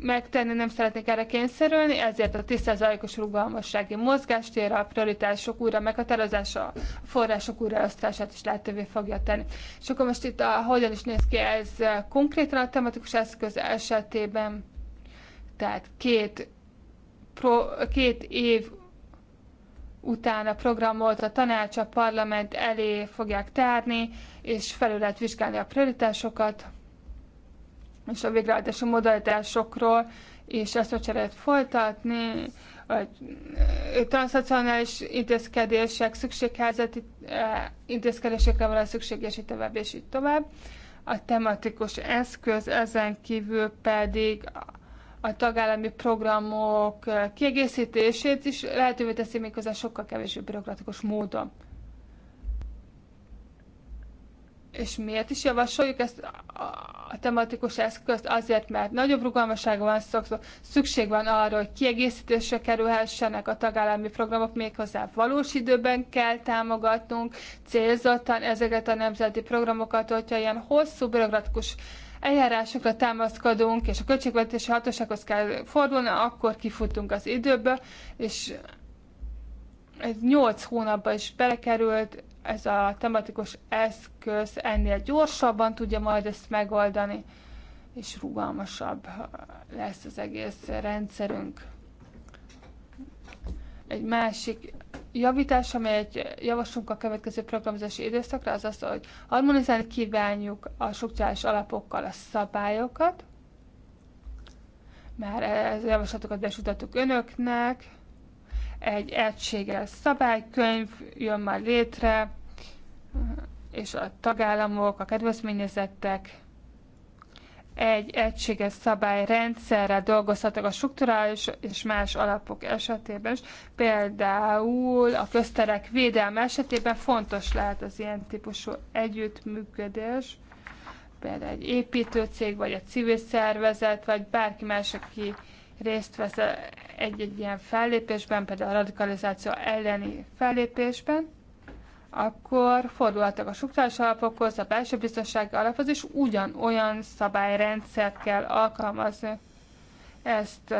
S2: megtenni, nem szeretnék erre kényszerülni, ezért a tisztázalajkos rugalmassági mozgástérre, a prioritások újra meghatározása, a források újraosztását is lehetővé fogja tenni. És akkor most itt a, hogyan is néz ki ez konkrétan a tematikus eszköz esetében, tehát két, pro, két év utána a programot a tanács, a parlament elé fogják tárni, és felül lehet vizsgálni a prioritásokat, és a végrehajtási modalitásokról és ezt a cserét folytatni, vagy transzacionális intézkedések, szükségházati intézkedésekre van a szükség, és így tovább, és így tovább. A tematikus eszköz ezen kívül pedig a tagállami programok kiegészítését is lehetővé teszi méghozzá sokkal kevésbé bürokratikus módon. És miért is javasoljuk ezt a tematikus eszközt? Azért, mert nagyobb rugalmasság van szokszó, szükség van arra, hogy kiegészítésre kerülhessenek a tagállami programok, méghozzá valós időben kell támogatnunk célzottan ezeket a nemzeti programokat, hogyha ilyen hosszú bürokratikus eljárásokra támaszkodunk, és a költségvetési hatósághoz kell fordulni, akkor kifutunk az időbe, és ez 8 hónapba is belekerült, ez a tematikus eszköz ennél gyorsabban tudja majd ezt megoldani, és rugalmasabb lesz az egész rendszerünk. Egy másik javítás, amelyet javaslunk a következő programozási időszakra, az az, hogy harmonizálni kívánjuk a struktúrális alapokkal a szabályokat. Már ez a javaslatokat besutatok önöknek. Egy egységes szabálykönyv jön már létre, és a tagállamok, a kedvezményezettek egy egységes szabályrendszerrel dolgozhatok a strukturális és más alapok esetében is. Például a közterek védelme esetében fontos lehet az ilyen típusú együttműködés, például egy építőcég, vagy a civil szervezet, vagy bárki más, aki részt vesz egy-egy ilyen fellépésben, például a radikalizáció elleni fellépésben akkor fordultak a struktúrás alapokhoz, a belső biztonsági alaphoz, és ugyanolyan szabályrendszert kell alkalmazni. Ezt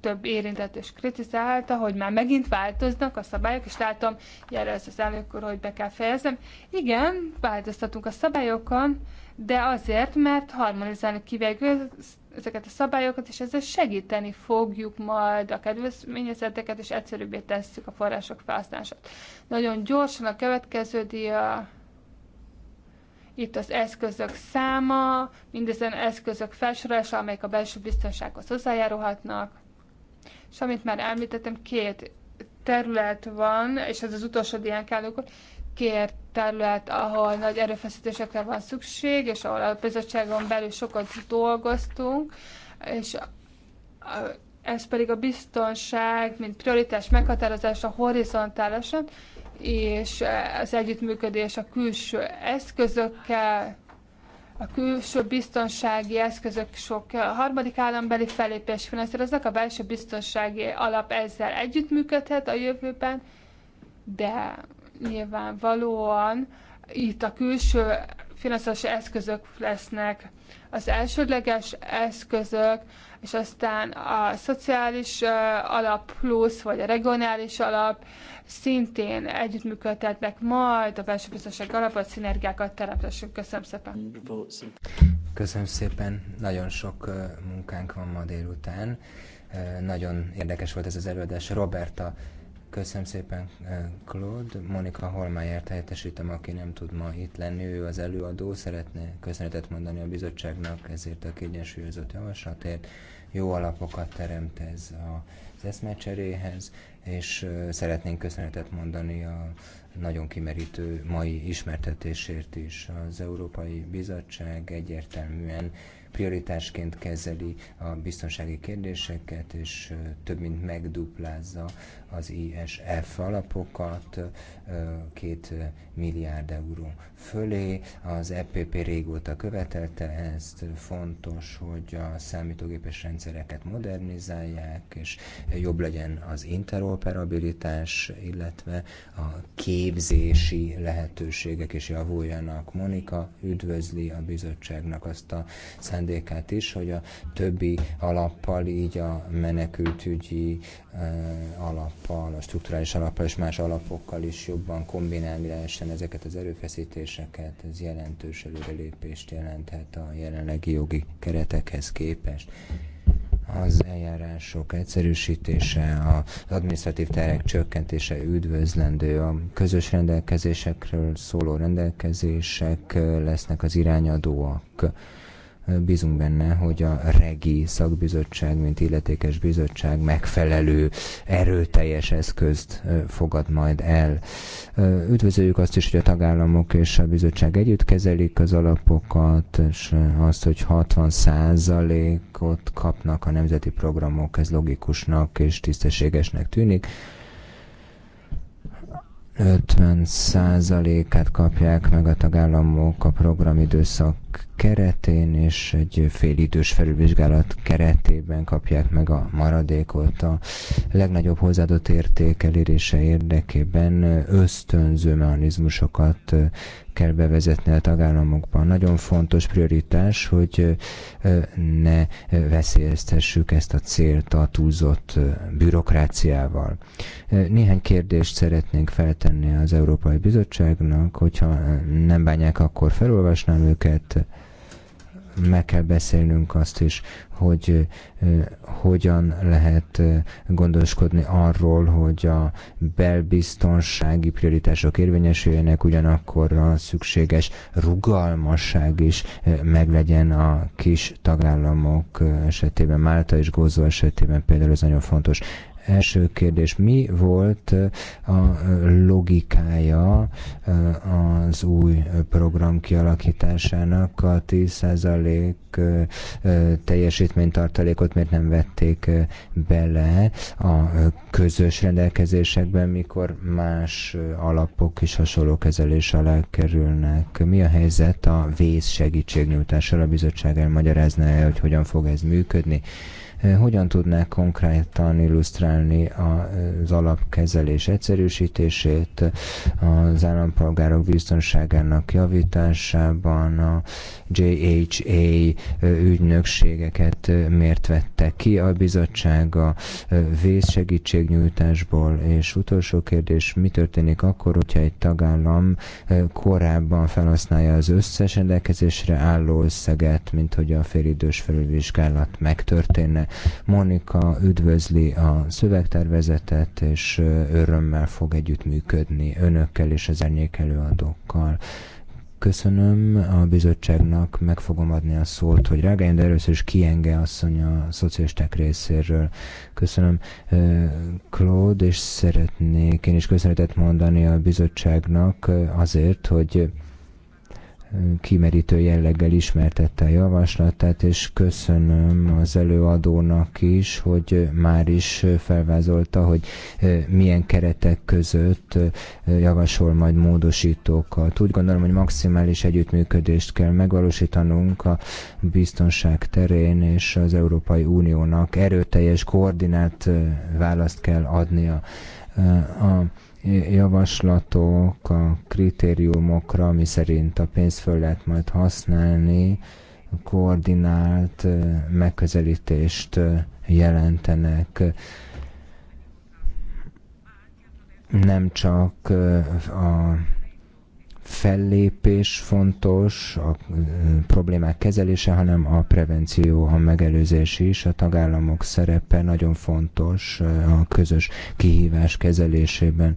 S2: több érintett és kritizálta, hogy már megint változnak a szabályok, és látom, jelölsz az előkor, hogy be kell fejeznem. Igen, változtatunk a szabályokon, de azért, mert harmonizálni kívánjuk ezeket a szabályokat, és ezzel segíteni fogjuk majd a kedvezményezeteket, és egyszerűbbé tesszük a források felhasználását. Nagyon gyorsan a következő dia, itt az eszközök száma, mindezen eszközök felsorolása, amelyek a belső biztonsághoz hozzájárulhatnak, és amit már említettem, két terület van, és ez az utolsó diákálókor, kért terület, ahol nagy erőfeszítésekre van szükség, és ahol a bizottságon belül sokat dolgoztunk, és ez pedig a biztonság, mint prioritás meghatározása horizontálisan, és az együttműködés a külső eszközökkel, a külső biztonsági eszközök sok harmadik állambeli fellépés finanszíroznak, a belső biztonsági alap ezzel együttműködhet a jövőben, de nyilvánvalóan itt a külső finanszírozási eszközök lesznek az elsődleges eszközök, és aztán a szociális alap plusz, vagy a regionális alap szintén együttműködtetnek majd a biztonság alapot, szinergiákat teremtessünk. Köszönöm szépen!
S3: Köszönöm szépen! Nagyon sok munkánk van ma délután. Nagyon érdekes volt ez az előadás. Roberta Köszönöm szépen, eh, Claude. Monika Holmájert helyettesítem, aki nem tud ma itt lenni. Ő az előadó, szeretné köszönetet mondani a bizottságnak ezért a kiegyensúlyozott javaslatért. Jó alapokat teremt ez az eszmecseréhez, és eh, szeretnénk köszönetet mondani a nagyon kimerítő mai ismertetésért is. Az Európai Bizottság egyértelműen prioritásként kezeli a biztonsági kérdéseket, és eh, több mint megduplázza az ISF alapokat, két milliárd euró fölé. Az EPP régóta követelte ezt, fontos, hogy a számítógépes rendszereket modernizálják, és jobb legyen az interoperabilitás, illetve a képzési lehetőségek is javuljanak. Monika üdvözli a bizottságnak azt a szándékát is, hogy a többi alappal így a menekültügyi alappal, a strukturális alappal és más alapokkal is jobban kombinálni lehessen ezeket az erőfeszítéseket, ez jelentős előrelépést jelenthet a jelenlegi jogi keretekhez képest. Az eljárások egyszerűsítése, az adminisztratív terek csökkentése üdvözlendő, a közös rendelkezésekről szóló rendelkezések lesznek az irányadóak Bízunk benne, hogy a REGI szakbizottság, mint illetékes bizottság megfelelő, erőteljes eszközt fogad majd el. Üdvözöljük azt is, hogy a tagállamok és a bizottság együtt kezelik az alapokat, és azt, hogy 60%-ot kapnak a nemzeti programok, ez logikusnak és tisztességesnek tűnik. 50%-át kapják meg a tagállamok a programidőszak keretén és egy félidős felülvizsgálat keretében kapják meg a maradékot. A legnagyobb hozzáadott érték elérése érdekében ösztönző mechanizmusokat kell bevezetni a tagállamokban. Nagyon fontos prioritás, hogy ne veszélyeztessük ezt a célt a túlzott bürokráciával. Néhány kérdést szeretnénk feltenni az Európai Bizottságnak, hogyha nem bánják, akkor felolvasnám őket meg kell beszélnünk azt is, hogy hogyan lehet gondoskodni arról, hogy a belbiztonsági prioritások érvényesüljenek, ugyanakkor a szükséges rugalmasság is meglegyen a kis tagállamok esetében, Málta és Gózó esetében például ez nagyon fontos. Első kérdés, mi volt eh, a logikája eh, az új program kialakításának a 10% eh, teljesítménytartalékot miért nem vették bele a közös rendelkezésekben, mikor más alapok is hasonló kezelés alá kerülnek. Mi a helyzet a vész segítségnyújtással? A bizottság elmagyarázná -e, hogy hogyan fog ez működni? Eh, hogyan tudnák konkrétan illusztrálni az alapkezelés egyszerűsítését, az állampolgárok biztonságának javításában, a JHA ügynökségeket miért vette ki a bizottság a vészsegítségnyújtásból, és utolsó kérdés, mi történik akkor, hogyha egy tagállam korábban felhasználja az összes rendelkezésre álló összeget, mint hogy a félidős felülvizsgálat megtörténne. Monika üdvözli a szövegtervezetet, és örömmel fog együttműködni önökkel és az előadókkal. Köszönöm a bizottságnak, meg fogom adni a szót, hogy reagáljon, de először is kienge asszony a szocialisták részéről. Köszönöm, Claude, és szeretnék én is köszönetet mondani a bizottságnak azért, hogy kimerítő jelleggel ismertette a javaslatát, és köszönöm az előadónak is, hogy már is felvázolta, hogy milyen keretek között javasol majd módosítókat. Úgy gondolom, hogy maximális együttműködést kell megvalósítanunk a biztonság terén, és az Európai Uniónak erőteljes koordinált választ kell adnia. A javaslatok a kritériumokra, ami szerint a pénzt föl lehet majd használni, koordinált megközelítést jelentenek nem csak a fellépés fontos, a problémák kezelése, hanem a prevenció, a megelőzés is. A tagállamok szerepe nagyon fontos a közös kihívás kezelésében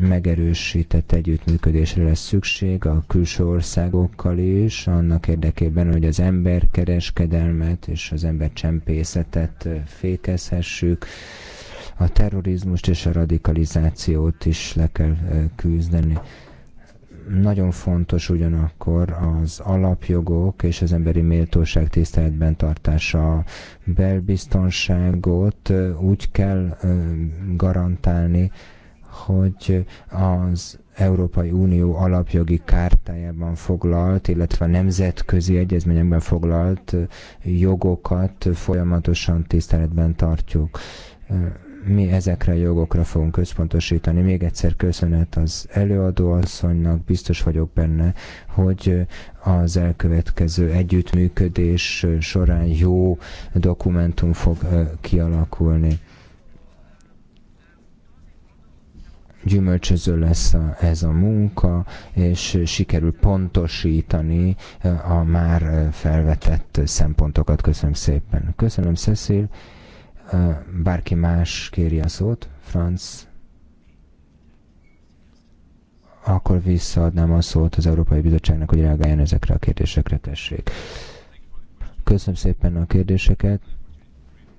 S3: megerősített együttműködésre lesz szükség a külső országokkal is, annak érdekében, hogy az emberkereskedelmet és az embercsempészetet fékezhessük. A terrorizmust és a radikalizációt is le kell küzdeni. Nagyon fontos ugyanakkor az alapjogok és az emberi méltóság tiszteletben tartása. A belbiztonságot úgy kell garantálni, hogy az Európai Unió alapjogi kártájában foglalt, illetve nemzetközi egyezményekben foglalt jogokat folyamatosan tiszteletben tartjuk mi ezekre a jogokra fogunk központosítani. Még egyszer köszönet az előadóasszonynak, biztos vagyok benne, hogy az elkövetkező együttműködés során jó dokumentum fog kialakulni. gyümölcsöző lesz a, ez a munka, és sikerül pontosítani a már felvetett szempontokat. Köszönöm szépen. Köszönöm, Cecil bárki más kéri a szót, Franz, akkor visszaadnám a szót az Európai Bizottságnak, hogy reagáljon ezekre a kérdésekre, tessék. Köszönöm szépen a kérdéseket,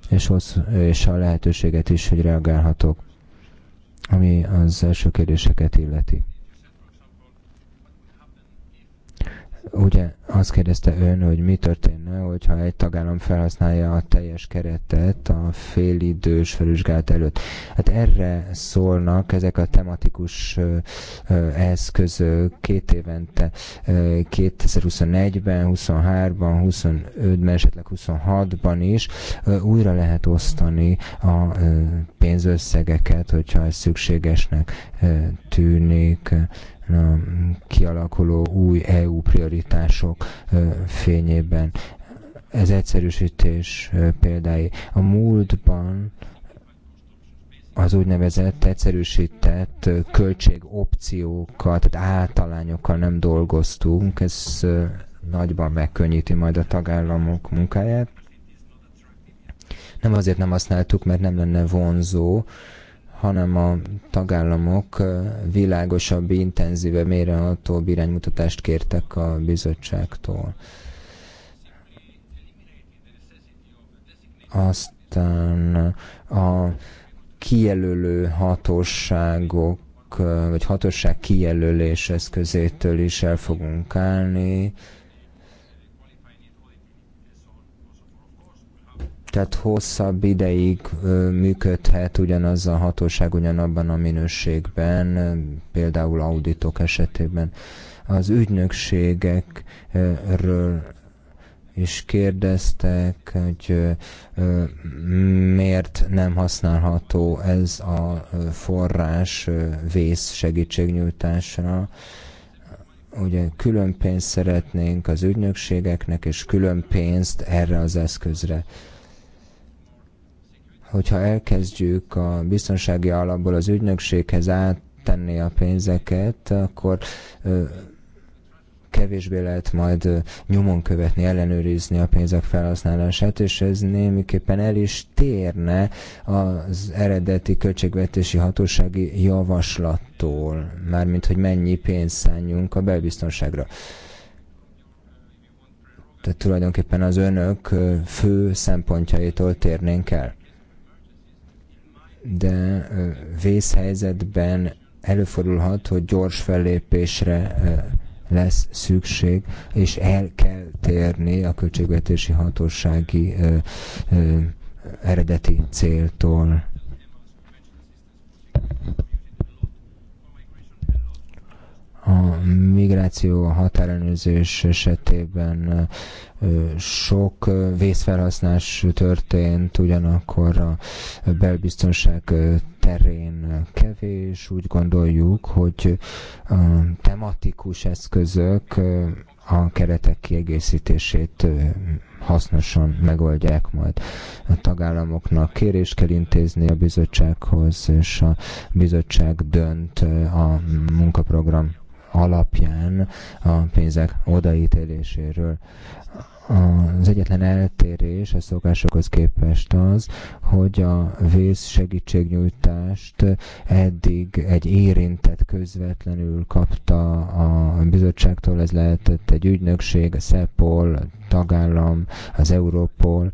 S3: és, hossz, és a lehetőséget is, hogy reagálhatok, ami az első kérdéseket illeti. Ugye azt kérdezte ön, hogy mi történne, hogyha egy tagállam felhasználja a teljes keretet a félidős felvizsgálat előtt. Hát erre szólnak ezek a tematikus eszközök két évente, 2021-ben, 23-ban, 25-ben, esetleg 26-ban is újra lehet osztani a pénzösszegeket, hogyha ez szükségesnek tűnik kialakuló új EU prioritások fényében. Ez egyszerűsítés példái. A múltban az úgynevezett egyszerűsített költségopciókkal, tehát általányokkal nem dolgoztunk, ez nagyban megkönnyíti majd a tagállamok munkáját. Nem azért nem használtuk, mert nem lenne vonzó, hanem a tagállamok világosabb, intenzívebb, mérehatóbb iránymutatást kértek a bizottságtól. Aztán a kijelölő hatóságok vagy hatóság kijelölés eszközétől is el fogunk állni, tehát hosszabb ideig működhet ugyanaz a hatóság ugyanabban a minőségben, például auditok esetében. Az ügynökségekről is kérdeztek, hogy miért nem használható ez a forrás vész segítségnyújtásra ugye külön pénzt szeretnénk az ügynökségeknek, és külön pénzt erre az eszközre hogyha elkezdjük a biztonsági alapból az ügynökséghez áttenni a pénzeket, akkor kevésbé lehet majd nyomon követni, ellenőrizni a pénzek felhasználását, és ez némiképpen el is térne az eredeti költségvetési hatósági javaslattól, mármint hogy mennyi pénzt szálljunk a belbiztonságra. Tehát tulajdonképpen az önök fő szempontjaitól térnénk el de vészhelyzetben előfordulhat, hogy gyors fellépésre lesz szükség, és el kell térni a költségvetési hatósági eredeti céltól. a migráció, a határelőzés esetében sok vészfelhasználás történt, ugyanakkor a belbiztonság terén kevés. Úgy gondoljuk, hogy a tematikus eszközök a keretek kiegészítését hasznosan megoldják majd. A tagállamoknak kérés kell intézni a bizottsághoz, és a bizottság dönt a munkaprogram alapján a pénzek odaítéléséről. Az egyetlen eltérés a szokásokhoz képest az, hogy a vész segítségnyújtást eddig egy érintett közvetlenül kapta a bizottságtól, ez lehetett egy ügynökség, a SEPOL, a tagállam, az Európol,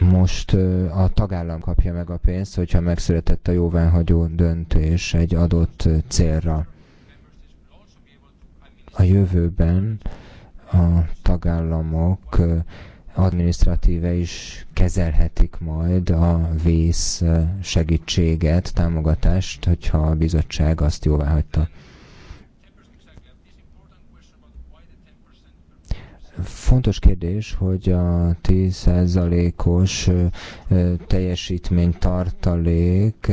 S3: most a tagállam kapja meg a pénzt, hogyha megszületett a jóváhagyó döntés egy adott célra. A jövőben a tagállamok adminisztratíve is kezelhetik majd a vész segítséget, támogatást, hogyha a bizottság azt jóvá hagyta. Fontos kérdés, hogy a 10%-os teljesítmény tartalék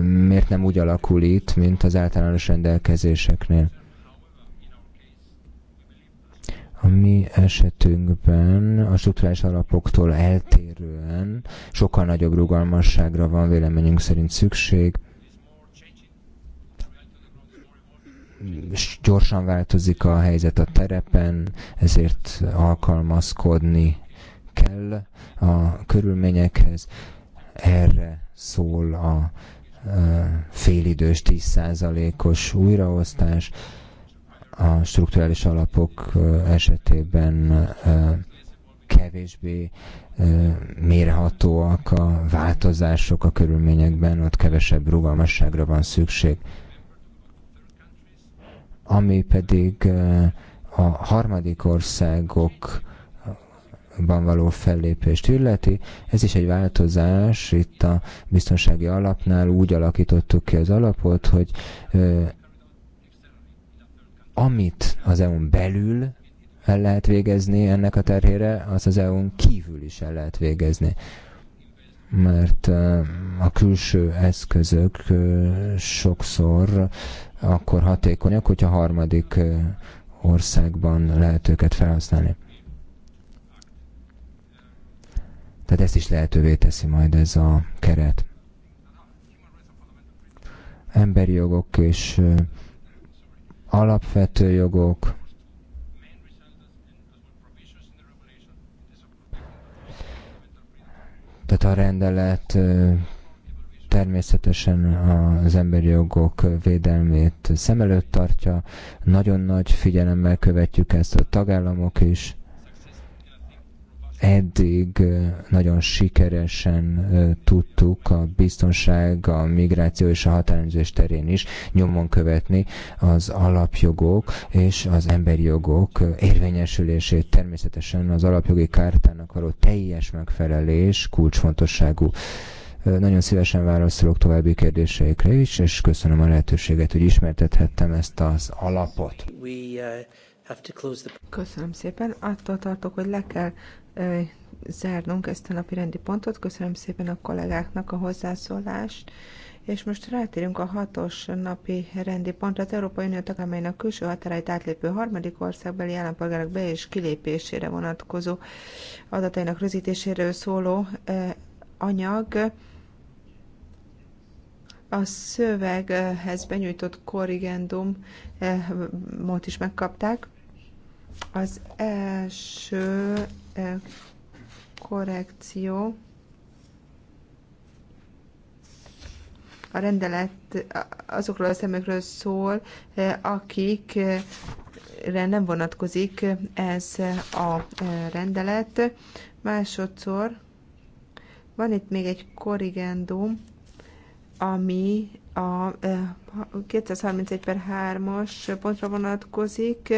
S3: miért nem úgy alakul itt, mint az általános rendelkezéseknél. A mi esetünkben a struktúrális alapoktól eltérően sokkal nagyobb rugalmasságra van véleményünk szerint szükség, gyorsan változik a helyzet a terepen, ezért alkalmazkodni kell a körülményekhez. Erre szól a félidős 10%-os újraosztás. A strukturális alapok esetében kevésbé mérhatóak a változások a körülményekben, ott kevesebb rugalmasságra van szükség ami pedig a harmadik országok való fellépést illeti. Ez is egy változás, itt a biztonsági alapnál úgy alakítottuk ki az alapot, hogy amit az EU-n belül el lehet végezni ennek a terhére, az az e EU-n kívül is el lehet végezni mert a külső eszközök sokszor akkor hatékonyak, hogyha harmadik országban lehet őket felhasználni. Tehát ezt is lehetővé teszi majd ez a keret. Emberi jogok és alapvető jogok, Tehát a rendelet természetesen az emberi jogok védelmét szem előtt tartja, nagyon nagy figyelemmel követjük ezt a tagállamok is, eddig nagyon sikeresen tudtuk a biztonság, a migráció és a határozás terén is nyomon követni az alapjogok és az emberi jogok érvényesülését. Természetesen az alapjogi kártának való teljes megfelelés kulcsfontosságú. Nagyon szívesen válaszolok további kérdéseikre is, és köszönöm a lehetőséget, hogy ismertethettem ezt az alapot. Uh,
S1: köszönöm szépen. Attól tartok, hogy le kell zárnunk ezt a napi rendi pontot. Köszönöm szépen a kollégáknak a hozzászólást. És most rátérünk a hatos napi rendi pontra az Európai Unió tagállamainak külső határait átlépő harmadik országbeli állampolgárok be- és kilépésére vonatkozó adatainak rögzítéséről szóló anyag. A szöveghez benyújtott korrigendumot is megkapták. Az első korrekció a rendelet azokról a szemekről szól, akikre nem vonatkozik ez a rendelet. Másodszor van itt még egy korrigendum, ami a 231 eh, per 3-as pontra vonatkozik,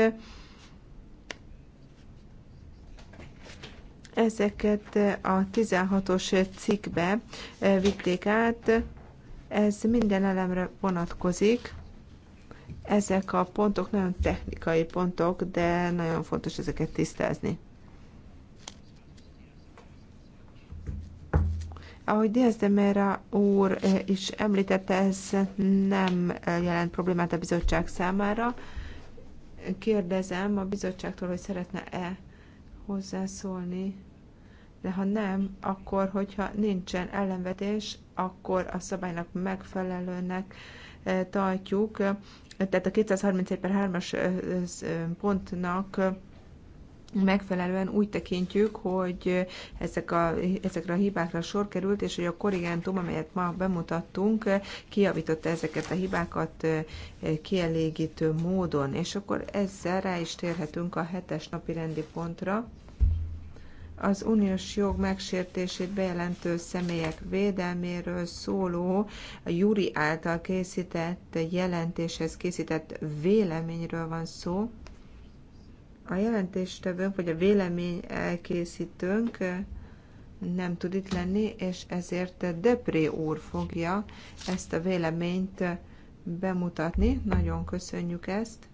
S1: Ezeket eh, a 16-os eh, cikkbe eh, vitték át, ez minden elemre vonatkozik. Ezek a pontok nagyon technikai pontok, de nagyon fontos ezeket tisztázni. Ahogy Diaz de Mera úr is említette, ez nem jelent problémát a bizottság számára. Kérdezem a bizottságtól, hogy szeretne-e hozzászólni de ha nem, akkor, hogyha nincsen ellenvetés, akkor a szabálynak megfelelőnek eh, tartjuk. Tehát a 237 per 3-as eh, eh, pontnak megfelelően úgy tekintjük, hogy ezek a, ezekre a hibákra sor került, és hogy a korrigentum, amelyet ma bemutattunk, kiavította ezeket a hibákat kielégítő módon. És akkor ezzel rá is térhetünk a hetes napi rendi pontra az uniós jog megsértését bejelentő személyek védelméről szóló a Juri által készített jelentéshez készített véleményről van szó. A jelentéstevőnk, vagy a vélemény elkészítőnk nem tud itt lenni, és ezért Depré úr fogja ezt a véleményt bemutatni. Nagyon köszönjük ezt,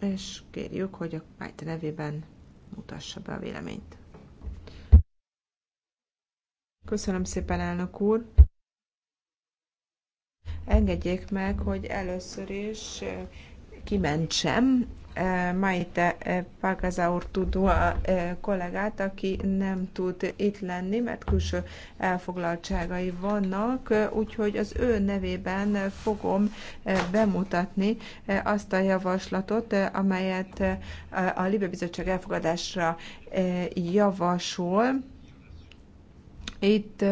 S1: és kérjük, hogy a Pájt nevében mutassa be a véleményt. Köszönöm szépen, elnök úr! Engedjék meg, hogy először is eh, kimentsem Eh, Maite eh, Pagazaur tudó a eh, kollégát, aki nem tud itt lenni, mert külső elfoglaltságai vannak, úgyhogy az ő nevében fogom bemutatni azt a javaslatot, amelyet a Libe Bizottság elfogadásra javasol. Itt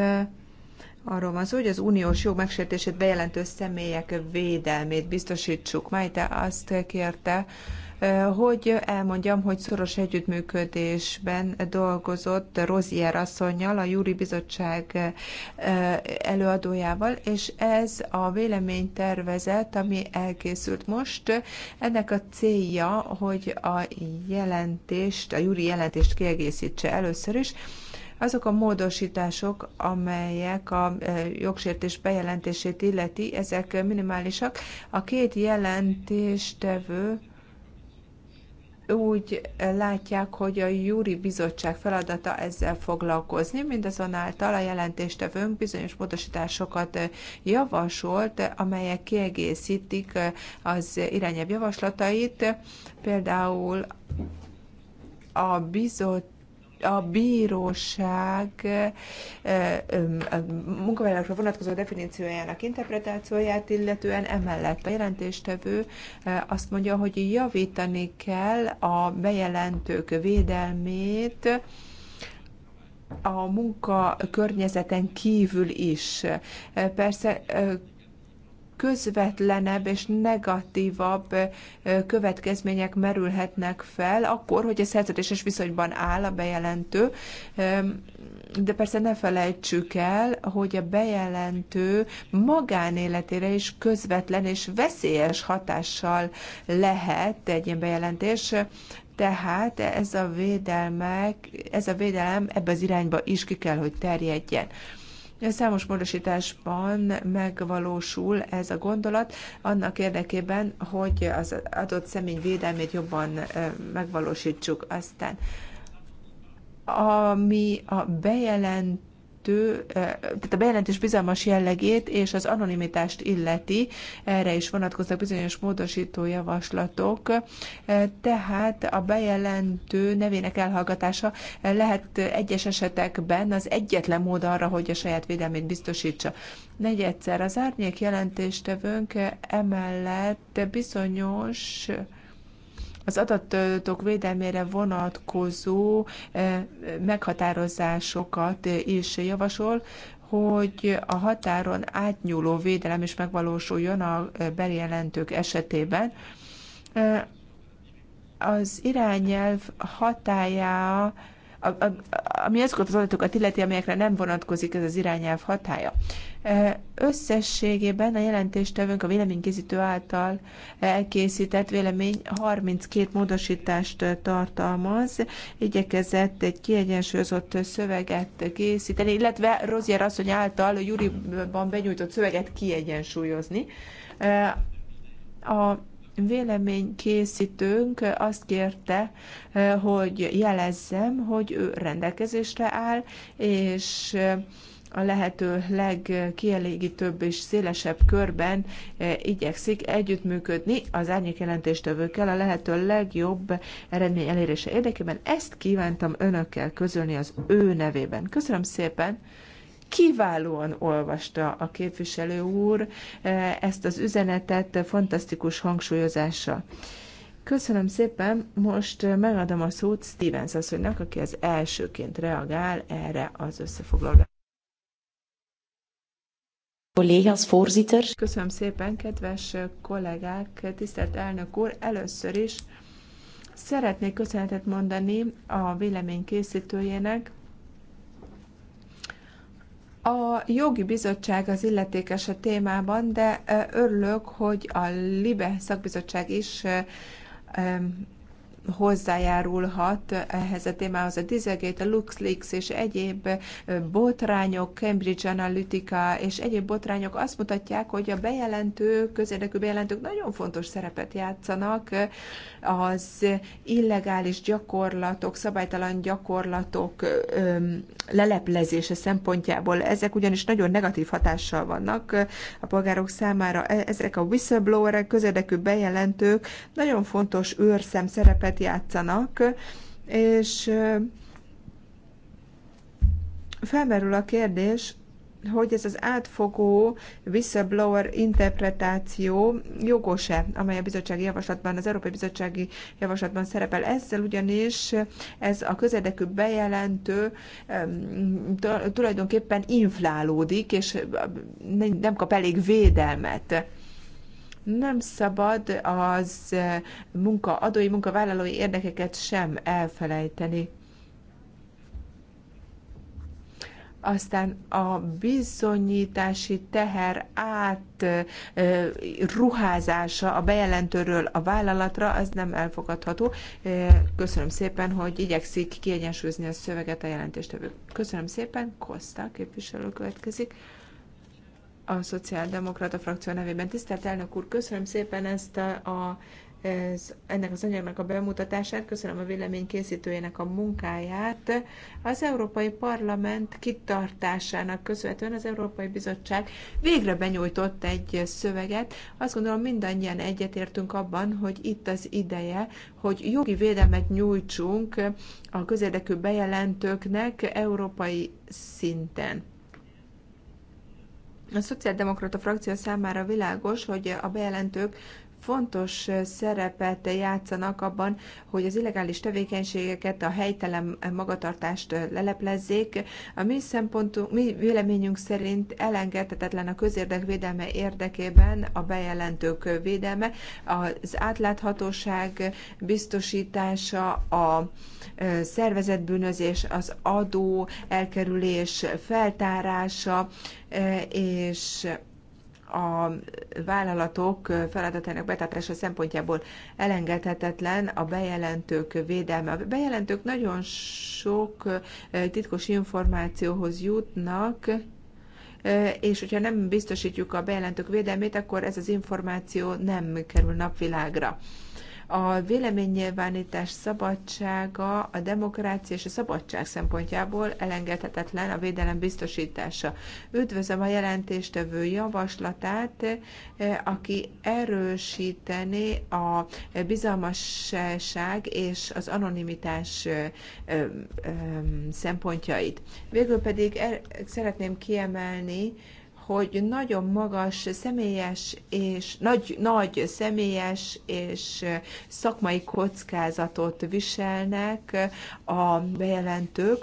S1: Arról van szó, hogy az uniós jog megsértését bejelentő személyek védelmét biztosítsuk. te azt kérte, hogy elmondjam, hogy szoros együttműködésben dolgozott Rozier asszonynal, a Júri Bizottság előadójával, és ez a véleménytervezet, ami elkészült most, ennek a célja, hogy a jelentést, a Júri jelentést kiegészítse először is, azok a módosítások, amelyek a jogsértés bejelentését illeti, ezek minimálisak. A két jelentéstevő úgy eh, látják, hogy a Júri Bizottság feladata ezzel foglalkozni, mindazonáltal a jelentéstevőnk bizonyos módosításokat eh, javasolt, eh, amelyek kiegészítik az irányelv javaslatait, például a bizott a bíróság munkavállalásra vonatkozó definíciójának interpretációját, illetően emellett a jelentéstevő azt mondja, hogy javítani kell a bejelentők védelmét, a munka környezeten kívül is. Persze közvetlenebb és negatívabb következmények merülhetnek fel, akkor, hogy a szerződéses viszonyban áll a bejelentő, de persze ne felejtsük el, hogy a bejelentő magánéletére is közvetlen és veszélyes hatással lehet egy ilyen bejelentés, tehát ez a, védelmek, ez a védelem ebbe az irányba is ki kell, hogy terjedjen. Számos módosításban megvalósul ez a gondolat annak érdekében, hogy az adott személy védelmét jobban megvalósítsuk aztán ami a bejelent illető, eh, tehát a bejelentés bizalmas jellegét és az anonimitást illeti, erre is vonatkoznak bizonyos módosító javaslatok, eh, tehát a bejelentő nevének elhallgatása lehet egyes esetekben az egyetlen mód arra, hogy a saját védelmét biztosítsa. Negyedszer az árnyék jelentéstevőnk emellett bizonyos az adatok védelmére vonatkozó eh, meghatározásokat eh, is javasol, hogy a határon átnyúló védelem is megvalósuljon a eh, bejelentők esetében. Az irányelv hatája ami azokat az adatokat illeti, amelyekre nem vonatkozik ez az irányelv hatája. Összességében a jelentéstevőnk a véleménykészítő által elkészített vélemény 32 módosítást tartalmaz, igyekezett egy kiegyensúlyozott szöveget készíteni, illetve Rozier asszony által Juriban benyújtott szöveget kiegyensúlyozni. A véleménykészítőnk azt kérte, hogy jelezzem, hogy ő rendelkezésre áll, és a lehető legkielégítőbb és szélesebb körben eh, igyekszik együttműködni az árnyék jelentéstevőkkel a lehető legjobb eredmény elérése érdekében. Ezt kívántam önökkel közölni az ő nevében. Köszönöm szépen! Kiválóan olvasta a képviselő úr eh, ezt az üzenetet fantasztikus hangsúlyozással. Köszönöm szépen, most eh, megadom a szót Stevens asszonynak, aki az elsőként reagál erre az összefoglalásra collega's, voorzitter. Köszönöm szépen, kedves kollégák, tisztelt elnök úr. Először is szeretnék köszönetet mondani a vélemény készítőjének. A jogi bizottság az illetékes a témában, de örülök, hogy a LIBE szakbizottság is hozzájárulhat ehhez a témához. A Dieselgate, a LuxLeaks és egyéb botrányok, Cambridge Analytica és egyéb botrányok azt mutatják, hogy a bejelentők, közérdekű bejelentők nagyon fontos szerepet játszanak az illegális gyakorlatok, szabálytalan gyakorlatok leleplezése szempontjából. Ezek ugyanis nagyon negatív hatással vannak a polgárok számára. E-, ezek a whistleblowerek, közérdekű bejelentők nagyon fontos őrszem szerepet szerepet játszanak, és felmerül a kérdés, hogy ez az átfogó whistleblower interpretáció jogos-e, amely a bizottsági javaslatban, az Európai Bizottsági Javaslatban szerepel. Ezzel ugyanis ez a közérdekű bejelentő tulajdonképpen inflálódik, és nem kap elég védelmet nem szabad az eh, munkaadói, munkavállalói érdekeket sem elfelejteni. aztán a bizonyítási teher át eh, ruházása a bejelentőről a vállalatra, az nem elfogadható. Eh, köszönöm szépen, hogy igyekszik kiegyensúlyozni a szöveget a jelentéstevő. Köszönöm szépen, Koszta képviselő következik a Szociáldemokrata frakció nevében. Tisztelt elnök úr, köszönöm szépen ezt a, ez, ennek az anyagnak a bemutatását, köszönöm a vélemény készítőjének a munkáját. Az Európai Parlament kitartásának köszönhetően az Európai Bizottság végre benyújtott egy szöveget. Azt gondolom mindannyian egyetértünk abban, hogy itt az ideje, hogy jogi védelmet nyújtsunk a közérdekű bejelentőknek európai szinten a szociáldemokrata frakció számára világos, hogy a bejelentők fontos eh, szerepet játszanak abban, hogy az illegális tevékenységeket, a helytelen magatartást eh, leleplezzék. A mi szempontunk, mi véleményünk szerint elengedhetetlen a közérdek védelme érdekében a bejelentők védelme, az átláthatóság biztosítása, a eh, szervezetbűnözés, az adó elkerülés feltárása és a vállalatok feladatának betartása szempontjából elengedhetetlen a bejelentők védelme. A bejelentők nagyon sok titkos információhoz jutnak, és hogyha nem biztosítjuk a bejelentők védelmét, akkor ez az információ nem kerül napvilágra. A véleménynyilvánítás szabadsága, a demokrácia és a szabadság szempontjából elengedhetetlen a védelem biztosítása. Üdvözlöm a jelentéstevő javaslatát, eh, aki erősítené a bizalmasság és az anonimitás eh, eh, szempontjait. Végül pedig er- szeretném kiemelni, hogy nagyon magas személyes és nagy, nagy személyes és szakmai kockázatot viselnek a bejelentők,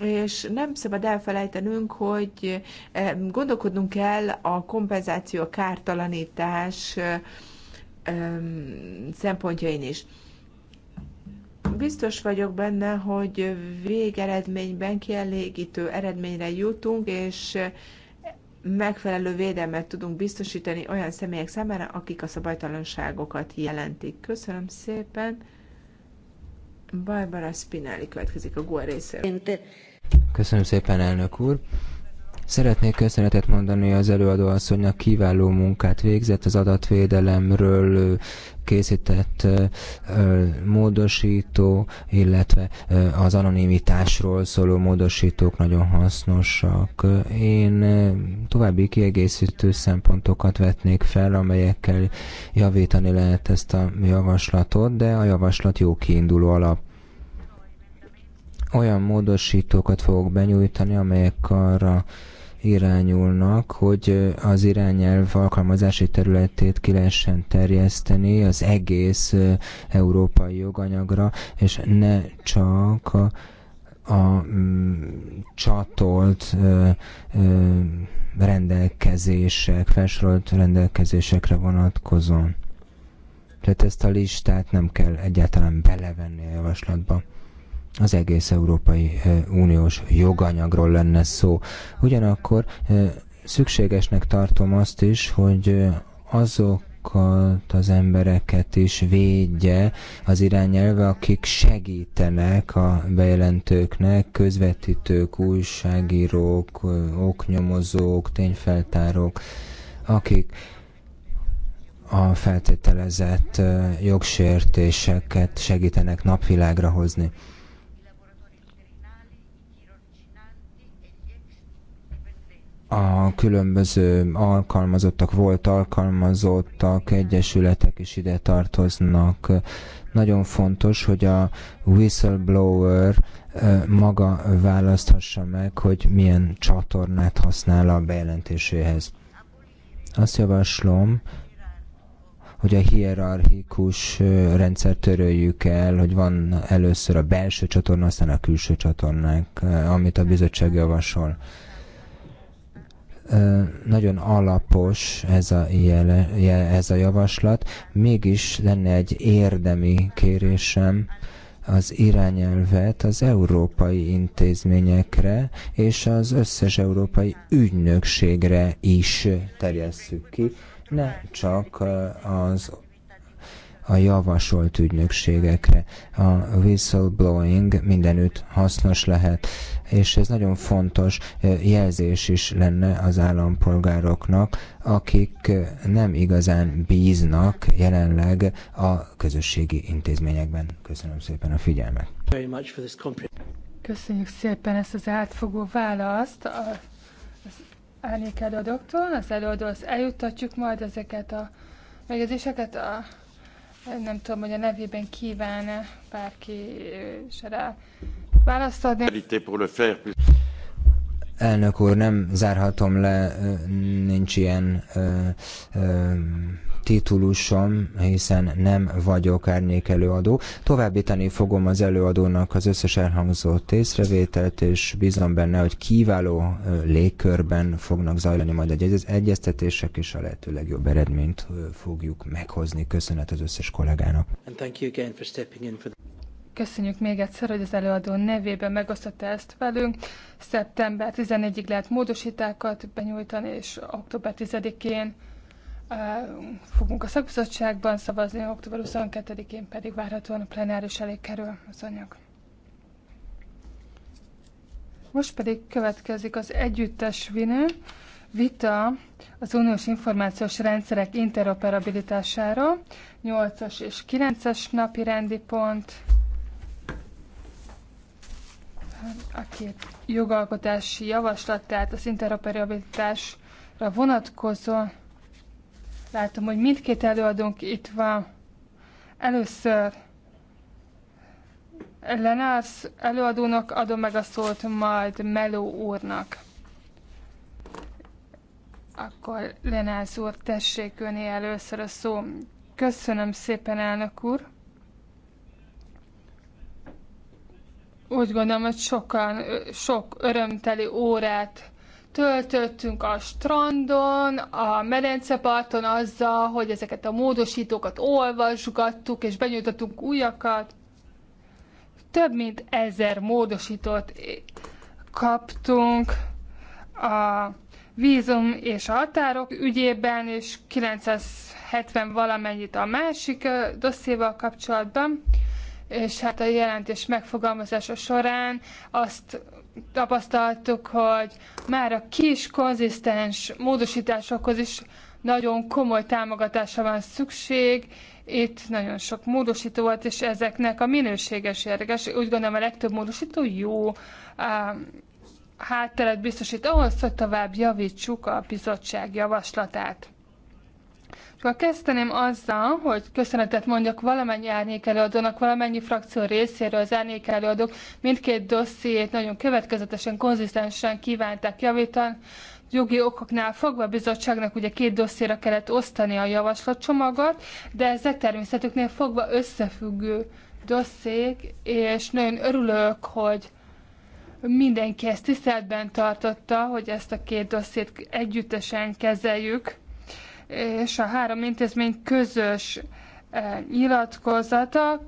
S1: és nem szabad elfelejtenünk, hogy eh, gondolkodnunk kell a kompenzáció, a kártalanítás ehm, szempontjain is biztos vagyok benne, hogy végeredményben kielégítő eredményre jutunk, és megfelelő védelmet tudunk biztosítani olyan személyek számára, akik a szabálytalanságokat jelentik. Köszönöm szépen. Barbara Spinelli következik a GUA részéről.
S3: Köszönöm szépen, elnök úr. Szeretnék köszönetet mondani az előadó asszonynak, kiváló munkát végzett az adatvédelemről, készített módosító, illetve az anonimitásról szóló módosítók nagyon hasznosak. Én további kiegészítő szempontokat vetnék fel, amelyekkel javítani lehet ezt a javaslatot, de a javaslat jó kiinduló alap olyan módosítókat fogok benyújtani, amelyek arra irányulnak, hogy az irányelv alkalmazási területét ki lehessen terjeszteni az egész európai joganyagra, és ne csak a, a mm, csatolt ö, ö, rendelkezések, felsorolt rendelkezésekre vonatkozóan. Tehát ezt a listát nem kell egyáltalán belevenni a javaslatba az egész Európai Uniós joganyagról lenne szó. Ugyanakkor szükségesnek tartom azt is, hogy azok azokat az embereket is védje az irányelve, akik segítenek a bejelentőknek, közvetítők, újságírók, oknyomozók, tényfeltárók, akik a feltételezett jogsértéseket segítenek napvilágra hozni. a különböző alkalmazottak, volt alkalmazottak, egyesületek is ide tartoznak. Nagyon fontos, hogy a whistleblower maga választhassa meg, hogy milyen csatornát használ a bejelentéséhez. Azt javaslom, hogy a hierarchikus rendszer töröljük el, hogy van először a belső csatorna, aztán a külső csatornák, amit a bizottság javasol nagyon alapos ez a, jele, ez a javaslat, mégis lenne egy érdemi kérésem az irányelvet az európai intézményekre és az összes európai ügynökségre is terjesszük ki, ne csak az a javasolt ügynökségekre. A whistleblowing mindenütt hasznos lehet, és ez nagyon fontos eh, jelzés is lenne az állampolgároknak, akik eh, nem igazán bíznak jelenleg a közösségi intézményekben. Köszönöm szépen a figyelmet. Köszönjük
S2: szépen ezt az átfogó választ. A árnyék előadóktól, az előadóhoz eljuttatjuk majd ezeket a megjegyzéseket a nem tudom, hogy a nevében kíván bárki se rá választ adni.
S3: Elnök úr, nem zárhatom le, nincs ilyen ö, ö, titulusom, hiszen nem vagyok árnyékelőadó. Továbbítani fogom az előadónak az összes elhangzott észrevételt, és bízom benne, hogy kiváló légkörben fognak zajlani majd egy egyeztetések, és a lehető legjobb eredményt fogjuk meghozni. Köszönet az összes kollégának.
S2: Köszönjük még egyszer, hogy az előadó nevében megosztotta ezt velünk. Szeptember 11 ig lehet módosítákat benyújtani, és október 10-én fogunk a szakbizottságban szavazni, október 22-én pedig várhatóan a plenáris elé kerül az anyag. Most pedig következik az együttes vinő vita az uniós információs rendszerek interoperabilitásáról, 8-as és 9-es napi rendi pont, a két jogalkotási javaslat, tehát az interoperabilitásra vonatkozó Látom, hogy mindkét előadónk itt van. Először Lenárs előadónak adom meg a szót, majd Meló úrnak. Akkor Lenárs úr, tessék öné először a szó. Köszönöm szépen, elnök úr. Úgy gondolom, hogy sokan sok örömteli órát töltöttünk a strandon, a medenceparton azzal, hogy ezeket a módosítókat olvasgattuk, és benyújtottunk újakat. Több mint ezer módosítót kaptunk a vízum és a határok ügyében, és 970 valamennyit a másik dosszéval kapcsolatban és hát a jelentés megfogalmazása során azt tapasztaltuk, hogy már a kis, konzisztens módosításokhoz is nagyon komoly támogatásra van szükség. Itt nagyon sok módosító volt, és ezeknek a minőséges érdekes. Úgy gondolom a legtöbb módosító jó hátteret biztosít ahhoz, hogy tovább javítsuk a bizottság javaslatát. Akkor kezdeném azzal, hogy köszönetet mondjak valamennyi árnyékelőadónak, valamennyi frakció részéről az árnyékelőadók mindkét dossziét nagyon következetesen, konzisztensen kívánták javítani. Jogi okoknál fogva a bizottságnak ugye két dosszéra kellett osztani a javaslatcsomagot, de ezek természetüknél fogva összefüggő dosszék, és nagyon örülök, hogy mindenki ezt tiszteletben tartotta, hogy ezt a két dosszét együttesen kezeljük és a három intézmény közös eh, nyilatkozata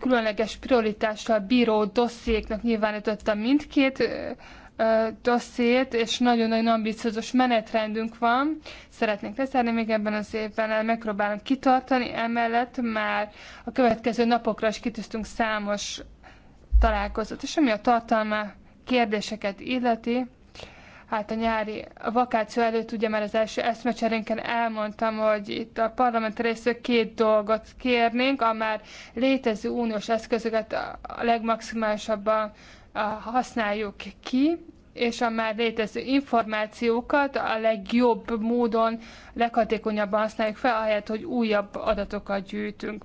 S2: különleges prioritásra bíró dossziéknak nyilvánította mindkét eh, eh, dossziét, és nagyon-nagyon ambiciózus menetrendünk van. Szeretnénk leszárni még ebben az évben, megpróbálunk kitartani, emellett már a következő napokra is kitűztünk számos találkozót. És ami a tartalma kérdéseket illeti, hát a nyári a vakáció előtt ugye már az első eszmecserénken elmondtam, hogy itt a parlament részéről két dolgot kérnénk, a már létező uniós eszközöket a legmaximálisabban használjuk ki, és a már létező információkat a legjobb módon, leghatékonyabban használjuk fel, ahelyett, hogy újabb adatokat gyűjtünk.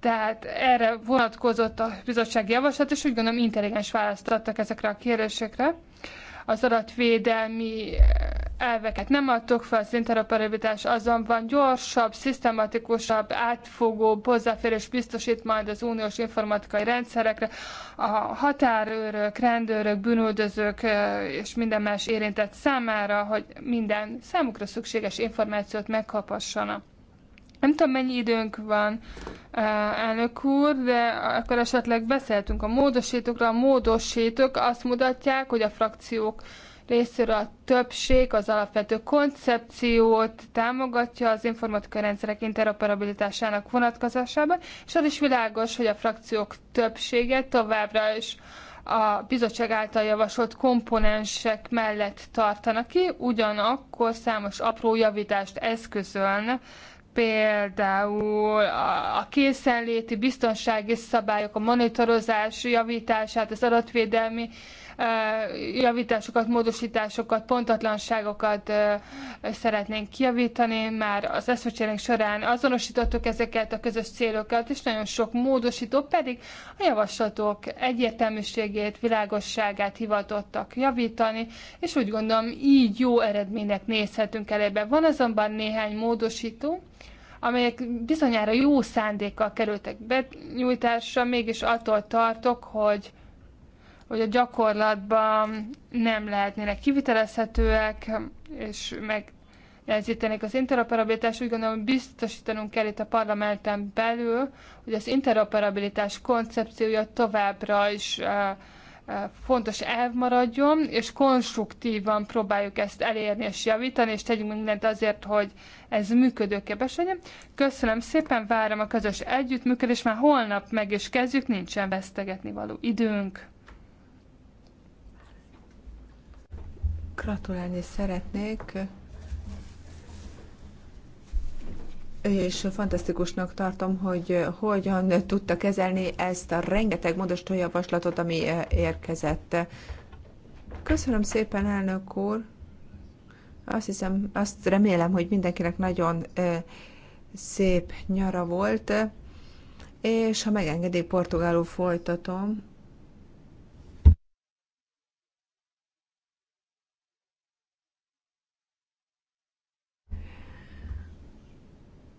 S2: Tehát erre vonatkozott a bizottság javaslat, és úgy gondolom intelligens választ adtak ezekre a kérdésekre az adatvédelmi eh, elveket nem adtuk fel, az interoperabilitás azonban gyorsabb, szisztematikusabb, átfogóbb hozzáférés biztosít majd az uniós informatikai rendszerekre, a határőrök, rendőrök, bűnöldözők eh, és minden más érintett számára, hogy minden számukra szükséges információt megkaphassanak. Nem tudom, mennyi időnk van, eh, elnök úr, de akkor esetleg beszéltünk a módosítókra. A módosítók azt mutatják, hogy a frakciók részéről a többség az alapvető koncepciót támogatja az informatikai rendszerek interoperabilitásának vonatkozásában, és az is világos, hogy a frakciók többsége továbbra is a bizottság által javasolt komponensek mellett tartanak ki, ugyanakkor számos apró javítást eszközölne például a készenléti biztonsági szabályok, a monitorozás javítását, az adatvédelmi javításokat, módosításokat, pontatlanságokat szeretnénk kijavítani. Már az eszmecsérénk során azonosítottuk ezeket a közös célokat, és nagyon sok módosító pedig a javaslatok egyértelműségét, világosságát hivatottak javítani, és úgy gondolom így jó eredménynek nézhetünk elébe. Van azonban néhány módosító, amelyek bizonyára jó szándékkal kerültek benyújtásra, mégis attól tartok, hogy hogy a gyakorlatban nem lehetnének kivitelezhetőek, és meg nehezítenék az interoperabilitást. Úgy gondolom, biztosítanunk kell itt a parlamenten belül, hogy az interoperabilitás koncepciója továbbra is fontos elv maradjon, és konstruktívan próbáljuk ezt elérni és javítani, és tegyünk mindent azért, hogy ez működőképes legyen. Köszönöm szépen, várom a közös együttműködést, már holnap meg is kezdjük, nincsen vesztegetni való időnk.
S1: Gratulálni szeretnék, és fantasztikusnak tartom, hogy hogyan tudta kezelni ezt a rengeteg módosító javaslatot, ami eh, érkezett. Köszönöm szépen, elnök úr! Azt hiszem, azt remélem, hogy mindenkinek nagyon eh, szép nyara volt, és ha megengedi, portugálul folytatom.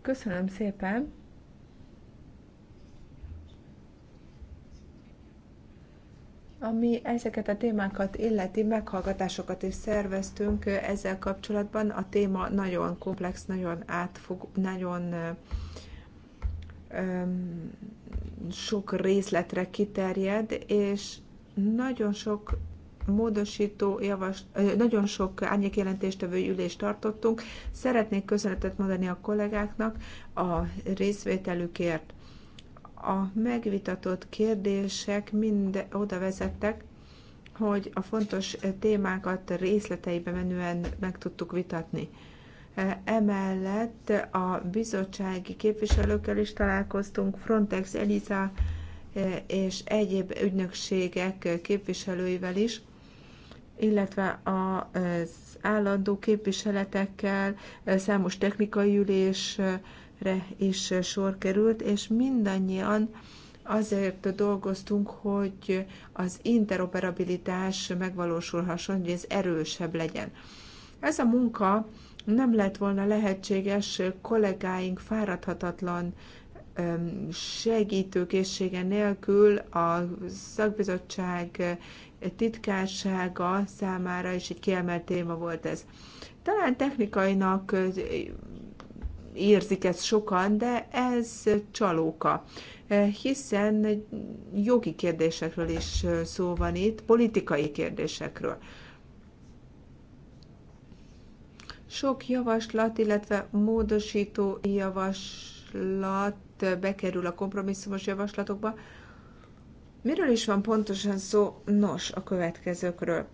S1: Köszönöm szépen. Ami ezeket a témákat illeti, meghallgatásokat is szerveztünk ezzel kapcsolatban. A téma nagyon komplex, nagyon átfog, nagyon öm, sok részletre kiterjed, és nagyon sok módosító javas, nagyon sok árnyékjelentéstevő ülést tartottunk. Szeretnék köszönetet mondani a kollégáknak a részvételükért. A megvitatott kérdések mind oda vezettek, hogy a fontos témákat részleteibe menően meg tudtuk vitatni. Emellett a bizottsági képviselőkkel is találkoztunk, Frontex, Eliza és egyéb ügynökségek képviselőivel is illetve az állandó képviseletekkel számos technikai ülésre is sor került, és mindannyian azért dolgoztunk, hogy az interoperabilitás megvalósulhasson, hogy ez erősebb legyen. Ez a munka nem lett volna lehetséges kollégáink fáradhatatlan segítőkészsége nélkül a szakbizottság titkársága számára is egy kiemelt téma volt ez. Talán technikainak érzik ezt sokan, de ez csalóka, hiszen jogi kérdésekről is szó van itt, politikai kérdésekről. Sok javaslat, illetve módosító javaslat bekerül a kompromisszumos javaslatokba, Miről is van pontosan szó? Nos, a következőkről.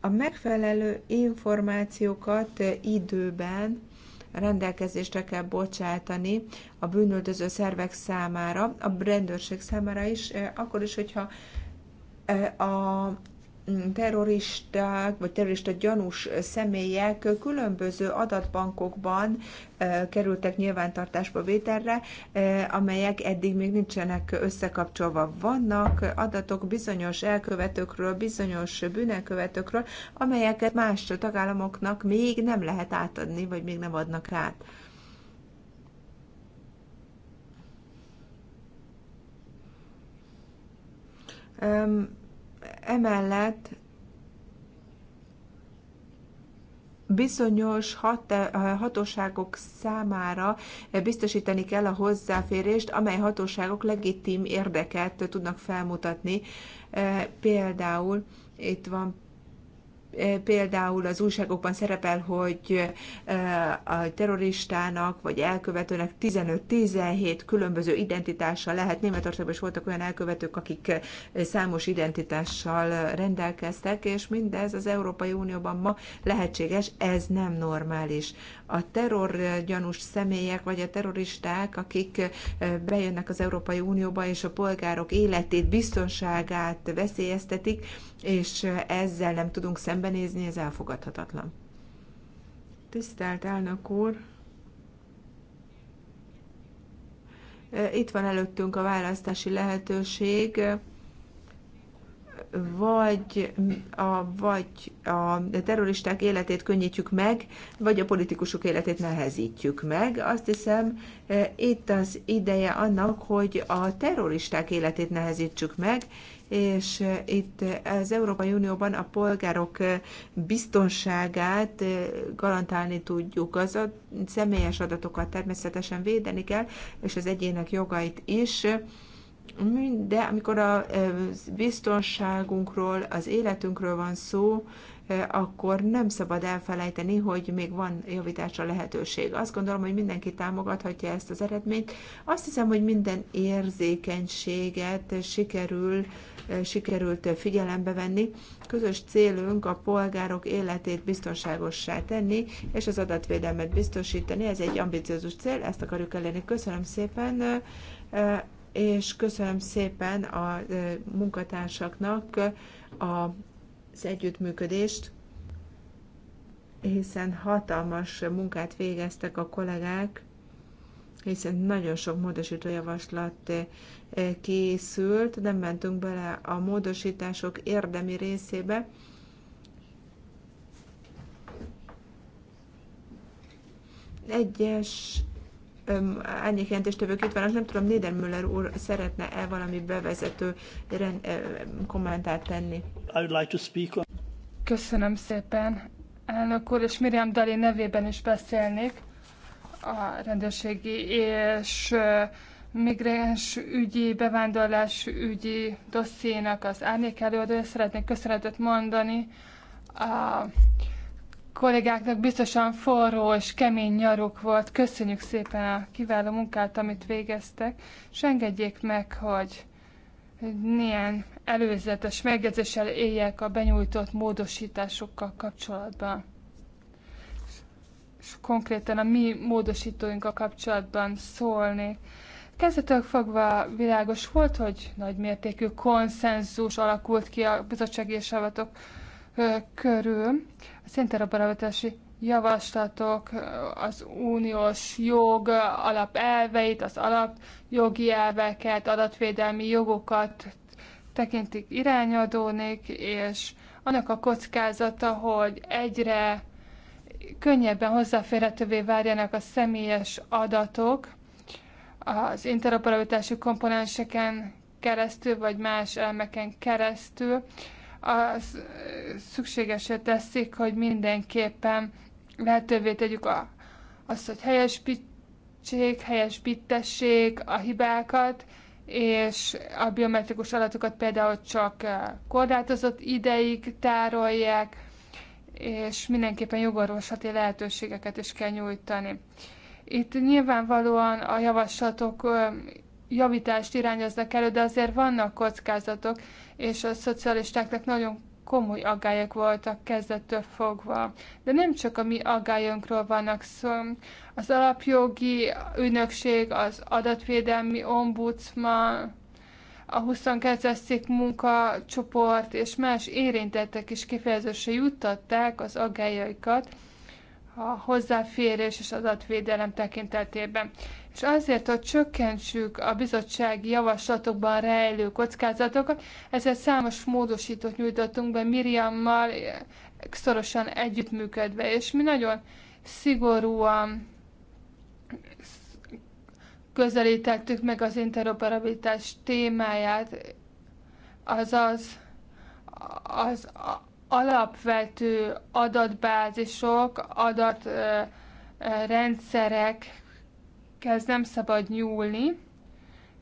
S1: A megfelelő információkat eh, időben rendelkezésre kell bocsátani a bűnöldöző szervek számára, a rendőrség számára is, eh, akkor is, hogyha eh, a terroristák vagy terrorista gyanús személyek különböző adatbankokban kerültek nyilvántartásba vételre, amelyek eddig még nincsenek összekapcsolva. Vannak adatok bizonyos elkövetőkről, bizonyos bűnelkövetőkről, amelyeket más tagállamoknak még nem lehet átadni, vagy még nem adnak át. Um, Emellett bizonyos hat, eh, hatóságok számára eh, biztosítani kell a hozzáférést, amely hatóságok legitim érdeket tudnak felmutatni. Eh, például itt van például az újságokban szerepel, hogy a terroristának vagy elkövetőnek 15-17 különböző identitása lehet. Németországban is voltak olyan elkövetők, akik számos identitással rendelkeztek, és mindez az Európai Unióban ma lehetséges, ez nem normális a terrorgyanús személyek, vagy a terroristák, akik eh, bejönnek az Európai Unióba, és a polgárok életét, biztonságát veszélyeztetik, és eh, ezzel nem tudunk szembenézni, ez elfogadhatatlan. Tisztelt elnök úr! Eh, itt van előttünk a választási lehetőség vagy a, vagy a terroristák életét könnyítjük meg, vagy a politikusok életét nehezítjük meg. Azt hiszem, e, itt az ideje annak, hogy a terroristák életét nehezítsük meg, és e, itt az Európai Unióban a polgárok e, biztonságát garantálni tudjuk. Az a személyes adatokat természetesen védeni kell, és az egyének jogait is de amikor a biztonságunkról, az életünkről van szó, akkor nem szabad elfelejteni, hogy még van javításra lehetőség. Azt gondolom, hogy mindenki támogathatja ezt az eredményt. Azt hiszem, hogy minden érzékenységet sikerül, sikerült figyelembe venni. Közös célunk a polgárok életét biztonságossá tenni, és az adatvédelmet biztosítani. Ez egy ambiciózus cél, ezt akarjuk elérni. Köszönöm szépen és köszönöm szépen a munkatársaknak az együttműködést, hiszen hatalmas munkát végeztek a kollégák, hiszen nagyon sok módosító javaslat készült, nem mentünk bele a módosítások érdemi részébe. Egyes jelentéstevők itt vannak, nem tudom, Müller úr szeretne-e valami bevezető rend, kommentát tenni.
S5: I would like to speak on...
S2: Köszönöm szépen, elnök úr, és Miriam Dali nevében is beszélnék a rendőrségi és migráns ügyi, bevándorlás ügyi dossziénak az árnyék előadója. Szeretnék köszönetet mondani a kollégáknak biztosan forró és kemény nyaruk volt. Köszönjük szépen a kiváló munkát, amit végeztek, és engedjék meg, hogy milyen előzetes megjegyzéssel éljek a benyújtott módosításokkal kapcsolatban. És konkrétan a mi módosítóinkkal kapcsolatban szólnék. Kezdetől fogva világos volt, hogy nagymértékű konszenzus alakult ki a bizottsági javatok körül szinteraborabatási javaslatok az uniós jog alapelveit, az alapjogi elveket, adatvédelmi jogokat tekintik irányadónék, és annak a kockázata, hogy egyre könnyebben hozzáférhetővé várjanak a személyes adatok az interoperabilitási komponenseken keresztül, vagy más elemeken keresztül, az szükségesé teszik, hogy mindenképpen lehetővé tegyük a, azt, hogy helyes helyesbítessék a hibákat, és a biometrikus adatokat például csak eh, korlátozott ideig tárolják, és mindenképpen jogorvoslati lehetőségeket is kell nyújtani. Itt nyilvánvalóan a javaslatok eh, javítást irányoznak elő, de azért vannak kockázatok, és a szocialistáknak nagyon komoly agályok voltak kezdettől fogva. De nem csak a mi agályonkról vannak szó. Az alapjogi ügynökség, az adatvédelmi ombudsman, a 22-es cikk munkacsoport és más érintettek is kifejezősen juttatták az agályaikat a hozzáférés és adatvédelem tekintetében és azért, hogy csökkentsük a bizottsági javaslatokban rejlő kockázatokat, ezzel számos módosítót nyújtottunk be Miriammal, szorosan együttműködve, és mi nagyon szigorúan közelítettük meg az interoperabilitás témáját, azaz az alapvető adatbázisok, adatrendszerek eh, eh, amikhez nem szabad nyúlni,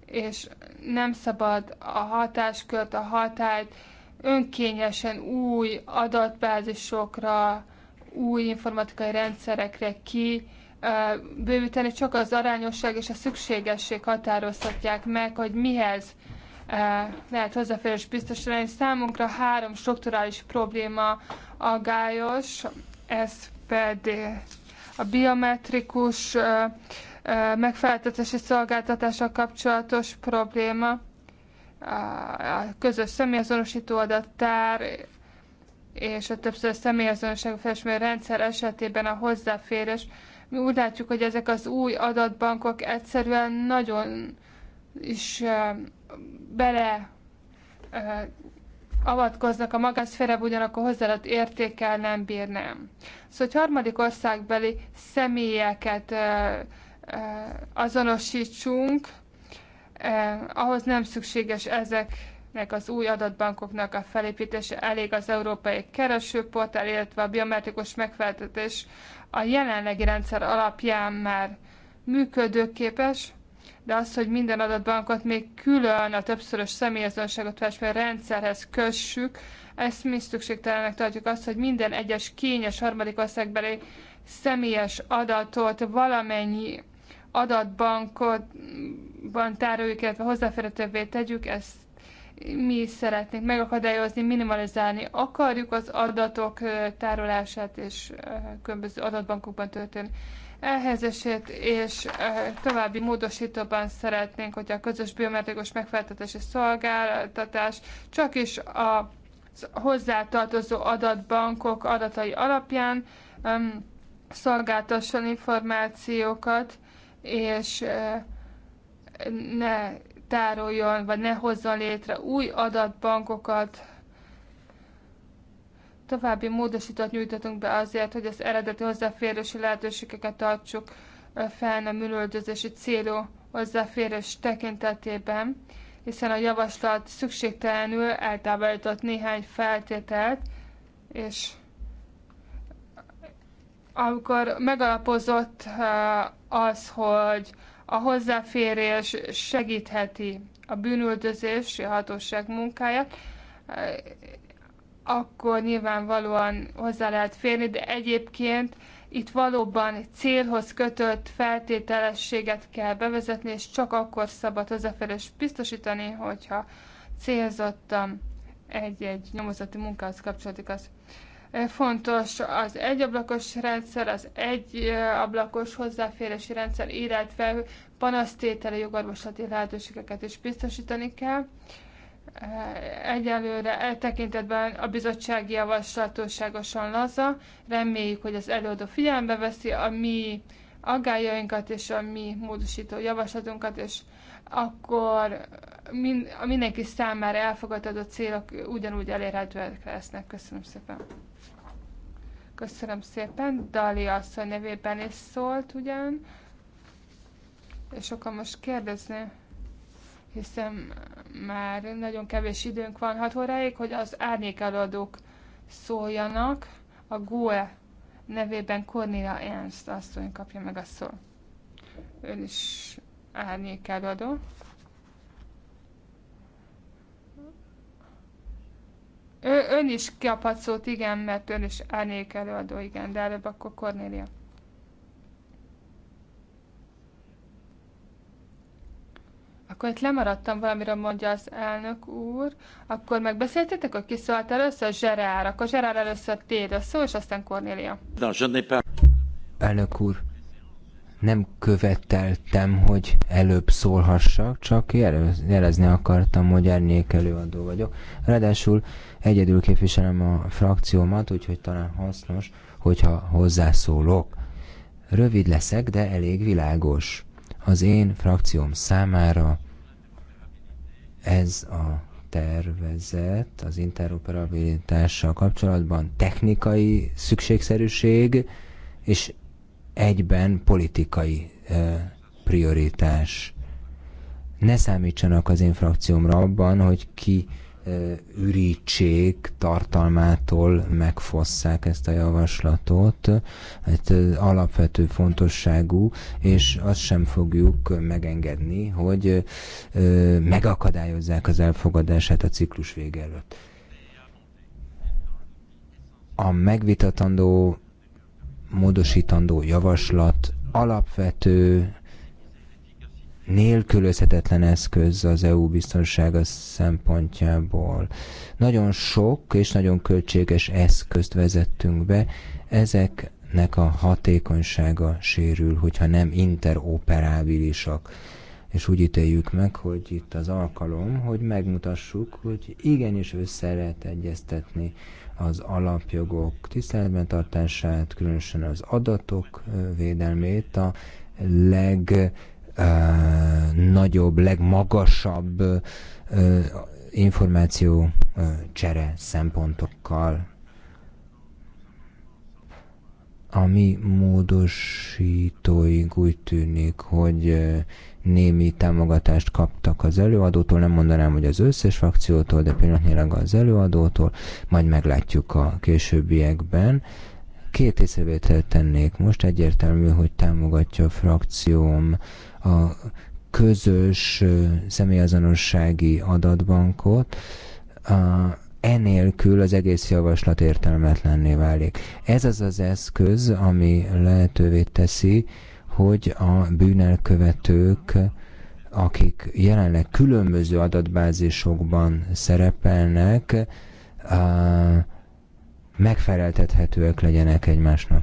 S2: és nem szabad a hatáskört, a hatályt önkényesen új adatbázisokra, új informatikai rendszerekre ki bővíteni, csak az arányosság és a szükségesség határozhatják meg, hogy mihez lehet hozzáférés biztosítani. Számunkra három strukturális probléma aggályos, ez pedig a biometrikus feltetési szolgáltatással kapcsolatos probléma, a közös személyazonosító adattár és a többször személyazonosság felismerő rendszer esetében a hozzáférés. Mi úgy látjuk, hogy ezek az új adatbankok egyszerűen nagyon is bele avatkoznak a magánszférába, ugyanakkor lehet értékkel nem bírnám. Szóval, hogy harmadik országbeli személyeket Eh, azonosítsunk, eh, ahhoz nem szükséges ezeknek az új adatbankoknak a felépítése, elég az európai keresőportál, illetve a biometrikus megfeltetés a jelenlegi rendszer alapján már működőképes, de az, hogy minden adatbankot még külön a többszörös személyazonosságot felső rendszerhez kössük, ezt mi szükségtelenek tartjuk azt, hogy minden egyes kényes harmadik országbeli személyes adatot valamennyi adatbankban tároljuk, illetve hozzáférhetővé tegyük, ezt mi is szeretnénk megakadályozni, minimalizálni akarjuk az adatok tárolását és különböző adatbankokban történő elhelyezését, és további módosítóban szeretnénk, hogy a közös biometrikus és szolgáltatás csak is a hozzátartozó adatbankok adatai alapján szolgáltasson információkat, és ne tároljon, vagy ne hozzon létre új adatbankokat. További módosítót nyújtatunk be azért, hogy az eredeti hozzáférési lehetőségeket tartsuk fenn a műlöldözési célú hozzáférés tekintetében, hiszen a javaslat szükségtelenül eltávolított néhány feltételt, és amikor megalapozott eh, az, hogy a hozzáférés segítheti a bűnüldözési hatóság munkáját, eh, akkor nyilvánvalóan hozzá lehet férni, de egyébként itt valóban célhoz kötött feltételességet kell bevezetni, és csak akkor szabad hozzáférés biztosítani, hogyha célzottan egy-egy nyomozati munkához kapcsolódik az. Fontos az egyablakos rendszer, az egyablakos hozzáférési rendszer, illetve panasztételi jogorvoslati lehetőségeket is biztosítani kell. Egyelőre e tekintetben a bizottsági javaslat túlságosan laza. Reméljük, hogy az előadó figyelembe veszi a mi aggájainkat és a mi módosító javaslatunkat, és akkor mindenki számára elfogadható célok ugyanúgy elérhetőek lesznek. Köszönöm szépen! Köszönöm szépen. Dali asszony nevében is szólt ugyan. És akkor most kérdezni, hiszen már nagyon kevés időnk van 6 óráig, hogy az árnyékeladók szóljanak. A GUE nevében Cornelia Ernst asszony kapja meg a szót. Ön is árnyékeladó. Ő, ön is kaphat szót, igen, mert ön is árnyék előadó, igen, de előbb akkor Kornélia. Akkor itt lemaradtam valamire mondja az elnök úr. Akkor megbeszéltétek, hogy kiszólt először Zserár, akkor Zserár először téd a szó, és aztán Kornélia.
S3: Elnök úr, nem követeltem, hogy előbb szólhassak, csak jelezni akartam, hogy ennék előadó vagyok. Ráadásul egyedül képviselem a frakciómat, úgyhogy talán hasznos, hogyha hozzászólok. Rövid leszek, de elég világos. Az én frakcióm számára ez a tervezet az interoperabilitással kapcsolatban technikai szükségszerűség, és egyben politikai prioritás. Ne számítsanak az frakciómra abban, hogy ki ürítsék, tartalmától megfosszák ezt a javaslatot. Hát alapvető fontosságú, és azt sem fogjuk megengedni, hogy megakadályozzák az elfogadását a ciklus vége előtt. A megvitatandó módosítandó javaslat alapvető, nélkülözhetetlen eszköz az EU biztonsága szempontjából. Nagyon sok és nagyon költséges eszközt vezettünk be, ezeknek a hatékonysága sérül, hogyha nem interoperábilisak. És úgy ítéljük meg, hogy itt az alkalom, hogy megmutassuk, hogy igenis össze lehet egyeztetni az alapjogok tiszteletben tartását, különösen az adatok védelmét, a legnagyobb, legmagasabb információ csere szempontokkal ami módosítóink úgy tűnik, hogy némi támogatást kaptak az előadótól, nem mondanám, hogy az összes frakciótól, de pillanatnyilag az előadótól, majd meglátjuk a későbbiekben. Két észrevételt tennék most, egyértelmű, hogy támogatja a frakcióm a közös személyazonossági adatbankot, enélkül az egész javaslat értelmetlenné válik. Ez az az eszköz, ami lehetővé teszi, hogy a bűnelkövetők, akik jelenleg különböző adatbázisokban szerepelnek, megfeleltethetőek legyenek egymásnak.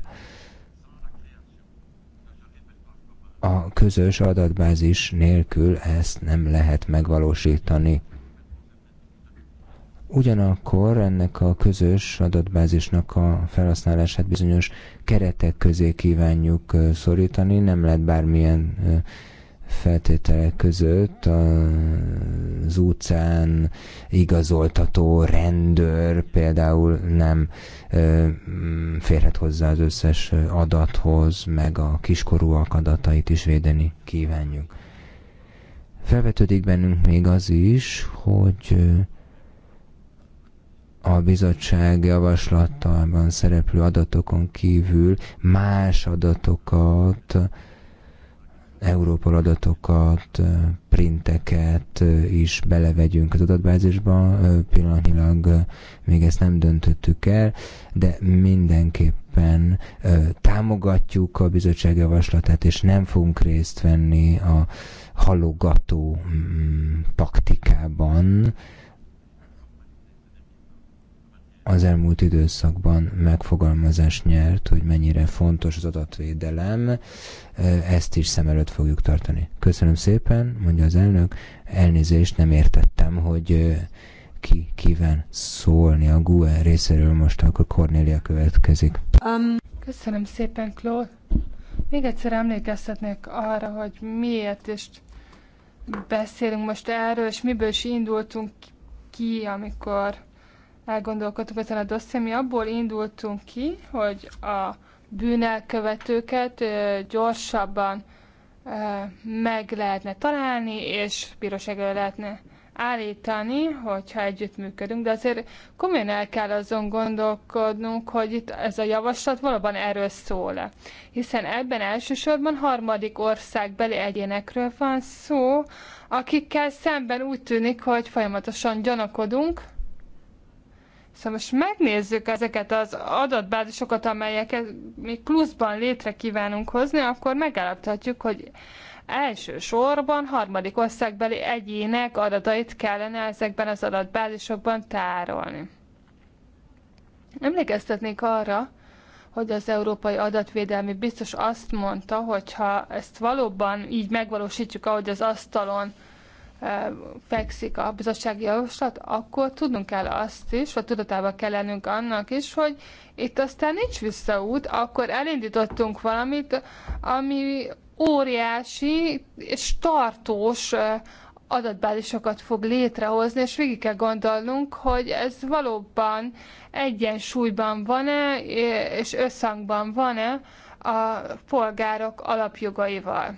S3: A közös adatbázis nélkül ezt nem lehet megvalósítani. Ugyanakkor ennek a közös adatbázisnak a felhasználását bizonyos keretek közé kívánjuk szorítani, nem lehet bármilyen feltételek között az utcán igazoltató rendőr például nem férhet hozzá az összes adathoz, meg a kiskorúak adatait is védeni kívánjuk. Felvetődik bennünk még az is, hogy a bizottság javaslatában szereplő adatokon kívül más adatokat, Európol adatokat, printeket is belevegyünk az adatbázisba. Pillanatnyilag még ezt nem döntöttük el, de mindenképpen támogatjuk a bizottság javaslatát, és nem fogunk részt venni a halogató mm, taktikában, az elmúlt időszakban megfogalmazás nyert, hogy mennyire fontos az adatvédelem, ezt is szem előtt fogjuk tartani. Köszönöm szépen, mondja az elnök, elnézést nem értettem, hogy ki kíván szólni a GUE részéről most, akkor Cornélia következik.
S2: Um, köszönöm szépen, Klór. Még egyszer emlékeztetnék arra, hogy miért is beszélünk most erről, és miből is indultunk ki, amikor elgondolkodtuk ezen a dosszé, Mi abból indultunk ki, hogy a bűnelkövetőket gyorsabban meg lehetne találni, és bíróságra lehetne állítani, hogyha együttműködünk, de azért komolyan el kell azon gondolkodnunk, hogy itt ez a javaslat valóban erről szól. Hiszen ebben elsősorban harmadik országbeli egyénekről van szó, akikkel szemben úgy tűnik, hogy folyamatosan gyanakodunk, Szóval most megnézzük ezeket az adatbázisokat, amelyeket mi pluszban létre kívánunk hozni, akkor megállapíthatjuk, hogy elsősorban harmadik országbeli egyének adatait kellene ezekben az adatbázisokban tárolni. Emlékeztetnék arra, hogy az Európai Adatvédelmi biztos azt mondta, hogy ha ezt valóban így megvalósítjuk, ahogy az asztalon fekszik a bizottsági javaslat, akkor tudnunk kell azt is, vagy tudatában kell lennünk annak is, hogy itt aztán nincs visszaút, akkor elindítottunk valamit, ami óriási és tartós adatbázisokat fog létrehozni, és végig kell gondolnunk, hogy ez valóban egyensúlyban van-e, és összhangban van-e a polgárok alapjogaival.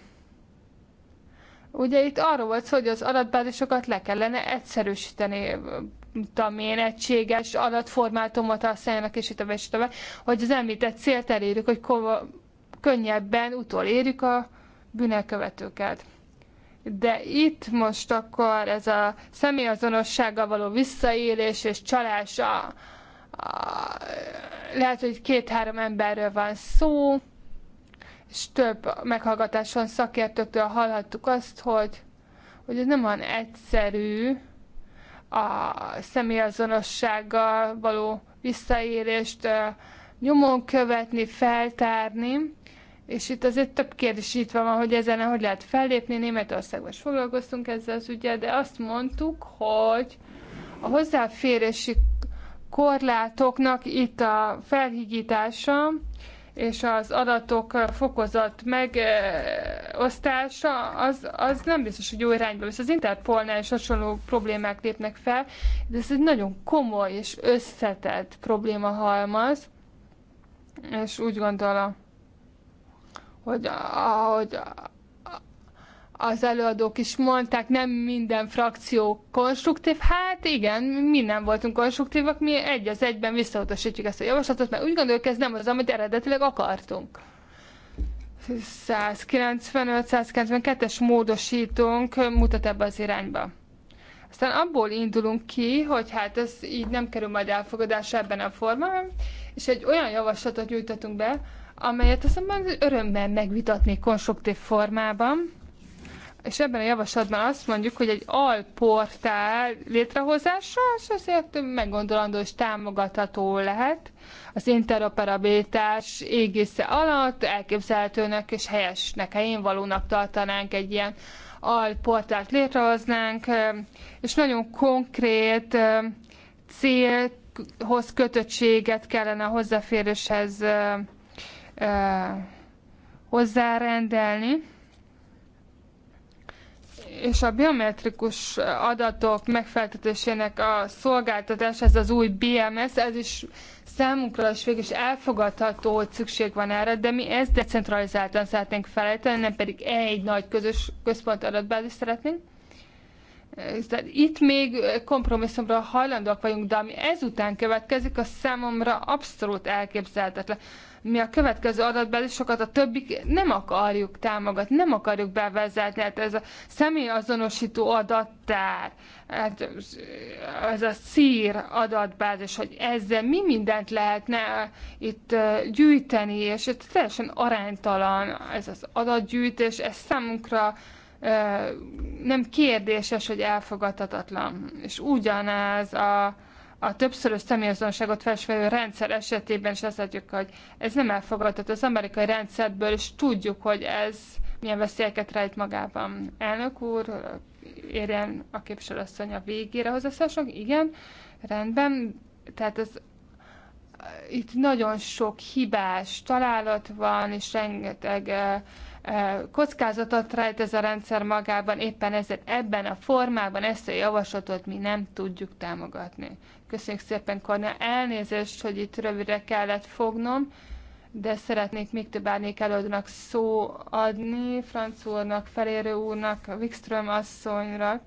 S2: Ugye itt arról volt szó, hogy az adatbázisokat le kellene egyszerűsíteni, tudom én, egységes adatformátumot használjanak, és itt a és hogy az említett célt elérjük, hogy kova, könnyebben utolérjük a bűnelkövetőket. De itt most akkor ez a személyazonossággal való visszaélés és csalása a, a, lehet, hogy két-három emberről van szó, és több meghallgatáson szakértőktől hallhattuk azt, hogy, hogy ez nem olyan egyszerű a személyazonossággal való visszaérést nyomon követni, feltárni, és itt azért több kérdés itt van, hogy ezen hogy lehet fellépni. Németországban is foglalkoztunk ezzel az ügyel, de azt mondtuk, hogy a hozzáférési korlátoknak itt a felhigítása, és az adatok fokozott megosztása, az, az nem biztos, hogy jó irányba visz. Az Interpolnál is hasonló problémák lépnek fel, de ez egy nagyon komoly és összetett probléma halmaz, és úgy gondolom, hogy ahogy az előadók is mondták, nem minden frakció konstruktív. Hát igen, mi nem voltunk konstruktívak, mi egy az egyben visszautasítjuk ezt a javaslatot, mert úgy gondoljuk, ez nem az, amit eredetileg akartunk. 195-192-es módosítónk mutat ebbe az irányba. Aztán abból indulunk ki, hogy hát ez így nem kerül majd elfogadásra ebben a formában, és egy olyan javaslatot nyújtatunk be, amelyet azonban örömmel megvitatni konstruktív formában, és ebben a javaslatban azt mondjuk, hogy egy alportál létrehozása, és azért meggondolandó és támogatható lehet. Az interoperabilitás égisze alatt elképzelhetőnek és helyesnek, helyén valónak tartanánk egy ilyen alportált létrehoznánk, és nagyon konkrét célhoz kötöttséget kellene a hozzáféréshez hozzárendelni és a biometrikus adatok megfeltetésének a szolgáltatás, ez az új BMS, ez is számunkra is végül is elfogadható, hogy szükség van erre, de mi ezt decentralizáltan szeretnénk felejteni, nem pedig egy nagy közös központ adatbázis szeretnénk de itt még kompromisszumra hajlandóak vagyunk, de ami ezután következik, az számomra abszolút elképzelhetetlen. Mi a következő adatbázis sokat a többi nem akarjuk támogatni, nem akarjuk bevezetni. Hát ez a személyazonosító adattár, hát ez a szír adatbázis, hogy ezzel mi mindent lehetne itt gyűjteni, és ez teljesen aránytalan ez az adatgyűjtés, ez számunkra nem kérdéses, hogy elfogadhatatlan. És ugyanez a, a többszörös személyazonosságot felsfelelő rendszer esetében is azt látjuk, hogy ez nem elfogadható. Az amerikai rendszerből is tudjuk, hogy ez milyen veszélyeket rejt magában. Elnök úr, érjen a képviselőasszony a végére hozzászások. Igen, rendben. Tehát ez itt nagyon sok hibás találat van, és rengeteg uh, kockázatot rejt ez a rendszer magában, éppen ezért ebben a formában ezt a javaslatot mi nem tudjuk támogatni. Köszönjük szépen, Kornél. Elnézést, hogy itt rövidre kellett fognom, de szeretnék még több árnyék előadónak szó adni, Franc úrnak, Felérő úrnak, Wikström asszonyra.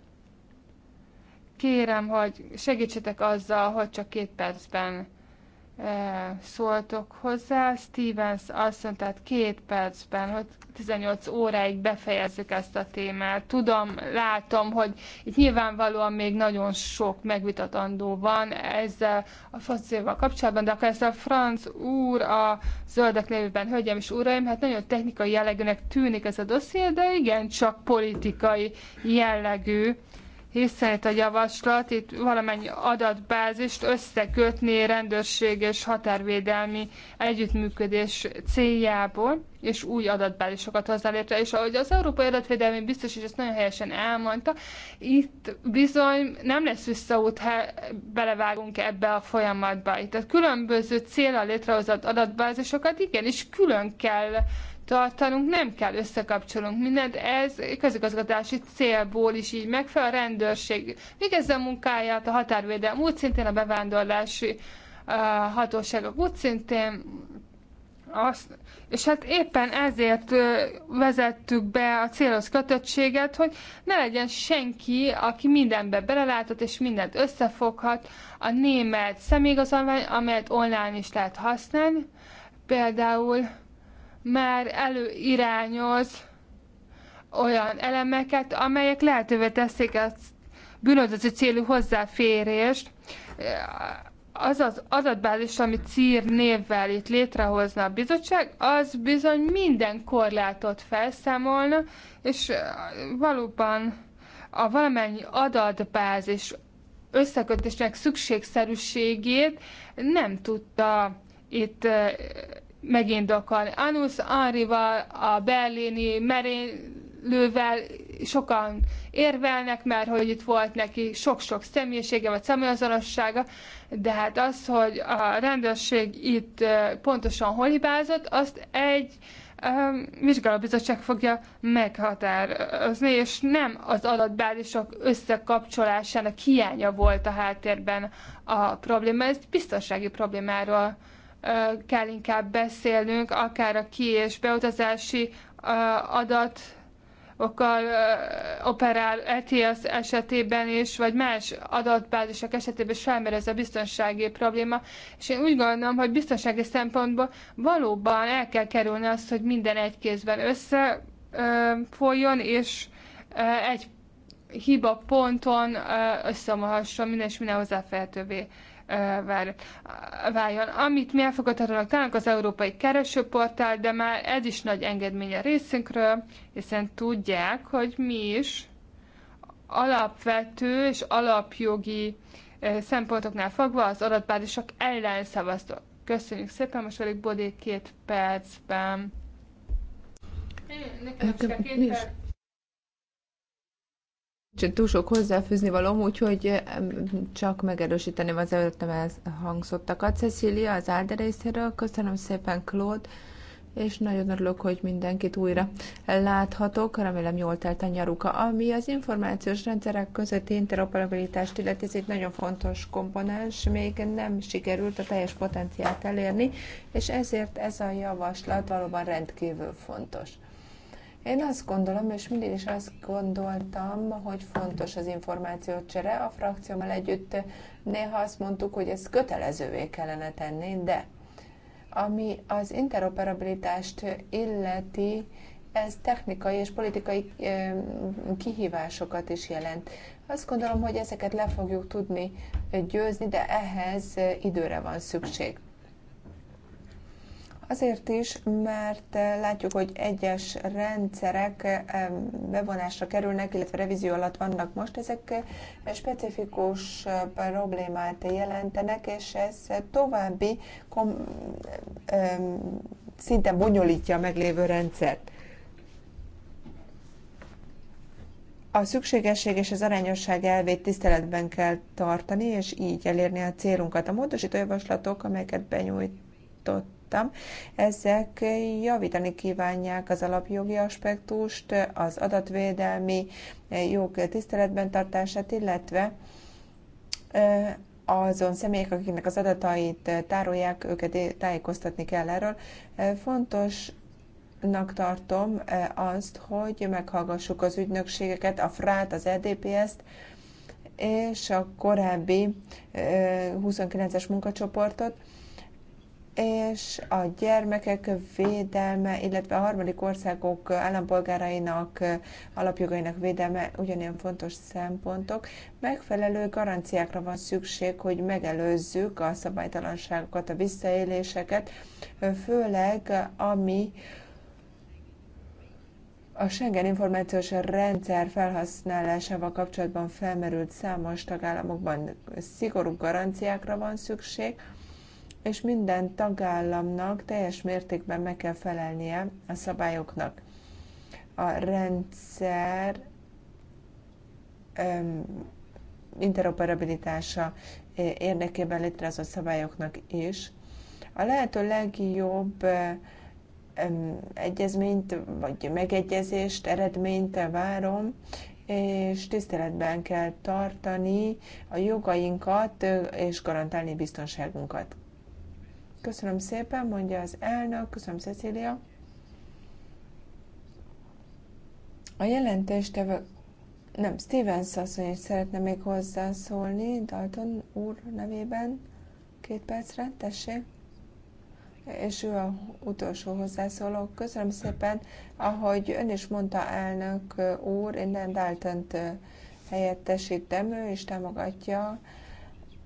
S2: Kérem, hogy segítsetek azzal, hogy csak két percben szóltok hozzá. Stevens azt mondta, tehát két percben, hogy 18 óráig befejezzük ezt a témát. Tudom, látom, hogy itt nyilvánvalóan még nagyon sok megvitatandó van ezzel a foszéval kapcsolatban, de akkor ezt a franc úr a zöldek nevében, hölgyem és uraim, hát nagyon technikai jellegűnek tűnik ez a dosszié, de igen, csak politikai jellegű hiszen a javaslat itt valamennyi adatbázist összekötni rendőrség és határvédelmi együttműködés céljából, és új adatbázisokat hozzá És ahogy az Európai Adatvédelmi Biztos is ezt nagyon helyesen elmondta, itt bizony nem lesz visszaút, ha belevágunk ebbe a folyamatba. Itt a különböző célra létrehozott adatbázisokat igenis külön kell tartanunk, nem kell összekapcsolunk mindent, ez közigazgatási célból is így megfelel a rendőrség. Végezze a munkáját a határvédelem úgy szintén a bevándorlási uh, hatóságok úgy szintén azt, és hát éppen ezért vezettük be a célhoz kötöttséget, hogy ne legyen senki, aki mindenbe belelátott és mindent összefoghat. A német személyigazolvány, amelyet online is lehet használni, például már előirányoz olyan elemeket, amelyek lehetővé teszik a bűnözési célú hozzáférést, az az adatbázis, amit CIR névvel itt létrehozna a bizottság, az bizony minden korlátot felszámolna, és valóban a valamennyi adatbázis összekötésnek szükségszerűségét nem tudta itt megindokolni. Anus Anrival, a berlini merénylővel sokan érvelnek, mert hogy itt volt neki sok-sok személyisége vagy személyazonossága, de hát az, hogy a rendőrség itt pontosan hol hibázott, azt egy vizsgálóbizottság fogja meghatározni, és nem az adatbázisok összekapcsolásának hiánya volt a háttérben a probléma, ez biztonsági problémáról kell inkább beszélnünk, akár a ki- és beutazási adat okkal operál ETS esetében is, vagy más adatbázisok esetében is felmer ez a biztonsági probléma, és én úgy gondolom, hogy biztonsági szempontból valóban el kell kerülni azt, hogy minden egy kézben összefolyjon, és egy hiba ponton összeomolhasson minden és minden hozzáférhetővé váljon. Amit mi elfogadhatónak találunk az Európai Keresőportál, de már ez is nagy engedmény a részünkről, hiszen tudják, hogy mi is alapvető és alapjogi szempontoknál fogva az adatbázisok ellen szavaztok. Köszönjük szépen, most velük Bodé két percben. Nekem is két perc
S1: csak túl sok hozzáfűzni való, úgyhogy eh, csak megerősíteném az előttem elhangzottakat. Cecília, az Áder részéről köszönöm szépen, Claude, és nagyon örülök, hogy mindenkit újra láthatok. Remélem jól telt a nyaruka. Ami az információs rendszerek közötti interoperabilitást illeti, ez egy nagyon fontos komponens, még nem sikerült a teljes potenciált elérni, és ezért ez a javaslat valóban rendkívül fontos. Én azt gondolom, és mindig is azt gondoltam, hogy fontos az információcsere. A frakciómmal együtt néha azt mondtuk, hogy ezt kötelezővé kellene tenni, de ami az interoperabilitást illeti, ez technikai és politikai kihívásokat is jelent. Azt gondolom, hogy ezeket le fogjuk tudni győzni, de ehhez időre van szükség. Azért is, mert eh, látjuk, hogy egyes rendszerek eh, bevonásra kerülnek, illetve revízió alatt vannak most. Ezek eh, specifikus problémát jelentenek, és ez további kom- szinte bonyolítja a meglévő rendszert. a szükségesség és az arányosság elvét tiszteletben kell tartani, és így elérni a célunkat. A módosító javaslatok, amelyeket benyújtott láttam, ezek javítani kívánják az alapjogi aspektust, az adatvédelmi jog tiszteletben tartását, illetve azon személyek, akiknek az adatait tárolják, őket tájékoztatni kell erről. Fontos fontosnak tartom azt, hogy meghallgassuk az ügynökségeket, a FRÁT, az EDPS-t, és a korábbi 29-es munkacsoportot, és a gyermekek védelme, illetve a harmadik országok állampolgárainak alapjogainak védelme ugyanilyen fontos szempontok. Megfelelő garanciákra van szükség, hogy megelőzzük a szabálytalanságokat, a visszaéléseket, főleg ami a Schengen információs rendszer felhasználásával kapcsolatban felmerült számos tagállamokban szigorú garanciákra van szükség, és minden tagállamnak teljes mértékben meg kell felelnie a szabályoknak. A rendszer interoperabilitása érdekében létrehozott szabályoknak is. A lehető legjobb egyezményt, vagy megegyezést, eredményt várom, és tiszteletben kell tartani a jogainkat, és garantálni biztonságunkat. Köszönöm szépen, mondja az elnök, köszönöm Cecília. A jelentéstevő, nem, Stevens asszony is szeretne még hozzászólni Dalton úr nevében. Két percre, tessék és ő a utolsó hozzászóló. Köszönöm szépen, ahogy ön is mondta, elnök úr, én nem Dalton-t helyettesítem, ő is támogatja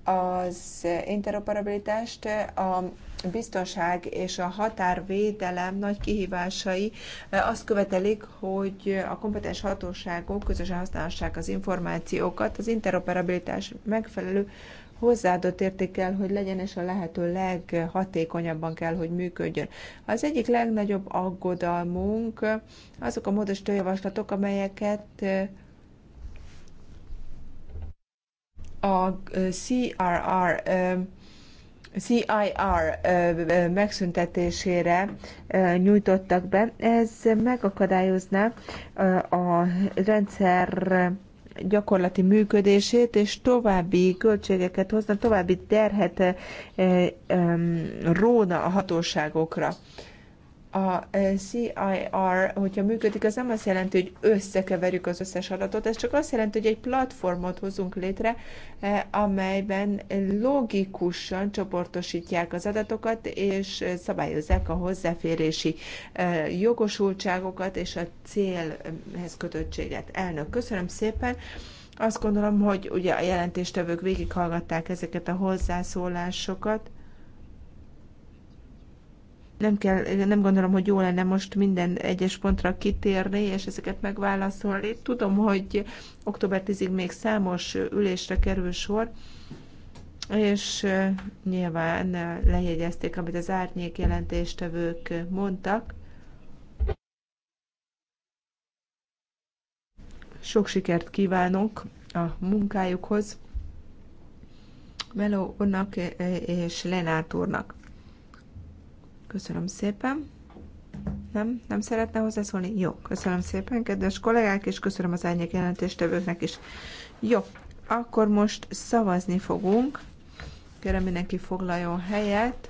S1: az interoperabilitást, a biztonság és a határvédelem nagy kihívásai e, azt követelik, hogy a kompetens hatóságok közösen használhassák az információkat, az interoperabilitás megfelelő hozzáadott értékkel, hogy legyen, és a lehető leghatékonyabban kell, hogy működjön. Az egyik legnagyobb aggodalmunk azok a módosítójavaslatok, amelyeket e, a CRR, CIR megszüntetésére nyújtottak be. Ez megakadályozná a rendszer gyakorlati működését, és további költségeket hozna, további terhet róna a hatóságokra a eh, CIR, hogyha működik, az nem azt jelenti, hogy összekeverjük az összes adatot, ez csak azt jelenti, hogy egy platformot hozunk létre, eh, amelyben logikusan csoportosítják az adatokat, és szabályozzák a hozzáférési eh, jogosultságokat és a célhez kötöttséget. Elnök, köszönöm szépen! Azt gondolom, hogy ugye a jelentéstevők végighallgatták ezeket a hozzászólásokat, nem, kell, nem gondolom, hogy jó lenne most minden egyes pontra kitérni, és ezeket megválaszolni. Tudom, hogy október 10-ig még számos ülésre kerül sor, és nyilván lejegyezték, amit az árnyék jelentéstevők mondtak. Sok sikert kívánok a munkájukhoz, Meló úrnak és Lenátornak. úrnak. Köszönöm szépen. Nem? Nem szeretne hozzászólni? Jó, köszönöm szépen, kedves kollégák, és köszönöm az árnyék jelentéstevőknek is. Jó, akkor most szavazni fogunk. Kérem mindenki foglaljon helyet.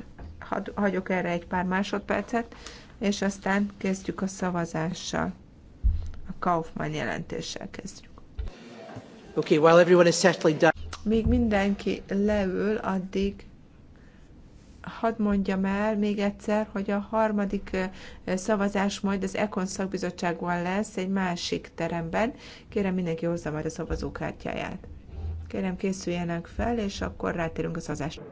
S1: Hagyok erre egy pár másodpercet, és aztán kezdjük a szavazással. A Kaufmann jelentéssel kezdjük. Okay, while everyone is settling down. Míg mindenki leül, addig hadd mondjam el még egyszer, hogy a harmadik szavazás majd az Ekon szakbizottságban lesz egy másik teremben. Kérem mindenki hozza majd a szavazókártyáját. Kérem készüljenek fel, és akkor rátérünk a szavazásra.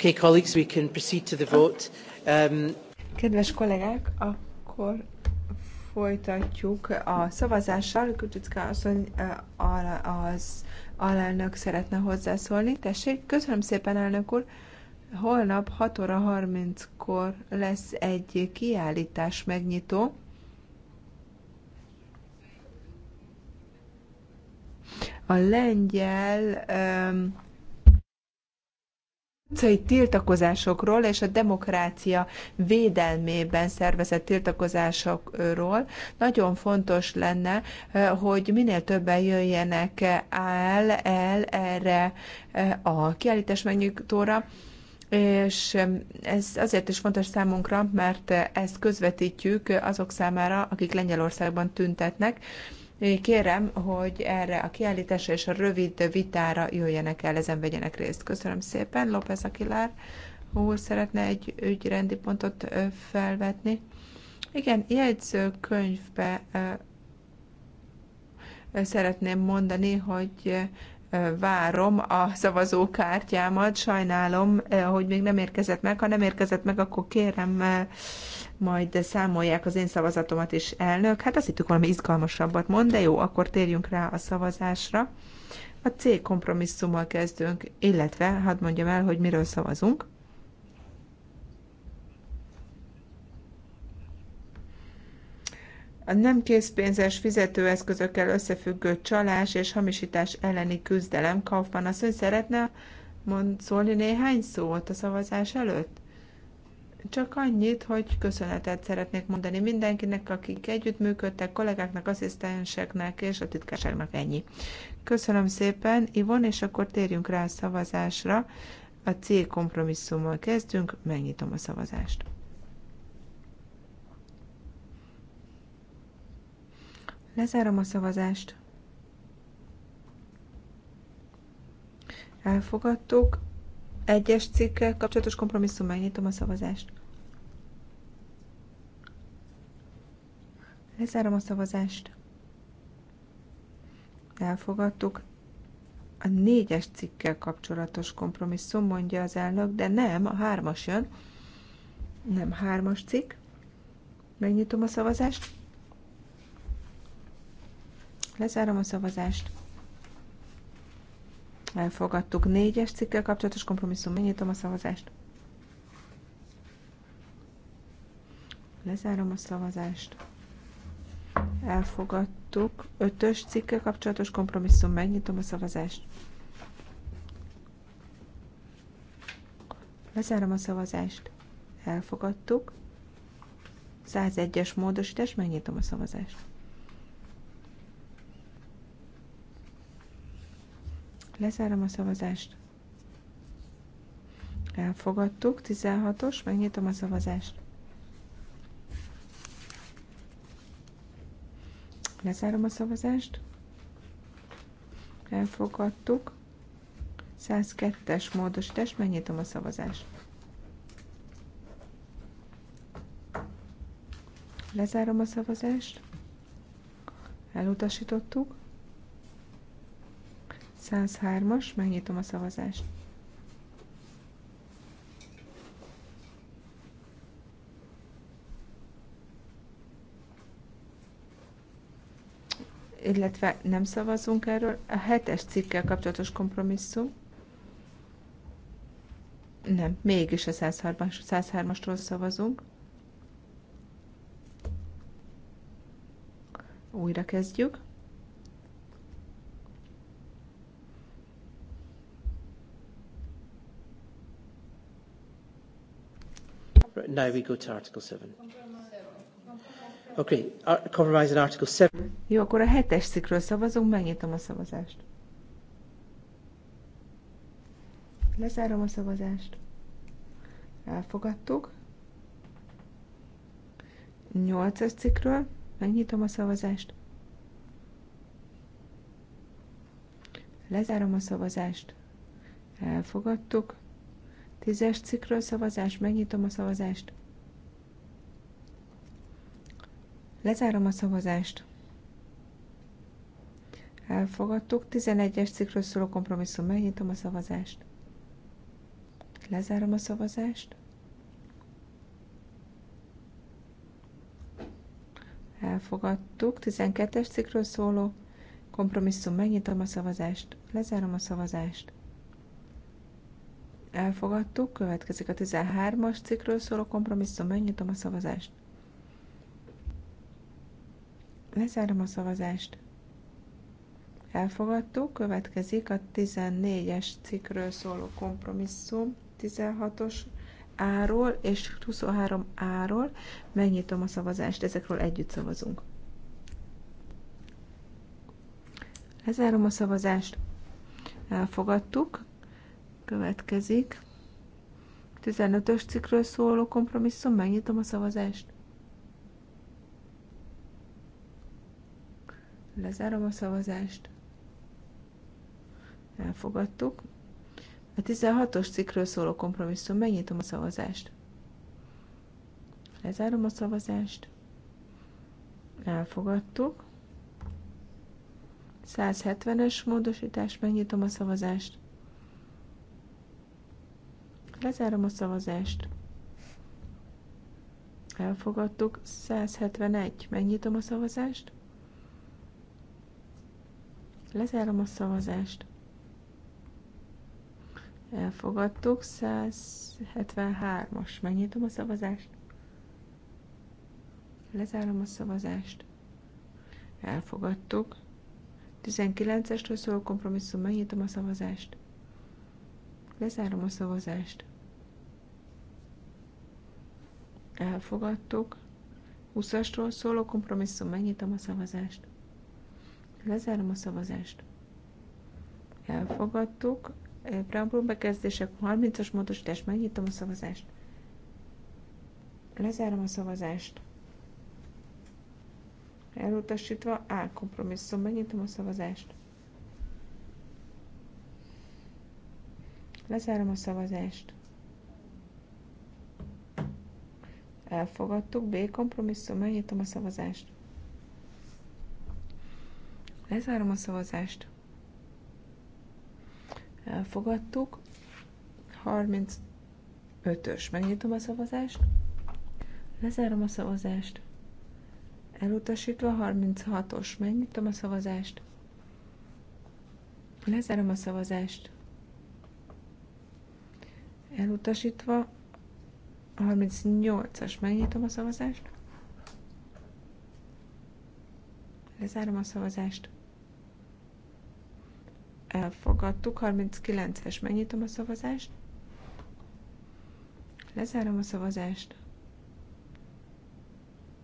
S1: Okay, colleagues, we can proceed to the vote. Um... Kedves kollégák, akkor folytatjuk a szavazással. Kucsicka asszony eh, az alelnök szeretne hozzászólni. Tessék, köszönöm szépen, elnök úr. Holnap 6 óra 30-kor lesz egy kiállítás megnyitó. A lengyel um, utcai tiltakozásokról és a demokrácia védelmében szervezett tiltakozásokról nagyon fontos lenne, eh, hogy minél többen jöjjenek el, el erre eh, a kiállítás megnyitóra, és ez azért is fontos számunkra, mert eh, ezt közvetítjük azok számára, akik Lengyelországban tüntetnek, Kérem, hogy erre a kiállításra és a rövid vitára jöjjenek el, ezen vegyenek részt. Köszönöm szépen. López Akilár úr szeretne egy ügyrendi pontot felvetni. Igen, jegyzőkönyvbe szeretném mondani, hogy várom a szavazókártyámat, sajnálom, hogy még nem érkezett meg. Ha nem érkezett meg, akkor kérem, majd számolják az én szavazatomat is, elnök. Hát azt hittük valami izgalmasabbat mond, de jó, akkor térjünk rá a szavazásra. A C kompromisszummal kezdünk, illetve hadd mondjam el, hogy miről szavazunk. A nem készpénzes fizetőeszközökkel összefüggő csalás és hamisítás elleni küzdelem. Kaufmann asszony szeretne mond, szólni néhány szót a szavazás előtt? Csak annyit, hogy köszönetet szeretnék mondani mindenkinek, akik együttműködtek, kollégáknak, asszisztenseknek és a titkárságnak ennyi. Köszönöm szépen, Ivon, és akkor térjünk rá a szavazásra. A C kompromisszummal kezdünk, megnyitom a szavazást. Lezárom a szavazást. Elfogadtuk. Egyes cikkel kapcsolatos kompromisszum, megnyitom a szavazást. Lezárom a szavazást. Elfogadtuk. A négyes cikkel kapcsolatos kompromisszum, mondja az elnök, de nem, a hármas jön. Nem hármas cikk. Megnyitom a szavazást. Lezárom a szavazást. Elfogadtuk. Négyes cikkel kapcsolatos kompromisszum. Megnyitom a szavazást. Lezárom a szavazást. Elfogadtuk. Ötös cikkel kapcsolatos kompromisszum. Megnyitom a szavazást. Lezárom a szavazást. Elfogadtuk. 101-es módosítás. Megnyitom a szavazást. Lezárom a szavazást. Elfogadtuk. 16-os, megnyitom a szavazást. Lezárom a szavazást. Elfogadtuk. 102-es módosítás, megnyitom a szavazást. Lezárom a szavazást. Elutasítottuk. 103-as, megnyitom a szavazást. illetve nem szavazunk erről. A hetes cikkel kapcsolatos kompromisszum. Nem, mégis a 103 asról szavazunk. Újra kezdjük. Right, now we go to Article 7. Okay, uh, compromise in Article 7. Jó, akkor a hetes cikről szavazunk, megnyitom a szavazást. Lezárom a szavazást. Elfogadtuk. Nyolcas cikről megnyitom a szavazást. Lezárom a szavazást. Elfogadtuk. Tízes cikről szavazás, megnyitom a szavazást. Lezárom a szavazást. Elfogadtuk. 11-es cikkről szóló kompromisszum. Megnyitom a szavazást. Lezárom a szavazást. Elfogadtuk. 12-es cikkről szóló kompromisszum. Megnyitom a szavazást. Lezárom a szavazást elfogadtuk. Következik a 13-as cikkről szóló kompromisszum. Megnyitom a szavazást. Lezárom a szavazást. Elfogadtuk. Következik a 14-es cikkről szóló kompromisszum. 16-os áról és 23 áról. Megnyitom a szavazást. Ezekről együtt szavazunk. Lezárom a szavazást. Elfogadtuk következik. 15-ös cikkről szóló kompromisszum, megnyitom a szavazást. Lezárom a szavazást. Elfogadtuk. A 16-os cikkről szóló kompromisszum, megnyitom a szavazást. Lezárom a szavazást. Elfogadtuk. 170-es módosítás, megnyitom a szavazást. Lezárom a szavazást. Elfogadtuk. 171. Megnyitom a szavazást. Lezárom a szavazást. Elfogadtuk. 173-as. Megnyitom a szavazást. Lezárom a szavazást. Elfogadtuk. 19-estől szóló kompromisszum. Megnyitom a szavazást. Lezárom a szavazást. elfogadtuk. 20-asról szóló kompromisszum, megnyitom a szavazást. Lezárom a szavazást. Elfogadtuk. Preambul bekezdések, 30-as módosítás, megnyitom a szavazást. Lezárom a szavazást. Elutasítva A kompromisszum, megnyitom a szavazást. Lezárom a szavazást. elfogadtuk. B kompromisszum, megnyitom a szavazást. Lezárom a szavazást. Elfogadtuk. 35-ös, megnyitom a szavazást. Lezárom a szavazást. Elutasítva 36-os, megnyitom a szavazást. Lezárom a szavazást. Elutasítva 38-as, megnyitom a szavazást. Lezárom a szavazást. Elfogadtuk. 39-es, megnyitom a szavazást. Lezárom a szavazást.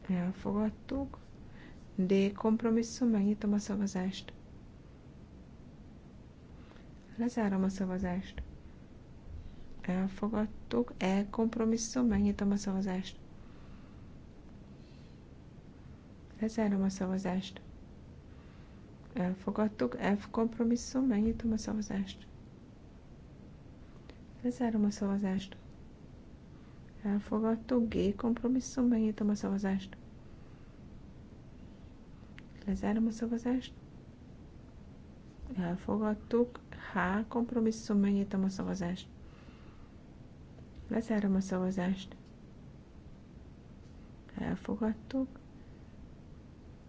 S1: Elfogadtuk. D kompromisszum, megnyitom a szavazást. Lezárom a szavazást elfogadtuk. E kompromisszum, megnyitom a szavazást. Lezárom a szavazást. Elfogadtuk. F kompromisszum, megnyitom a szavazást. Lezárom a szavazást. Elfogadtuk. G kompromisszum, megnyitom a szavazást. Lezárom a szavazást. Elfogadtuk. H kompromisszum, megnyitom a szavazást. Lezárom a szavazást. Elfogadtuk.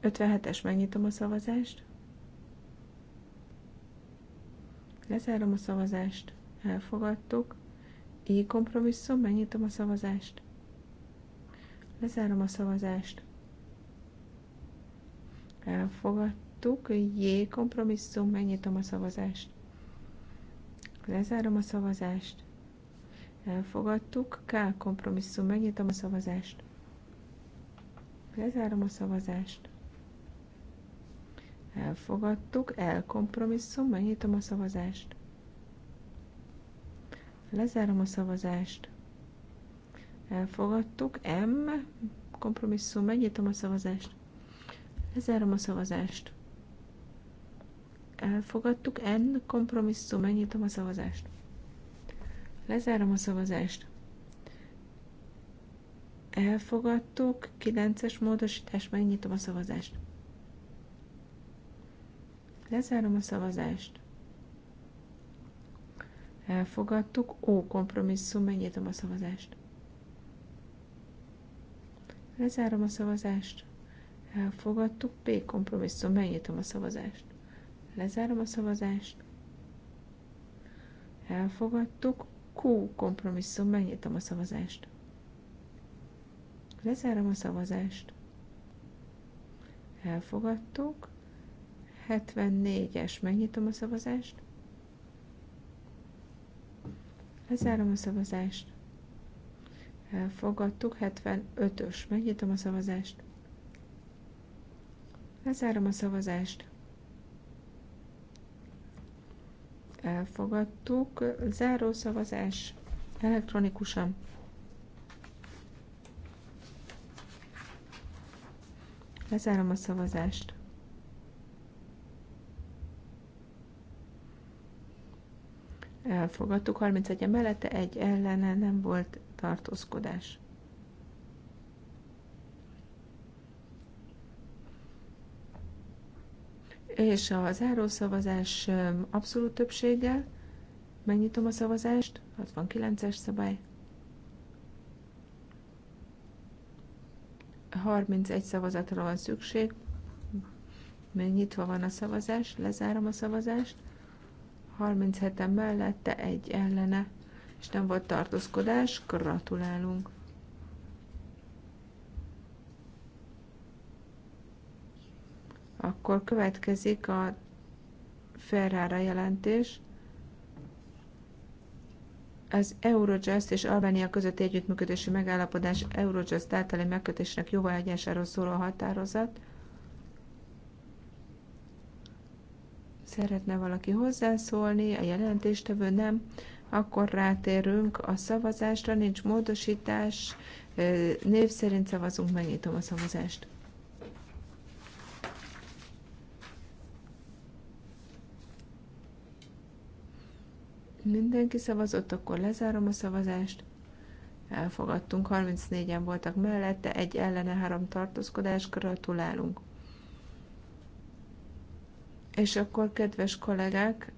S1: 57-es megnyitom a szavazást. Lezárom a szavazást. Elfogadtuk. Így kompromisszum, megnyitom a szavazást. Lezárom a szavazást. Elfogadtuk. J kompromisszum, megnyitom a szavazást. Lezárom a szavazást. Elfogadtuk. K kompromisszum. Megnyitom a szavazást. Lezárom a szavazást. Elfogadtuk. L kompromisszum. Megnyitom a szavazást. Lezárom a szavazást. Elfogadtuk. M kompromisszum. Megnyitom a szavazást. Lezárom a szavazást. Elfogadtuk. N kompromisszum. Megnyitom a szavazást. Lezárom a szavazást. Elfogadtuk. 9-es módosítás. Megnyitom a szavazást. Lezárom a szavazást. Elfogadtuk. Ó, kompromisszum. Megnyitom a szavazást. Lezárom a szavazást. Elfogadtuk. P kompromisszum. Megnyitom a szavazást. Lezárom a szavazást. Elfogadtuk. Q kompromisszum, megnyitom a szavazást. Lezárom a szavazást. Elfogadtuk. 74-es, megnyitom a szavazást. Lezárom a szavazást. Elfogadtuk. 75-ös, megnyitom a szavazást. Lezárom a szavazást. elfogadtuk. Záró szavazás elektronikusan. Lezárom a szavazást. Elfogadtuk 31 -e mellette, egy ellene nem volt tartózkodás. És a zárószavazás abszolút többséggel. Megnyitom a szavazást. 69-es szabály. 31 szavazatra van szükség. Még nyitva van a szavazás, lezárom a szavazást. 37-en mellette, egy ellene, és nem volt tartózkodás. Gratulálunk! Akkor következik a Ferrara jelentés. Az Eurojust és Albánia közötti együttműködési megállapodás Eurojust általi megkötésnek jóváhagyásáról szóló határozat. Szeretne valaki hozzászólni, a jelentéstevő nem, akkor rátérünk a szavazásra, nincs módosítás, név szerint szavazunk, megnyitom a szavazást. Mindenki szavazott, akkor lezárom a szavazást. Elfogadtunk, 34-en voltak mellette, egy ellene, három tartózkodás, gratulálunk. És akkor, kedves kollégák,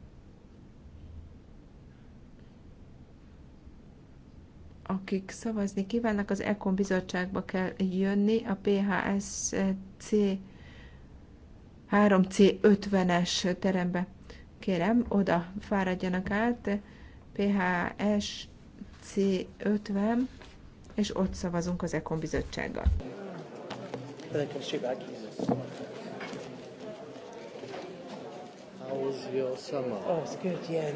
S1: akik szavazni kívánnak, az EKON bizottságba kell jönni, a PHSC 3C50-es terembe. Kérem, oda fáradjanak át, PHS C50, és ott szavazunk az Ekon bizottsággal.
S4: How was your summer? Oh, it's good, yeah.